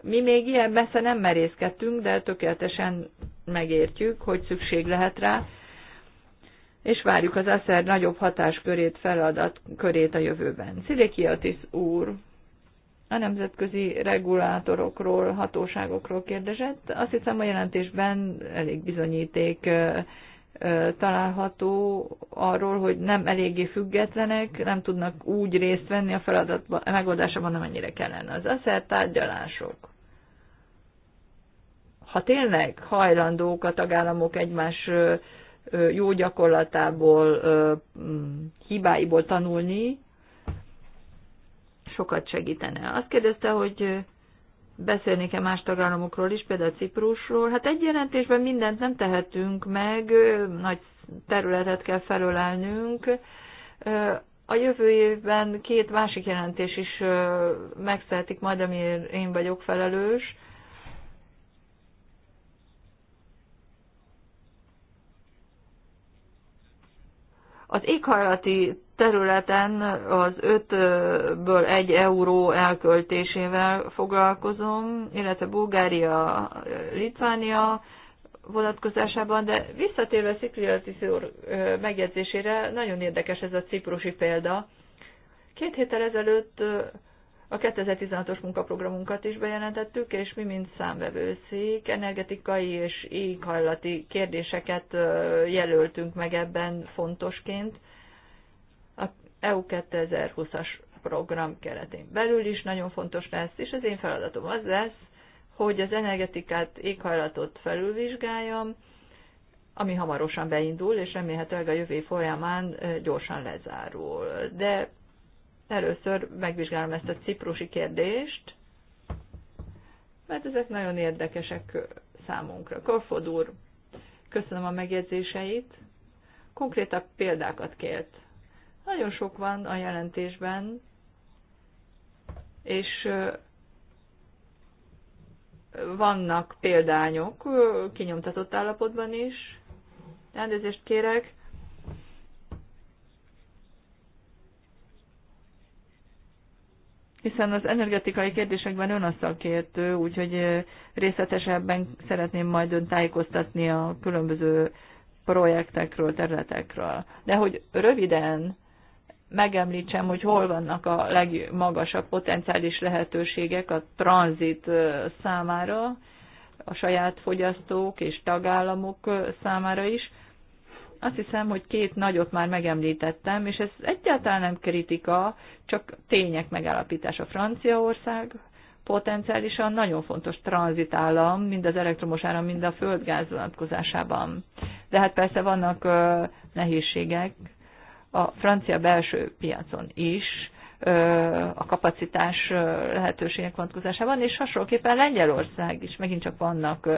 Mi még ilyen messze nem merészkedtünk, de tökéletesen megértjük, hogy szükség lehet rá, és várjuk az eszer nagyobb hatáskörét, körét a jövőben. Szilékiatis úr a nemzetközi regulátorokról, hatóságokról kérdezett. Azt hiszem a jelentésben elég bizonyíték található arról, hogy nem eléggé függetlenek, nem tudnak úgy részt venni a feladatban, a megoldásában, amennyire kellene. Az aszer tárgyalások. Ha tényleg hajlandók a tagállamok egymás jó gyakorlatából, hibáiból tanulni, sokat segítene. Azt kérdezte, hogy beszélni-e más tagállamokról is, például Ciprusról. Hát egy jelentésben mindent nem tehetünk meg, nagy területet kell felölelnünk. A jövő évben két másik jelentés is megszeretik majd, amiért én vagyok felelős. Az éghajlati területen az 5-ből 1 euró elköltésével foglalkozom, illetve Bulgária, Litvánia vonatkozásában, de visszatérve Szikliati úr megjegyzésére, nagyon érdekes ez a ciprusi példa. Két héttel ezelőtt a 2016-os munkaprogramunkat is bejelentettük, és mi, mint számvevőszék, energetikai és éghajlati kérdéseket jelöltünk meg ebben fontosként. A EU 2020-as program keretén belül is nagyon fontos lesz, és az én feladatom az lesz, hogy az energetikát, éghajlatot felülvizsgáljam, ami hamarosan beindul, és remélhetőleg a jövő folyamán gyorsan lezárul. De először megvizsgálom ezt a ciprusi kérdést, mert ezek nagyon érdekesek számunkra. Korfod úr, köszönöm a megjegyzéseit. Konkrétabb példákat kért. Nagyon sok van a jelentésben, és vannak példányok kinyomtatott állapotban is. Elnézést kérek, hiszen az energetikai kérdésekben ön a szakértő, úgyhogy részletesebben szeretném majd ön tájékoztatni a különböző projektekről, területekről. De hogy röviden megemlítsem, hogy hol vannak a legmagasabb potenciális lehetőségek a tranzit számára, a saját fogyasztók és tagállamok számára is. Azt hiszem, hogy két nagyot már megemlítettem, és ez egyáltalán nem kritika, csak tények megállapítása. Franciaország potenciálisan nagyon fontos tranzitállam, mind az elektromos áram, mind a földgáz vonatkozásában. De hát persze vannak ö, nehézségek a francia belső piacon is, ö, a kapacitás ö, lehetőségek vonatkozásában, és hasonlóképpen Lengyelország is megint csak vannak ö,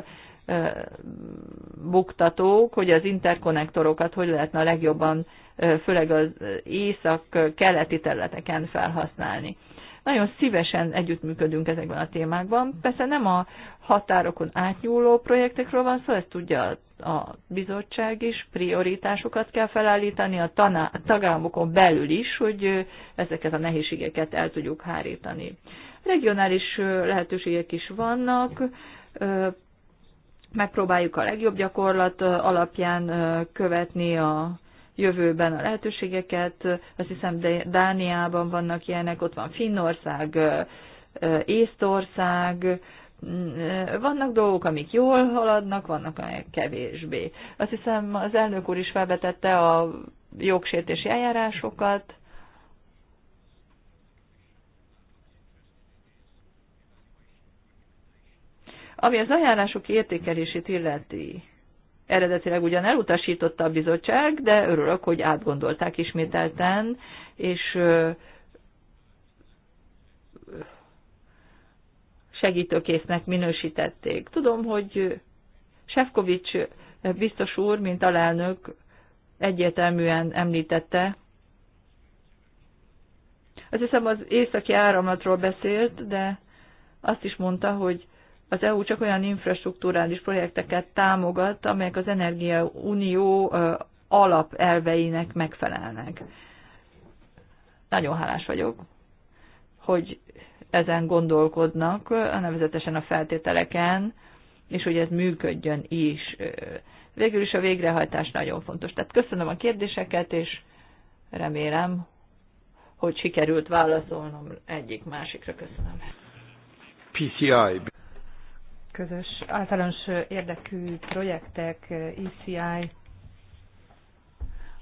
buktatók, hogy az interkonnektorokat hogy lehetne a legjobban, főleg az észak-keleti területeken felhasználni. Nagyon szívesen együttműködünk ezekben a témákban. Persze nem a határokon átnyúló projektekről van szó, ezt tudja a bizottság is, prioritásokat kell felállítani a tagállamokon belül is, hogy ezeket a nehézségeket el tudjuk hárítani. Regionális lehetőségek is vannak, megpróbáljuk a legjobb gyakorlat alapján követni a jövőben a lehetőségeket. Azt hiszem, Dániában vannak ilyenek, ott van Finnország, Észtország, mm, vannak dolgok, amik jól haladnak, vannak, amik kevésbé. Azt hiszem, az elnök úr is felvetette a jogsértési eljárásokat, Ami az ajánlások értékelését illeti, eredetileg ugyan elutasította a bizottság, de örülök, hogy átgondolták ismételten, és segítőkésznek minősítették. Tudom, hogy Sefkovics biztos úr, mint alelnök egyértelműen említette, azt hiszem az északi áramlatról beszélt, de azt is mondta, hogy az EU csak olyan infrastruktúrális projekteket támogat, amelyek az Energia Unió alapelveinek megfelelnek. Nagyon hálás vagyok, hogy ezen gondolkodnak, nevezetesen a feltételeken, és hogy ez működjön is. Végül is a végrehajtás nagyon fontos. Tehát köszönöm a kérdéseket, és remélem, hogy sikerült válaszolnom egyik-másikra. Köszönöm. PCI közös általános érdekű projektek, ECI,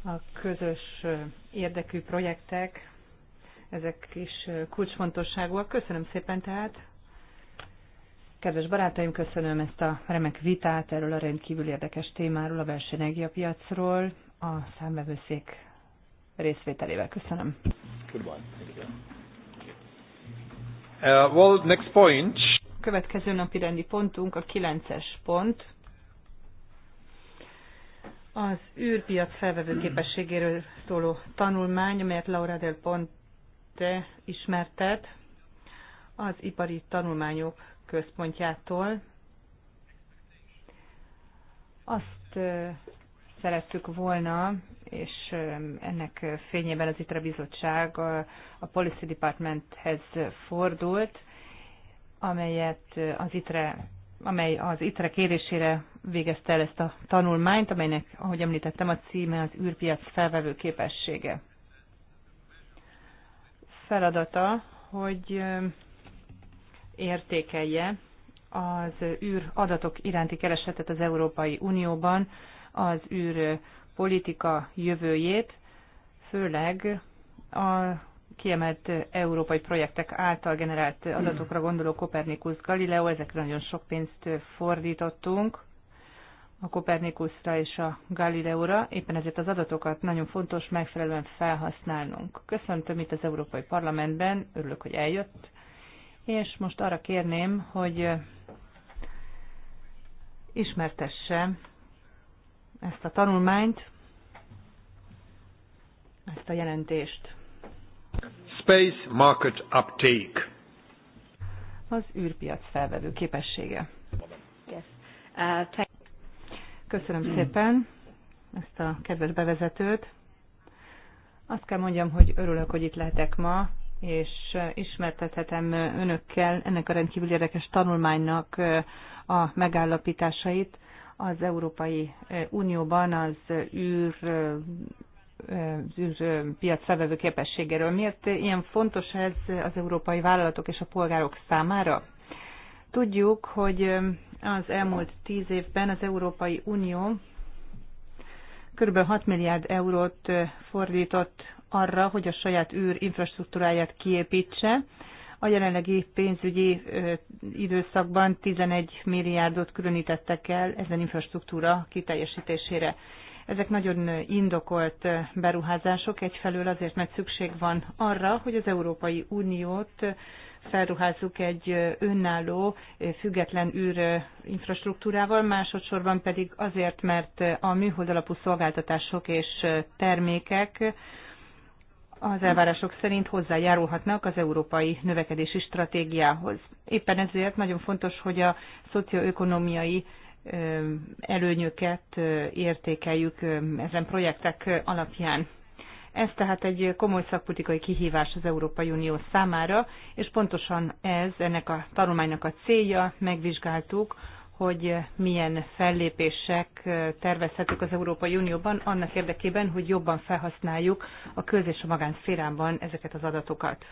a közös érdekű projektek, ezek is kulcsfontosságúak. Köszönöm szépen tehát. Kedves barátaim, köszönöm ezt a remek vitát erről a rendkívül érdekes témáról, a belső energiapiacról, a számvevőszék részvételével. Köszönöm. Uh, well, next point következő napi rendi pontunk a 9-es pont. Az űrpiac felvevő képességéről szóló tanulmány, amelyet Laura del Ponte ismertet az Ipari Tanulmányok Központjától. Azt szerettük volna, és ennek fényében az ITRA bizottság a Policy Departmenthez fordult, amelyet az ITRE, amely az ITRE kérésére végezte el ezt a tanulmányt, amelynek, ahogy említettem, a címe az űrpiac felvevő képessége. Feladata, hogy értékelje az űr adatok iránti keresetet az Európai Unióban, az űr politika jövőjét, főleg a kiemelt európai projektek által generált adatokra gondoló Kopernikus Galileo, ezekre nagyon sok pénzt fordítottunk a Kopernikusra és a Galileóra, éppen ezért az adatokat nagyon fontos megfelelően felhasználnunk. Köszöntöm itt az Európai Parlamentben, örülök, hogy eljött, és most arra kérném, hogy ismertesse ezt a tanulmányt, ezt a jelentést. Space Market Uptake. Az űrpiac felvevő képessége. Yes. Uh, Köszönöm szépen ezt a kedves bevezetőt. Azt kell mondjam, hogy örülök, hogy itt lehetek ma, és ismertethetem önökkel ennek a rendkívül érdekes tanulmánynak uh, a megállapításait az Európai uh, Unióban az űr uh, piac szervező képességéről. Miért ilyen fontos ez az európai vállalatok és a polgárok számára? Tudjuk, hogy az elmúlt tíz évben az Európai Unió kb. 6 milliárd eurót fordított arra, hogy a saját űr infrastruktúráját kiépítse. A jelenlegi pénzügyi időszakban 11 milliárdot különítettek el ezen infrastruktúra kiteljesítésére. Ezek nagyon indokolt beruházások egyfelől azért, mert szükség van arra, hogy az Európai Uniót felruházzuk egy önálló, független űr infrastruktúrával, másodszorban pedig azért, mert a műhold alapú szolgáltatások és termékek az elvárások szerint hozzájárulhatnak az európai növekedési stratégiához. Éppen ezért nagyon fontos, hogy a szocioökonomiai előnyöket értékeljük ezen projektek alapján. Ez tehát egy komoly szakpolitikai kihívás az Európai Unió számára, és pontosan ez ennek a tanulmánynak a célja, megvizsgáltuk, hogy milyen fellépések tervezhetők az Európai Unióban annak érdekében, hogy jobban felhasználjuk a köz- és a magánszférában ezeket az adatokat.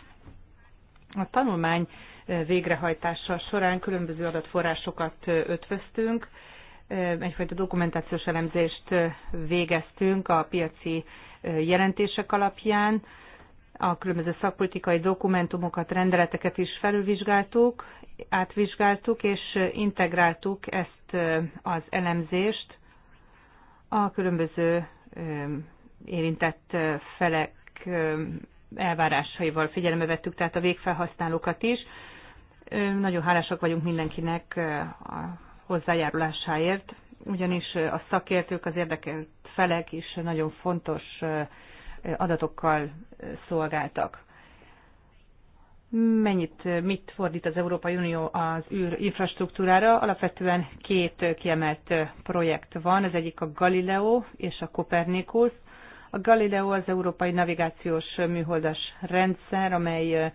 A tanulmány eh, végrehajtása során különböző adatforrásokat eh, ötvöztünk, eh, egyfajta dokumentációs elemzést végeztünk a piaci jelentések alapján, a különböző szakpolitikai dokumentumokat, rendeleteket is felülvizsgáltuk, átvizsgáltuk és integráltuk ezt az elemzést a különböző érintett felek elvárásaival figyelembe vettük, tehát a végfelhasználókat is. Nagyon hálásak vagyunk mindenkinek a hozzájárulásáért, ugyanis a szakértők, az érdekelt felek is nagyon fontos adatokkal szolgáltak. Mennyit, mit fordít az Európai Unió az űr infrastruktúrára? Alapvetően két kiemelt projekt van, az egyik a Galileo és a Copernicus, a Galileo az európai navigációs műholdas rendszer, amely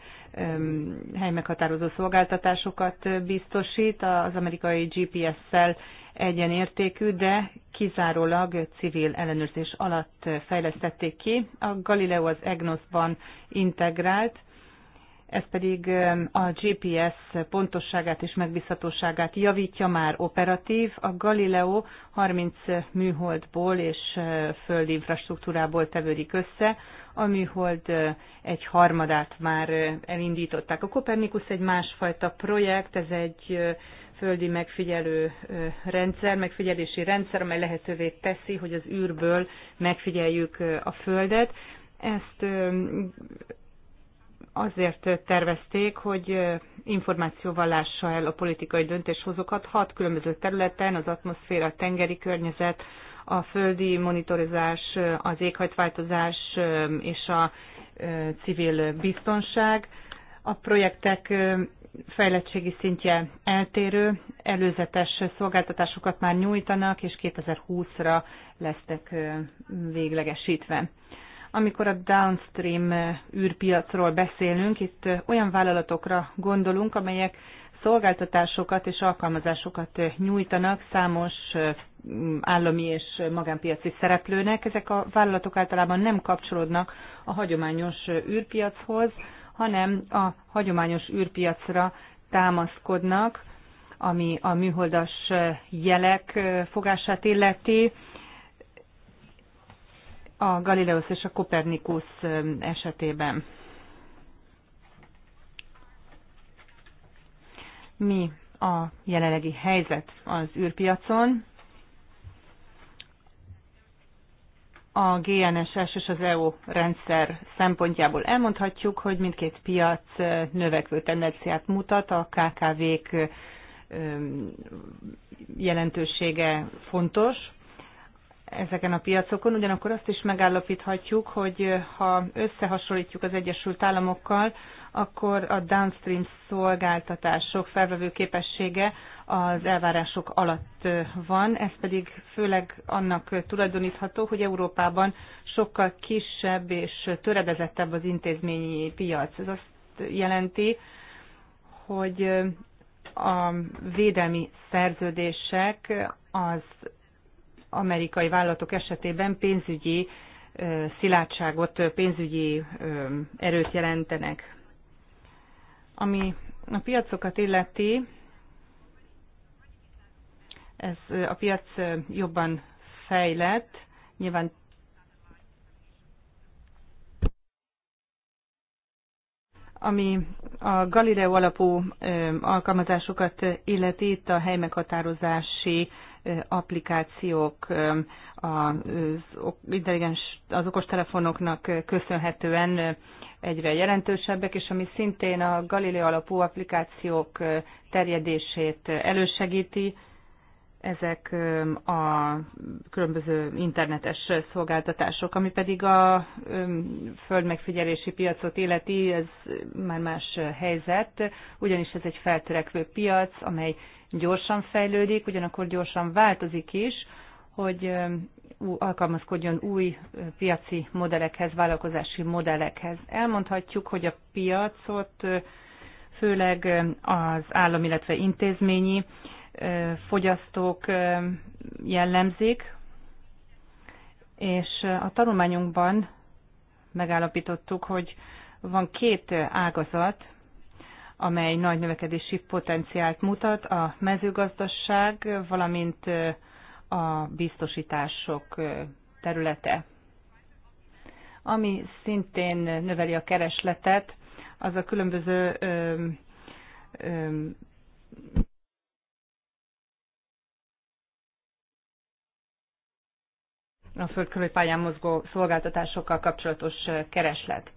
helymeghatározó szolgáltatásokat biztosít, az amerikai GPS-szel egyenértékű, de kizárólag civil ellenőrzés alatt fejlesztették ki. A Galileo az EGNOS-ban integrált, ez pedig a GPS pontosságát és megbízhatóságát javítja már operatív. A Galileo 30 műholdból és eh, földi infrastruktúrából tevődik össze. A műhold eh, egy harmadát már eh, elindították. A Kopernikus egy másfajta projekt, ez egy földi megfigyelő rendszer, megfigyelési rendszer, amely lehetővé teszi, hogy az űrből megfigyeljük a Földet. Ezt azért tervezték, hogy információval lássa el a politikai döntéshozókat hat különböző területen, az atmoszféra, a tengeri környezet, a földi monitorizás, az éghajtváltozás és a civil biztonság. A projektek fejlettségi szintje eltérő, előzetes szolgáltatásokat már nyújtanak, és 2020-ra lesznek véglegesítve. Amikor a downstream űrpiacról beszélünk, itt olyan vállalatokra gondolunk, amelyek szolgáltatásokat és alkalmazásokat nyújtanak számos állami és magánpiaci szereplőnek. Ezek a vállalatok általában nem kapcsolódnak a hagyományos űrpiachoz, hanem a hagyományos űrpiacra támaszkodnak, ami a műholdas jelek fogását illeti, a Galileus és a Kopernikus esetében. Mi a jelenlegi helyzet az űrpiacon? A GNSS és az EU rendszer szempontjából elmondhatjuk, hogy mindkét piac növekvő tendenciát mutat, a KKV-k jelentősége fontos, ezeken a piacokon, ugyanakkor azt is megállapíthatjuk, hogy ha összehasonlítjuk az Egyesült Államokkal, akkor a downstream szolgáltatások felvevő képessége az elvárások alatt van, ez pedig főleg annak tulajdonítható, hogy Európában sokkal kisebb és töredezettebb az intézményi piac. Ez azt jelenti, hogy a védelmi szerződések az amerikai vállalatok esetében pénzügyi szilárdságot, pénzügyi erőt jelentenek. Ami a piacokat illeti, ez a piac jobban fejlett, nyilván ami a Galileo alapú alkalmazásokat illeti, itt a helymeghatározási applikációk az intelligens, az okostelefonoknak köszönhetően egyre jelentősebbek, és ami szintén a Galileo alapú applikációk terjedését elősegíti, ezek a különböző internetes szolgáltatások, ami pedig a földmegfigyelési piacot illeti, ez már más helyzet, ugyanis ez egy feltörekvő piac, amely gyorsan fejlődik, ugyanakkor gyorsan változik is, hogy alkalmazkodjon új piaci modellekhez, vállalkozási modellekhez. Elmondhatjuk, hogy a piacot főleg az állam, illetve intézményi fogyasztók jellemzik, és a tanulmányunkban megállapítottuk, hogy van két ágazat, amely nagy növekedési potenciált mutat, a mezőgazdaság, valamint a biztosítások területe. Ami szintén növeli a keresletet, az a különböző ö, ö, a földkörüli pályán mozgó szolgáltatásokkal kapcsolatos kereslet.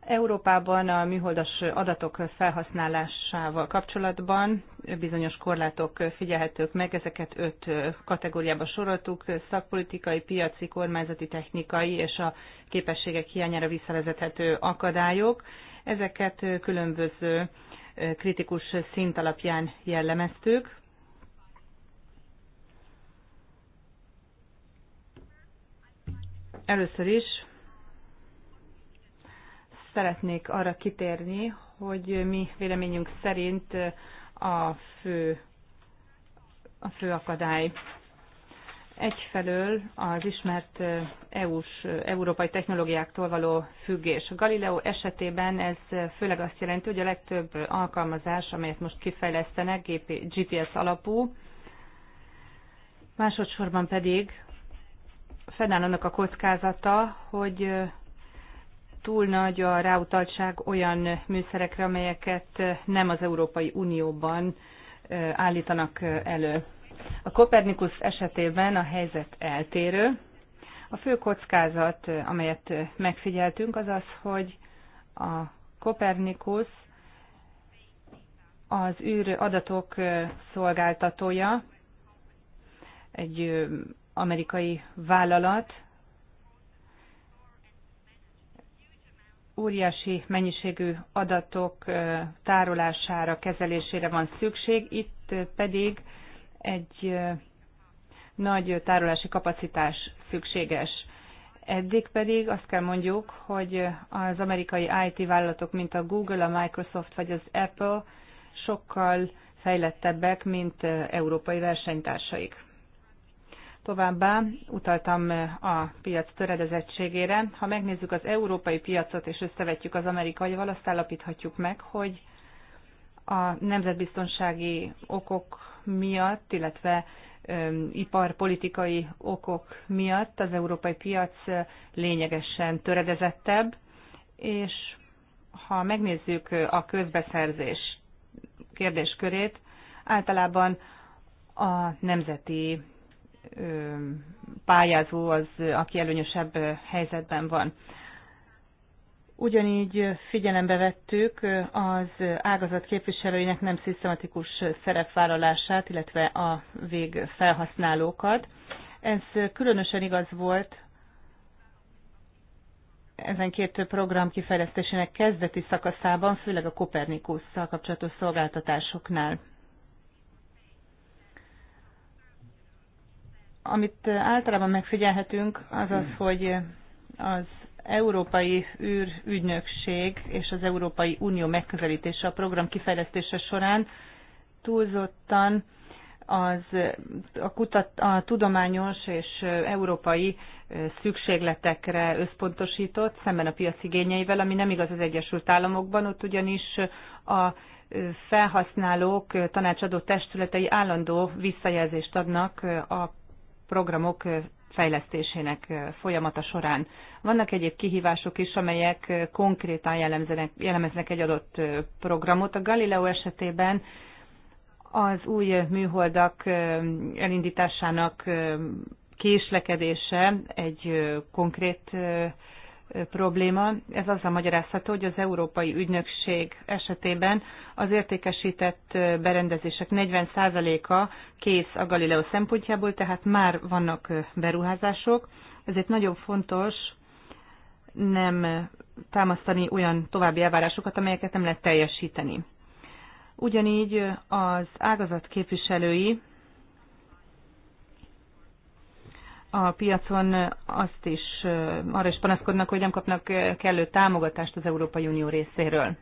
Európában a műholdas adatok felhasználásával kapcsolatban bizonyos korlátok figyelhetők meg, ezeket öt kategóriába soroltuk, szakpolitikai, piaci, kormányzati, technikai és a képességek hiányára visszavezethető akadályok. Ezeket különböző kritikus szint alapján jellemeztük. Először is szeretnék arra kitérni, hogy mi véleményünk szerint a fő, a fő akadály. Egyfelől az ismert EU-s, európai technológiáktól való függés. Galileo esetében ez főleg azt jelenti, hogy a legtöbb alkalmazás, amelyet most kifejlesztenek, GPS alapú, másodszorban pedig fennáll annak a kockázata, hogy túl nagy a ráutaltság olyan műszerekre, amelyeket nem az Európai Unióban állítanak elő. A Kopernikus esetében a helyzet eltérő. A fő kockázat, amelyet megfigyeltünk, az az, hogy a Kopernikus az űr adatok szolgáltatója, egy amerikai vállalat óriási mennyiségű adatok tárolására, kezelésére van szükség, itt pedig egy nagy tárolási kapacitás szükséges. Eddig pedig azt kell mondjuk, hogy az amerikai IT vállalatok, mint a Google, a Microsoft vagy az Apple sokkal fejlettebbek, mint európai versenytársaik. Továbbá utaltam a piac töredezettségére. Ha megnézzük az európai piacot és összevetjük az amerikai-val, azt állapíthatjuk meg, hogy a nemzetbiztonsági okok miatt, illetve iparpolitikai okok miatt az európai piac lényegesen töredezettebb, és ha megnézzük a közbeszerzés kérdéskörét, általában a nemzeti pályázó az, aki előnyösebb helyzetben van. Ugyanígy figyelembe vettük az ágazat képviselőinek nem szisztematikus szerepvállalását, illetve a végfelhasználókat. Ez különösen igaz volt ezen két program kifejlesztésének kezdeti szakaszában, főleg a Kopernikusszal kapcsolatos szolgáltatásoknál. Amit általában megfigyelhetünk, az az, hogy az Európai űrügynökség és az Európai Unió megközelítése a program kifejlesztése során túlzottan az a, kutat, a tudományos és európai szükségletekre összpontosított, szemben a piaci igényeivel, ami nem igaz az Egyesült Államokban, ott ugyanis a felhasználók tanácsadó testületei állandó visszajelzést adnak a programok fejlesztésének folyamata során. Vannak egyéb kihívások is, amelyek konkrétan jellemeznek egy adott programot. A Galileo esetében az új műholdak elindításának késlekedése egy konkrét probléma. Ez az a magyarázható, hogy az Európai Ügynökség esetében az értékesített berendezések 40%-a kész a Galileo szempontjából, tehát már vannak beruházások, ezért nagyon fontos nem támasztani olyan további elvárásokat, amelyeket nem lehet teljesíteni. Ugyanígy az ágazat képviselői a piacon azt is, arra is panaszkodnak, hogy nem kapnak kellő támogatást az Európai Unió részéről.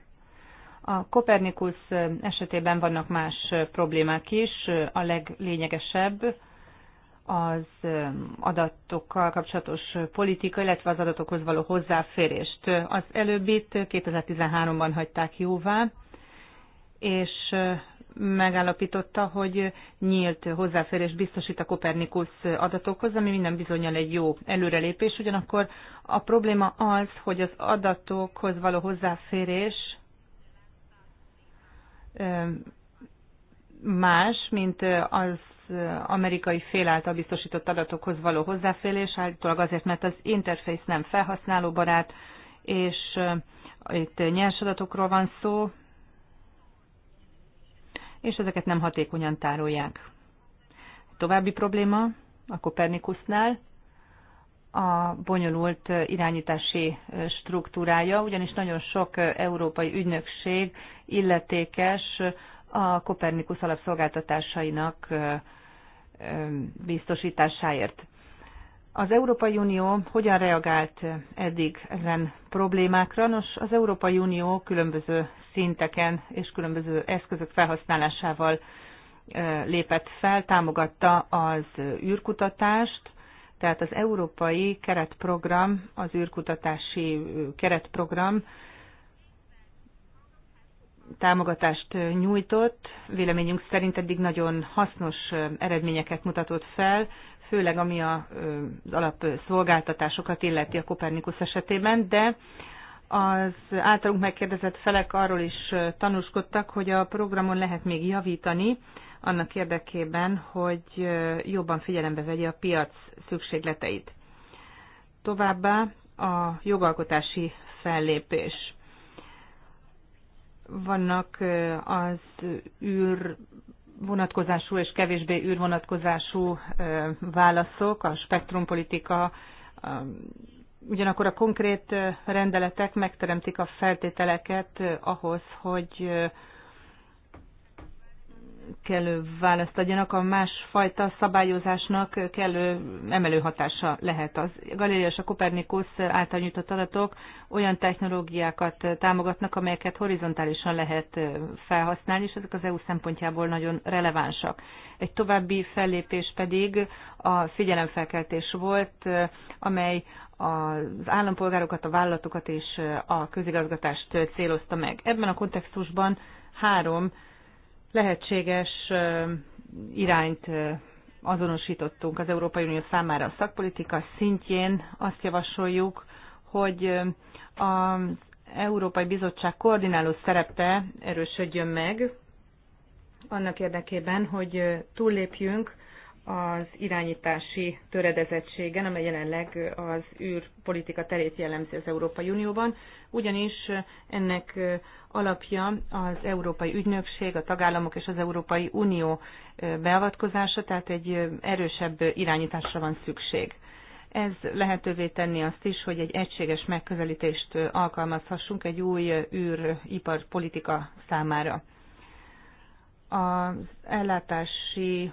A Kopernikus esetében vannak más problémák is. A leglényegesebb az adatokkal kapcsolatos politika, illetve az adatokhoz való hozzáférést. Az előbbit 2013-ban hagyták jóvá, és megállapította, hogy nyílt hozzáférés biztosít a Kopernikus adatokhoz, ami minden bizonyal egy jó előrelépés, ugyanakkor a probléma az, hogy az adatokhoz való hozzáférés más, mint az amerikai fél által biztosított adatokhoz való hozzáférés, általában azért, mert az interfész nem felhasználóbarát, és itt nyers adatokról van szó, és ezeket nem hatékonyan tárolják. További probléma a Kopernikusnál a bonyolult irányítási struktúrája, ugyanis nagyon sok európai ügynökség illetékes a Kopernikus alapszolgáltatásainak biztosításáért. Az Európai Unió hogyan reagált eddig ezen problémákra? Nos, az Európai Unió különböző szinteken és különböző eszközök felhasználásával lépett fel, támogatta az űrkutatást, tehát az Európai Keretprogram, az űrkutatási keretprogram támogatást nyújtott. Véleményünk szerint eddig nagyon hasznos eredményeket mutatott fel, főleg ami az alapszolgáltatásokat illeti a Kopernikus esetében, de az általunk megkérdezett felek arról is tanúskodtak, hogy a programon lehet még javítani, annak érdekében, hogy jobban figyelembe vegye a piac szükségleteit. Továbbá a jogalkotási fellépés. Vannak az űr vonatkozású és kevésbé űrvonatkozású válaszok, a spektrumpolitika ugyanakkor a konkrét rendeletek megteremtik a feltételeket ahhoz, hogy kellő választ adjanak, a másfajta szabályozásnak kellő emelő hatása lehet. Az Galéria és a Kopernikus által nyújtott adatok olyan technológiákat támogatnak, amelyeket horizontálisan lehet felhasználni, és ezek az EU szempontjából nagyon relevánsak. Egy további fellépés pedig a figyelemfelkeltés volt, amely az állampolgárokat, a vállalatokat és a közigazgatást célozta meg. Ebben a kontextusban három lehetséges irányt azonosítottunk az Európai Unió számára a szakpolitika szintjén. Azt javasoljuk, hogy az Európai Bizottság koordináló szerepe erősödjön meg, annak érdekében, hogy túllépjünk az irányítási töredezettségen, amely jelenleg az űrpolitika terét jellemzi az Európai Unióban, ugyanis ennek alapja az Európai Ügynökség, a tagállamok és az Európai Unió beavatkozása, tehát egy erősebb irányításra van szükség. Ez lehetővé tenni azt is, hogy egy egységes megközelítést alkalmazhassunk egy új politika számára. Az ellátási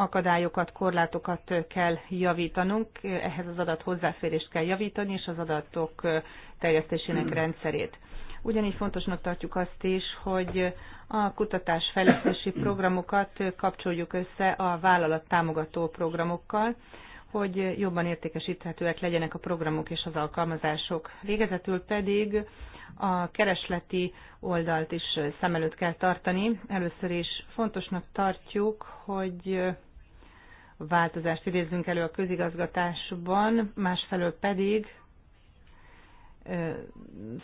akadályokat, korlátokat kell javítanunk, ehhez az adat hozzáférést kell javítani, és az adatok terjesztésének hmm. rendszerét. Ugyanígy fontosnak tartjuk azt is, hogy a kutatásfejlesztési programokat kapcsoljuk össze a vállalat támogató programokkal, hogy jobban értékesíthetőek legyenek a programok és az alkalmazások. Végezetül pedig a keresleti oldalt is szem előtt kell tartani. Először is fontosnak tartjuk, hogy változást idézzünk elő a közigazgatásban, másfelől pedig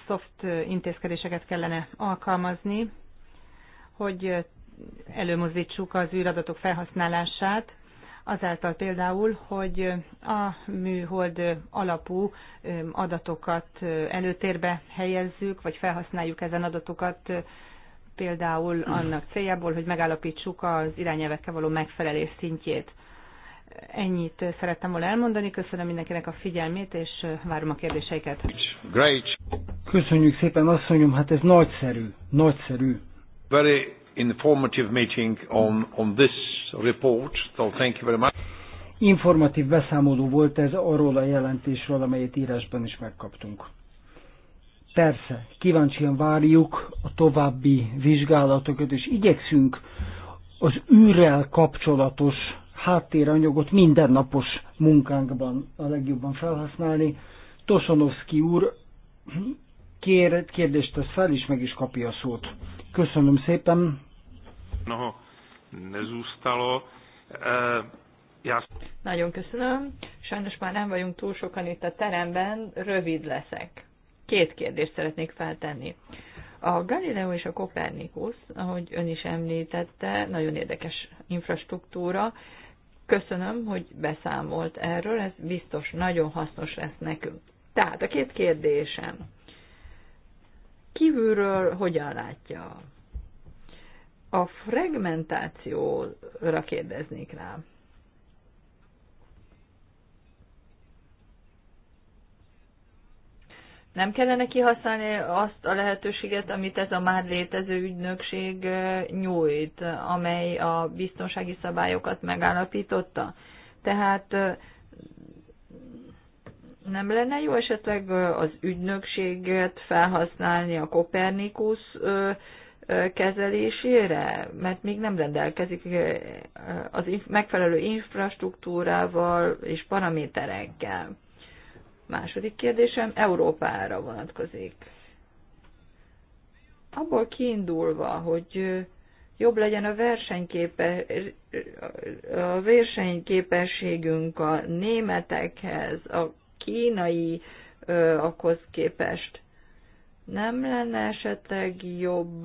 szoft intézkedéseket kellene alkalmazni, hogy előmozdítsuk az űradatok felhasználását, azáltal például, hogy a műhold alapú adatokat előtérbe helyezzük, vagy felhasználjuk ezen adatokat például annak céljából, hogy megállapítsuk az irányelvekkel való megfelelés szintjét. Ennyit szerettem volna elmondani. Köszönöm mindenkinek a figyelmét, és várom a kérdéseiket. Great. Köszönjük szépen, asszonyom, hát ez nagyszerű, nagyszerű. Very informative meeting on, on this report, so thank you very much. Informatív beszámoló volt ez arról a jelentésről, amelyet írásban is megkaptunk. Persze, kíváncsian várjuk a további vizsgálatokat, és igyekszünk az űrrel kapcsolatos háttéranyagot mindennapos munkánkban a legjobban felhasználni. Tosanovszki úr kér, kérdést tesz fel, és meg is kapja a szót. Köszönöm szépen. No, nezústalo. E, já... Nagyon köszönöm. Sajnos már nem vagyunk túl sokan itt a teremben, rövid leszek. Két kérdést szeretnék feltenni. A Galileo és a Kopernikus, ahogy ön is említette, nagyon érdekes infrastruktúra, Köszönöm, hogy beszámolt erről, ez biztos nagyon hasznos lesz nekünk. Tehát a két kérdésem. Kívülről hogyan látja? A fragmentációra kérdeznék rá. Nem kellene kihasználni azt a lehetőséget, amit ez a már létező ügynökség nyújt, amely a biztonsági szabályokat megállapította? Tehát nem lenne jó esetleg az ügynökséget felhasználni a Kopernikus kezelésére, mert még nem rendelkezik az megfelelő infrastruktúrával és paraméterekkel. Második kérdésem Európára vonatkozik. Abból kiindulva, hogy jobb legyen a, versenyképe, a versenyképességünk a németekhez, a kínai akhoz képest, nem lenne esetleg jobb,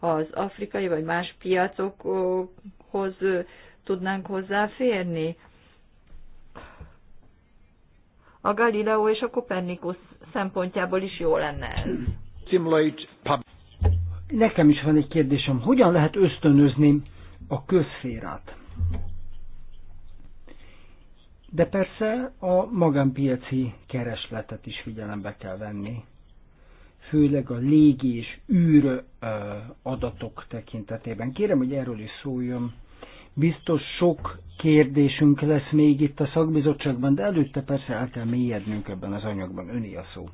ha az afrikai vagy más piacokhoz tudnánk hozzáférni? a Galileo és a Kopernikus szempontjából is jó lenne ez. Nekem is van egy kérdésem, hogyan lehet ösztönözni a közférát? De persze a magánpiaci keresletet is figyelembe kell venni, főleg a légi és űr adatok tekintetében. Kérem, hogy erről is szóljon Biztos sok kérdésünk lesz még itt a szakbizottságban, de előtte persze el kell mélyednünk ebben az anyagban, öni a szó.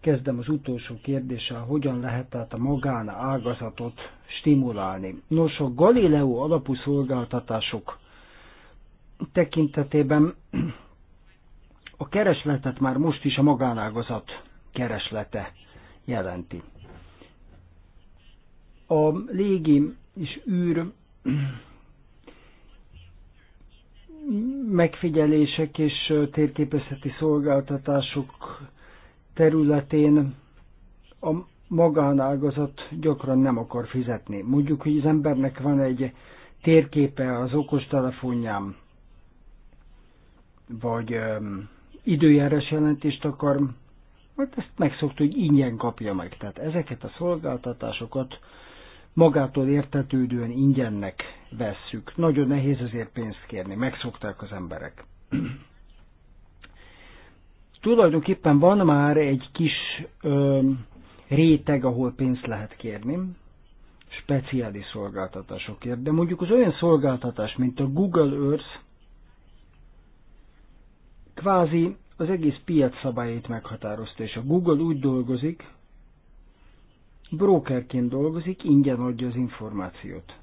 Kezdem az utolsó kérdéssel, hogyan lehet tehát a magán ágazatot stimulálni. Nos, a Galileo alapú szolgáltatások tekintetében a keresletet már most is a magánágazat kereslete jelenti. A légi és űr megfigyelések és térképezheti szolgáltatások területén a magánágazat gyakran nem akar fizetni. Mondjuk, hogy az embernek van egy térképe az okostelefonján, vagy öm, időjárás jelentést akar, mert hát ezt megszoktuk hogy ingyen kapja meg. Tehát ezeket a szolgáltatásokat magától értetődően ingyennek vesszük. Nagyon nehéz azért pénzt kérni, megszokták az emberek. Tulajdonképpen van már egy kis ö, réteg, ahol pénzt lehet kérni, speciális szolgáltatásokért. De mondjuk az olyan szolgáltatás, mint a Google Earth, kvázi az egész piac szabályait meghatározta, és a Google úgy dolgozik, brókerként dolgozik, ingyen adja az információt.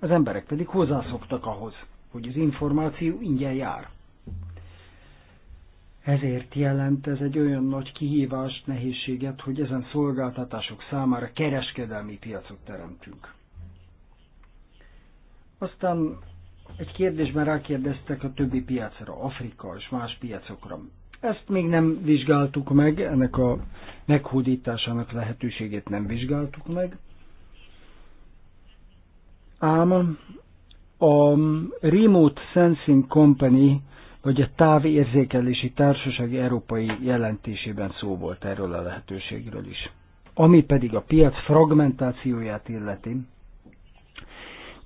Az emberek pedig hozzászoktak ahhoz, hogy az információ ingyen jár. Ezért jelent ez egy olyan nagy kihívást, nehézséget, hogy ezen szolgáltatások számára kereskedelmi piacot teremtünk. Aztán egy kérdésben rákérdeztek a többi piacra, Afrika és más piacokra. Ezt még nem vizsgáltuk meg, ennek a meghódításának lehetőségét nem vizsgáltuk meg. Ám a Remote Sensing Company, vagy a távérzékelési társaság európai jelentésében szó volt erről a lehetőségről is. Ami pedig a piac fragmentációját illeti,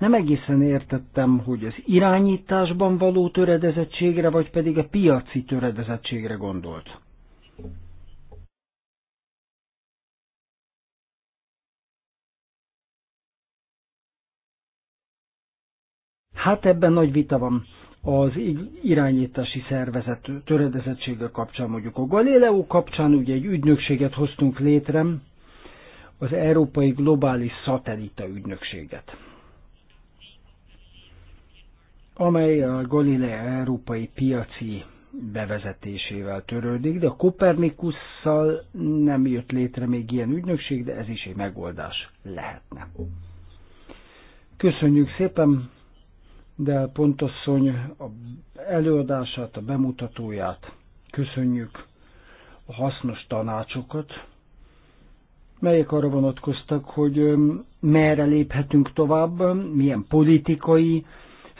nem egészen értettem, hogy az irányításban való töredezettségre, vagy pedig a piaci töredezettségre gondolt. Hát ebben nagy vita van az irányítási szervezet töredezettsége kapcsán, mondjuk a Galileo kapcsán ugye egy ügynökséget hoztunk létre, az Európai Globális Szatellita Ügynökséget amely a Galilea európai piaci bevezetésével törődik, de a Kopernikusszal nem jött létre még ilyen ügynökség, de ez is egy megoldás lehetne. Köszönjük szépen, de pontosan a előadását, a bemutatóját, köszönjük a hasznos tanácsokat, melyek arra vonatkoztak, hogy merre léphetünk tovább, milyen politikai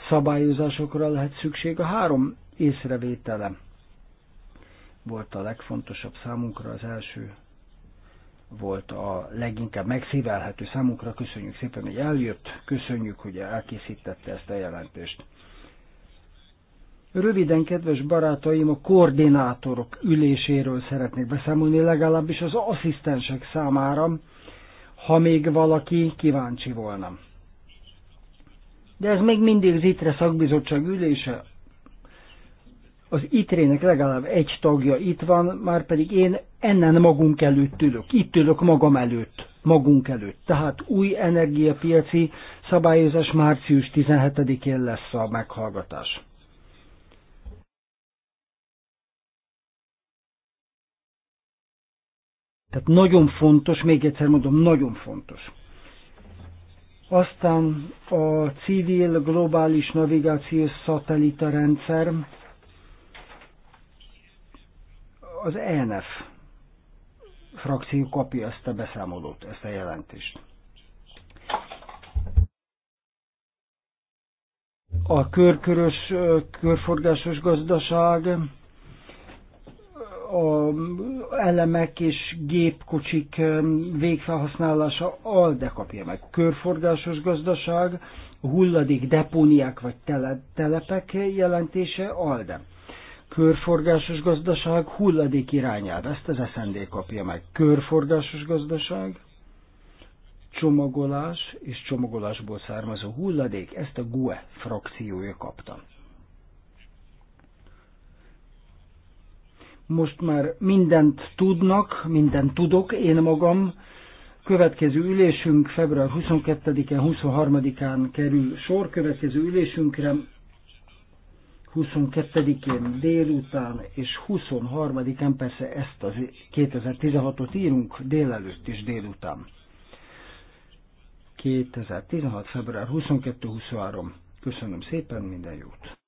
szabályozásokra lehet szükség. A három észrevétele volt a legfontosabb számunkra, az első volt a leginkább megszívelhető számunkra. Köszönjük szépen, hogy eljött, köszönjük, hogy elkészítette ezt a jelentést. Röviden, kedves barátaim, a koordinátorok üléséről szeretnék beszámolni, legalábbis az asszisztensek számára, ha még valaki kíváncsi volna. De ez még mindig az ITRE szakbizottság ülése. Az ITRE-nek legalább egy tagja itt van, már pedig én ennen magunk előtt ülök. Itt ülök magam előtt, magunk előtt. Tehát új energiapiaci szabályozás március 17-én lesz a meghallgatás. Tehát nagyon fontos, még egyszer mondom, nagyon fontos. Aztán a civil globális navigációs szatellita rendszer, az ENF frakció kapja ezt a beszámolót, ezt a jelentést. A körkörös, körforgásos gazdaság, a elemek és gépkocsik um, végfelhasználása aldekapja meg. Körforgásos gazdaság, hulladék depóniák vagy tele, telepek jelentése alde. Körforgásos gazdaság, hulladék irányelv, ezt az SND kapja meg. Körforgásos gazdaság, csomagolás és csomagolásból származó hulladék, ezt a GUE frakciója kapta. Most már mindent tudnak, mindent tudok, én magam. Következő ülésünk február 22-én, 23-án kerül sor. Következő ülésünkre 22-én délután és 23-án persze ezt az 2016-ot írunk délelőtt és délután. 2016. február 22-23. Köszönöm szépen, minden jót!